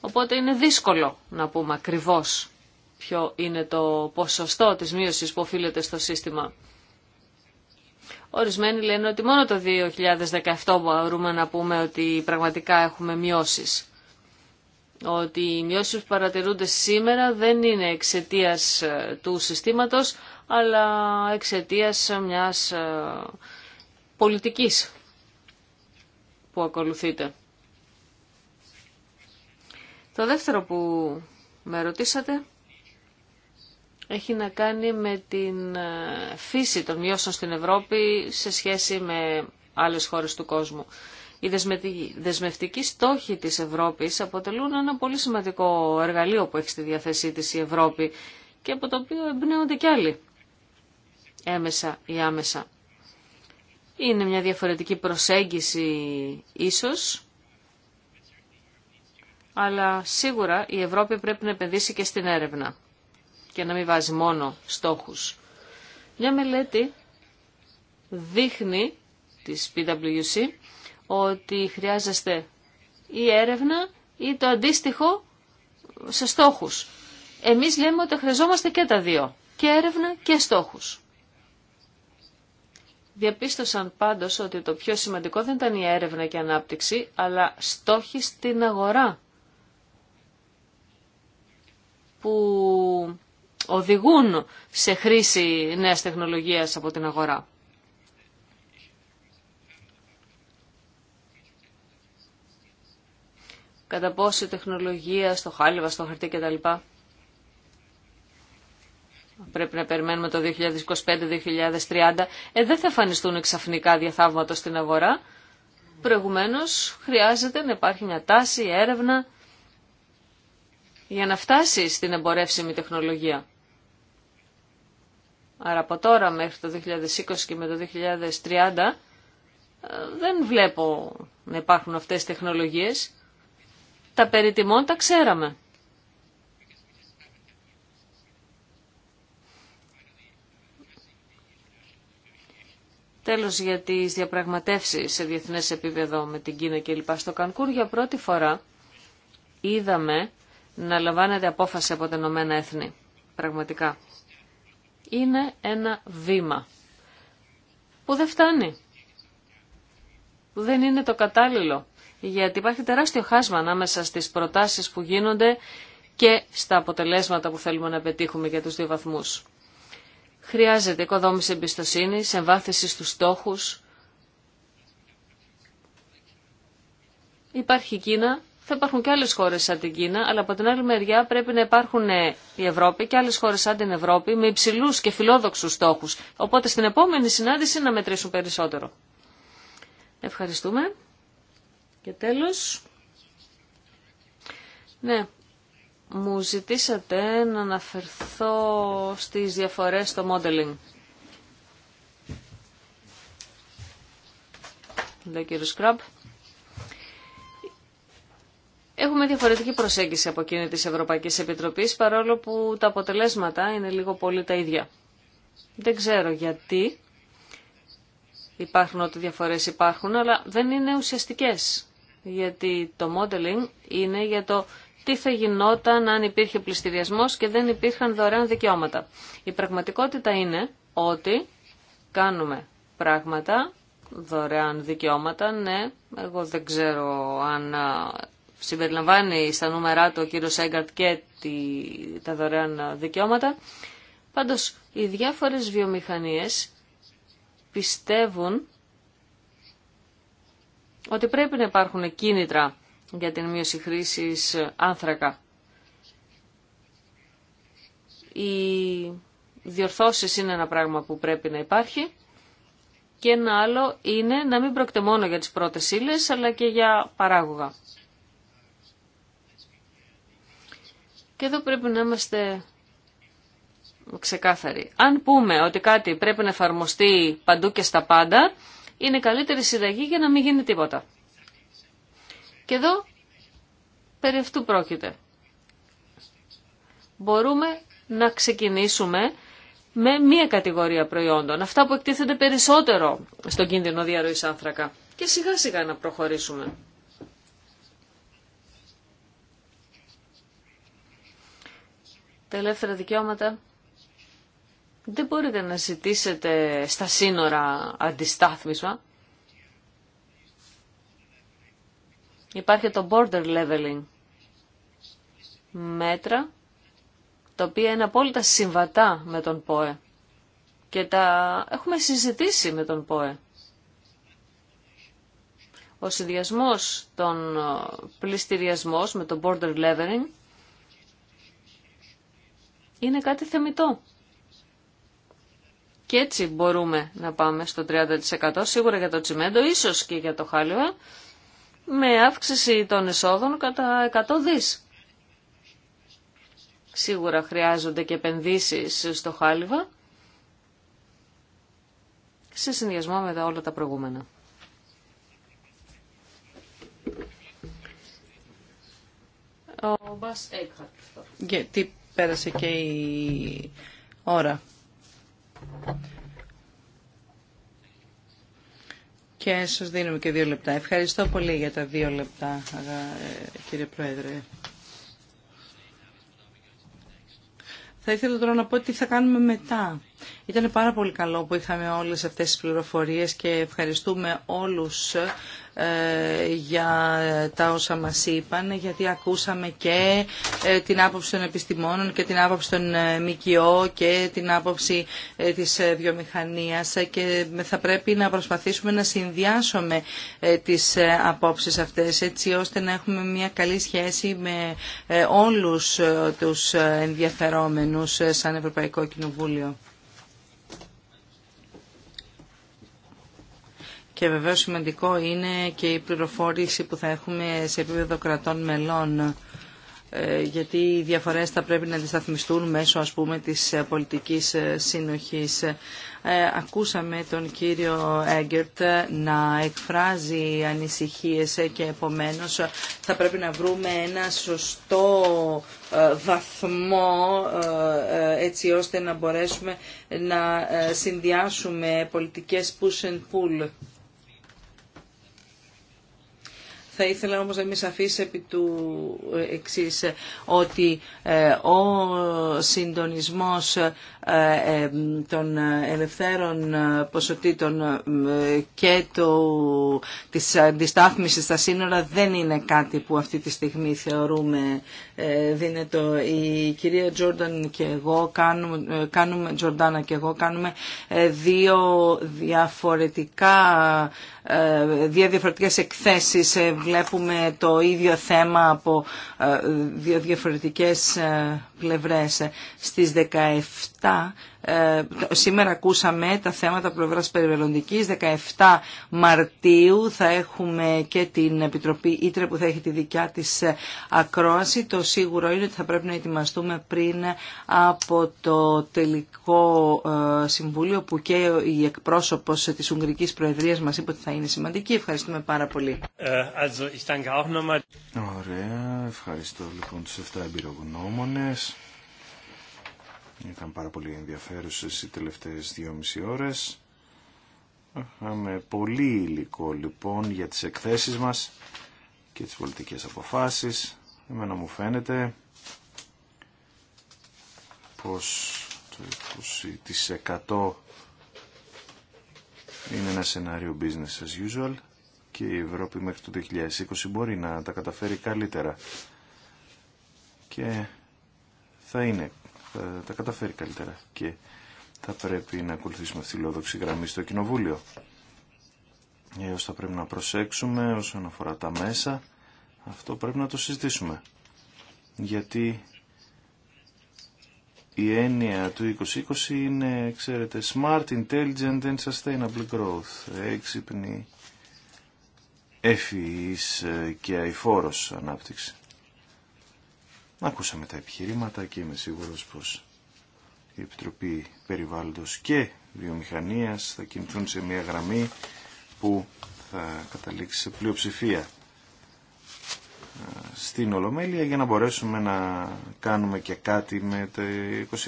Οπότε είναι δύσκολο να πούμε ακριβώ ποιο είναι το ποσοστό της μείωσης που οφείλεται στο σύστημα. Ορισμένοι λένε ότι μόνο το 2017 μπορούμε να πούμε ότι πραγματικά έχουμε μειώσεις. Ότι οι μειώσεις που παρατηρούνται σήμερα δεν είναι εξαιτίας ε, του συστήματος, αλλά εξαιτίας μιας ε, πολιτικής που ακολουθείτε. Το δεύτερο που με ρωτήσατε έχει να κάνει με την ε, φύση των μειώσεων στην Ευρώπη σε σχέση με άλλες χώρες του κόσμου. Οι δεσμευτικοί στόχοι της Ευρώπης αποτελούν ένα πολύ σημαντικό εργαλείο που έχει στη διαθέσή της η Ευρώπη και από το οποίο εμπνέονται κι άλλοι, έμεσα ή άμεσα. Είναι μια διαφορετική προσέγγιση ίσως, αλλά σίγουρα η Ευρώπη πρέπει να επενδύσει και στην έρευνα και να μην βάζει μόνο στόχους. Μια μελέτη δείχνει της PwC ότι χρειάζεστε ή έρευνα ή το αντίστοιχο σε στόχους. Εμείς λέμε ότι χρειαζόμαστε και τα δύο, και έρευνα και στόχους. Διαπίστωσαν πάντως ότι το πιο σημαντικό δεν ήταν η έρευνα και η ανάπτυξη, αλλά στόχοι στην αγορά που οδηγούν σε χρήση νέας τεχνολογίας από την αγορά. Κατά πόση τεχνολογία, στο χάλιβα, στο χαρτί κτλ πρέπει να περιμένουμε το 2025-2030, ε, δεν θα εμφανιστούν ξαφνικά διαθαύματα στην αγορά. Προηγουμένως χρειάζεται να υπάρχει μια τάση, έρευνα για να φτάσει στην εμπορεύσιμη τεχνολογία. Άρα από τώρα μέχρι το 2020 και με το 2030 ε, δεν βλέπω να υπάρχουν αυτές τις τεχνολογίες. Τα περιτιμών τα ξέραμε. Τέλος για τις διαπραγματεύσεις σε διεθνές επίπεδο με την Κίνα λοιπά Στο Κανκούρ για πρώτη φορά είδαμε να λαμβάνεται απόφαση από τα Ηνωμένα Έθνη. Πραγματικά. Είναι ένα βήμα που δεν φτάνει. Που δεν είναι το κατάλληλο. Γιατί υπάρχει τεράστιο χάσμα ανάμεσα στις προτάσεις που γίνονται και στα αποτελέσματα που θέλουμε να πετύχουμε για τους δύο βαθμούς. Χρειάζεται οικοδόμηση εμπιστοσύνης, εμβάθυνση στους στόχους. Υπάρχει η Κίνα, θα υπάρχουν και άλλες χώρες σαν την Κίνα, αλλά από την άλλη μεριά πρέπει να υπάρχουν η Ευρώπη και άλλες χώρες σαν την Ευρώπη με υψηλούς και φιλόδοξους στόχους. Οπότε στην επόμενη συνάντηση να μετρήσουν περισσότερο. Ευχαριστούμε. Και τέλος. Ναι, μου ζητήσατε να αναφερθώ στις διαφορές στο modeling. Λέω Σκραμπ. Έχουμε διαφορετική προσέγγιση από εκείνη της Ευρωπαϊκής Επιτροπής, παρόλο που τα αποτελέσματα είναι λίγο πολύ τα ίδια. Δεν ξέρω γιατί υπάρχουν ό,τι διαφορές υπάρχουν, αλλά δεν είναι ουσιαστικές. Γιατί το modeling είναι για το τι θα γινόταν αν υπήρχε πληστηριασμός και δεν υπήρχαν δωρεάν δικαιώματα. Η πραγματικότητα είναι ότι κάνουμε πράγματα, δωρεάν δικαιώματα, ναι, εγώ δεν ξέρω αν συμπεριλαμβάνει στα νούμερά του ο κύριος Έγκαρτ και τα δωρεάν δικαιώματα. Πάντως, οι διάφορες βιομηχανίες πιστεύουν ότι πρέπει να υπάρχουν κίνητρα για την μείωση χρήσης άνθρακα. Οι διορθώσεις είναι ένα πράγμα που πρέπει να υπάρχει και ένα άλλο είναι να μην πρόκειται μόνο για τις πρώτες ύλε, αλλά και για παράγωγα. Και εδώ πρέπει να είμαστε ξεκάθαροι. Αν πούμε ότι κάτι πρέπει να εφαρμοστεί παντού και στα πάντα, είναι καλύτερη συνταγή για να μην γίνει τίποτα. Και εδώ περί αυτού πρόκειται. Μπορούμε να ξεκινήσουμε με μία κατηγορία προϊόντων, αυτά που εκτίθενται περισσότερο στον κίνδυνο διαρροής άνθρακα και σιγά σιγά να προχωρήσουμε. Τα ελεύθερα δικαιώματα δεν μπορείτε να ζητήσετε στα σύνορα αντιστάθμισμα. Υπάρχει το border leveling. Μέτρα τα οποία είναι απόλυτα συμβατά με τον ΠΟΕ. Και τα έχουμε συζητήσει με τον ΠΟΕ. Ο συνδυασμός των ε, πληστηριασμός με το border leveling είναι κάτι θεμητό. Και έτσι μπορούμε να πάμε στο 30% σίγουρα για το τσιμέντο, ίσως και για το χάλιβα, με αύξηση των εσόδων κατά 100 δις. Σίγουρα χρειάζονται και επενδύσεις στο χάλιβα σε συνδυασμό με όλα τα προηγούμενα. Ο Μπας πέρασε και η ώρα. Και σας δίνουμε και δύο λεπτά. Ευχαριστώ πολύ για τα δύο λεπτά, ε, κύριε Πρόεδρε. Θα ήθελα τώρα να πω τι θα κάνουμε μετά. Ήταν πάρα πολύ καλό που είχαμε όλες αυτές τις πληροφορίες και ευχαριστούμε όλους ε, για τα όσα μας είπαν, γιατί ακούσαμε και ε, την άποψη των επιστημόνων και την άποψη των ε, ΜΚΟ και την άποψη της βιομηχανίας και θα πρέπει να προσπαθήσουμε να συνδυάσουμε τις απόψεις αυτές έτσι ώστε να έχουμε μια καλή σχέση με όλους τους ενδιαφερόμενους σαν Ευρωπαϊκό Κοινοβούλιο. Και βεβαίως σημαντικό είναι και η πληροφόρηση που θα έχουμε σε επίπεδο κρατών μελών ε, γιατί οι διαφορές θα πρέπει να αντισταθμιστούν μέσω ας πούμε της πολιτικής ε, σύνοχης. Ε, ακούσαμε τον κύριο Έγκερτ να εκφράζει ανησυχίες και επομένως θα πρέπει να βρούμε ένα σωστό βαθμό έτσι ώστε να μπορέσουμε να συνδυάσουμε πολιτικές push and pull. Θα ήθελα όμως να σα αφήσει επί του ε, εξής, ότι ε, ο συντονισμός ε, ε, των ελευθέρων ε, ποσοτήτων και το, της αντιστάθμισης στα σύνορα δεν είναι κάτι που αυτή τη στιγμή θεωρούμε το Η κυρία Τζόρνταν και εγώ κάνουμε, κάνουμε, Τζορντάνα και εγώ κάνουμε δύο διαφορετικά δύο διαφορετικές εκθέσεις βλέπουμε το ίδιο θέμα από δύο διαφορετικές πλευρές. Στις 17 ε, σήμερα ακούσαμε τα θέματα πλευράς περιβαλλοντικής. 17 Μαρτίου θα έχουμε και την Επιτροπή Ήτρε που θα έχει τη δικιά της ε, ακρόαση. Το σίγουρο είναι ότι θα πρέπει να ετοιμαστούμε πριν από το τελικό ε, συμβούλιο που και η εκπρόσωπος της Ουγγρικής Προεδρίας μας είπε ότι θα είναι σημαντική. Ευχαριστούμε πάρα πολύ. Ωραία, ευχαριστώ λοιπόν τους 7 εμπειρογνώμονες. Ήταν πάρα πολύ ενδιαφέρουσες οι τελευταίες μισή ώρες. Είχαμε πολύ υλικό λοιπόν για τις εκθέσεις μας και τις πολιτικές αποφάσεις. Εμένα μου φαίνεται πως το 20% είναι ένα σενάριο business as usual και η Ευρώπη μέχρι το 2020 μπορεί να τα καταφέρει καλύτερα και θα είναι θα τα καταφέρει καλύτερα και θα πρέπει να ακολουθήσουμε φιλόδοξη γραμμή στο Κοινοβούλιο. Έως ε, θα πρέπει να προσέξουμε όσον αφορά τα μέσα, αυτό πρέπει να το συζητήσουμε. Γιατί η έννοια του 2020 είναι, ξέρετε, smart, intelligent and sustainable growth. Έξυπνη, έφυης ε, και αηφόρος ανάπτυξη. Ακούσαμε τα επιχειρήματα και είμαι σίγουρος πως η Επιτροπή Περιβάλλοντος και Βιομηχανίας θα κινηθούν σε μια γραμμή που θα καταλήξει σε πλειοψηφία ε, στην Ολομέλεια για να μπορέσουμε να κάνουμε και κάτι με τα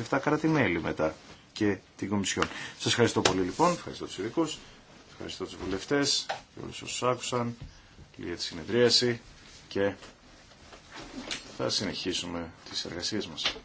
27 κρατημέλη μετά και την Κομισιόν. Σας ευχαριστώ πολύ λοιπόν, ευχαριστώ τους ειδικούς, ευχαριστώ τους βουλευτές και όλους όσους άκουσαν για τη συνεδρίαση και θα συνεχίσουμε τις εργασίες μας.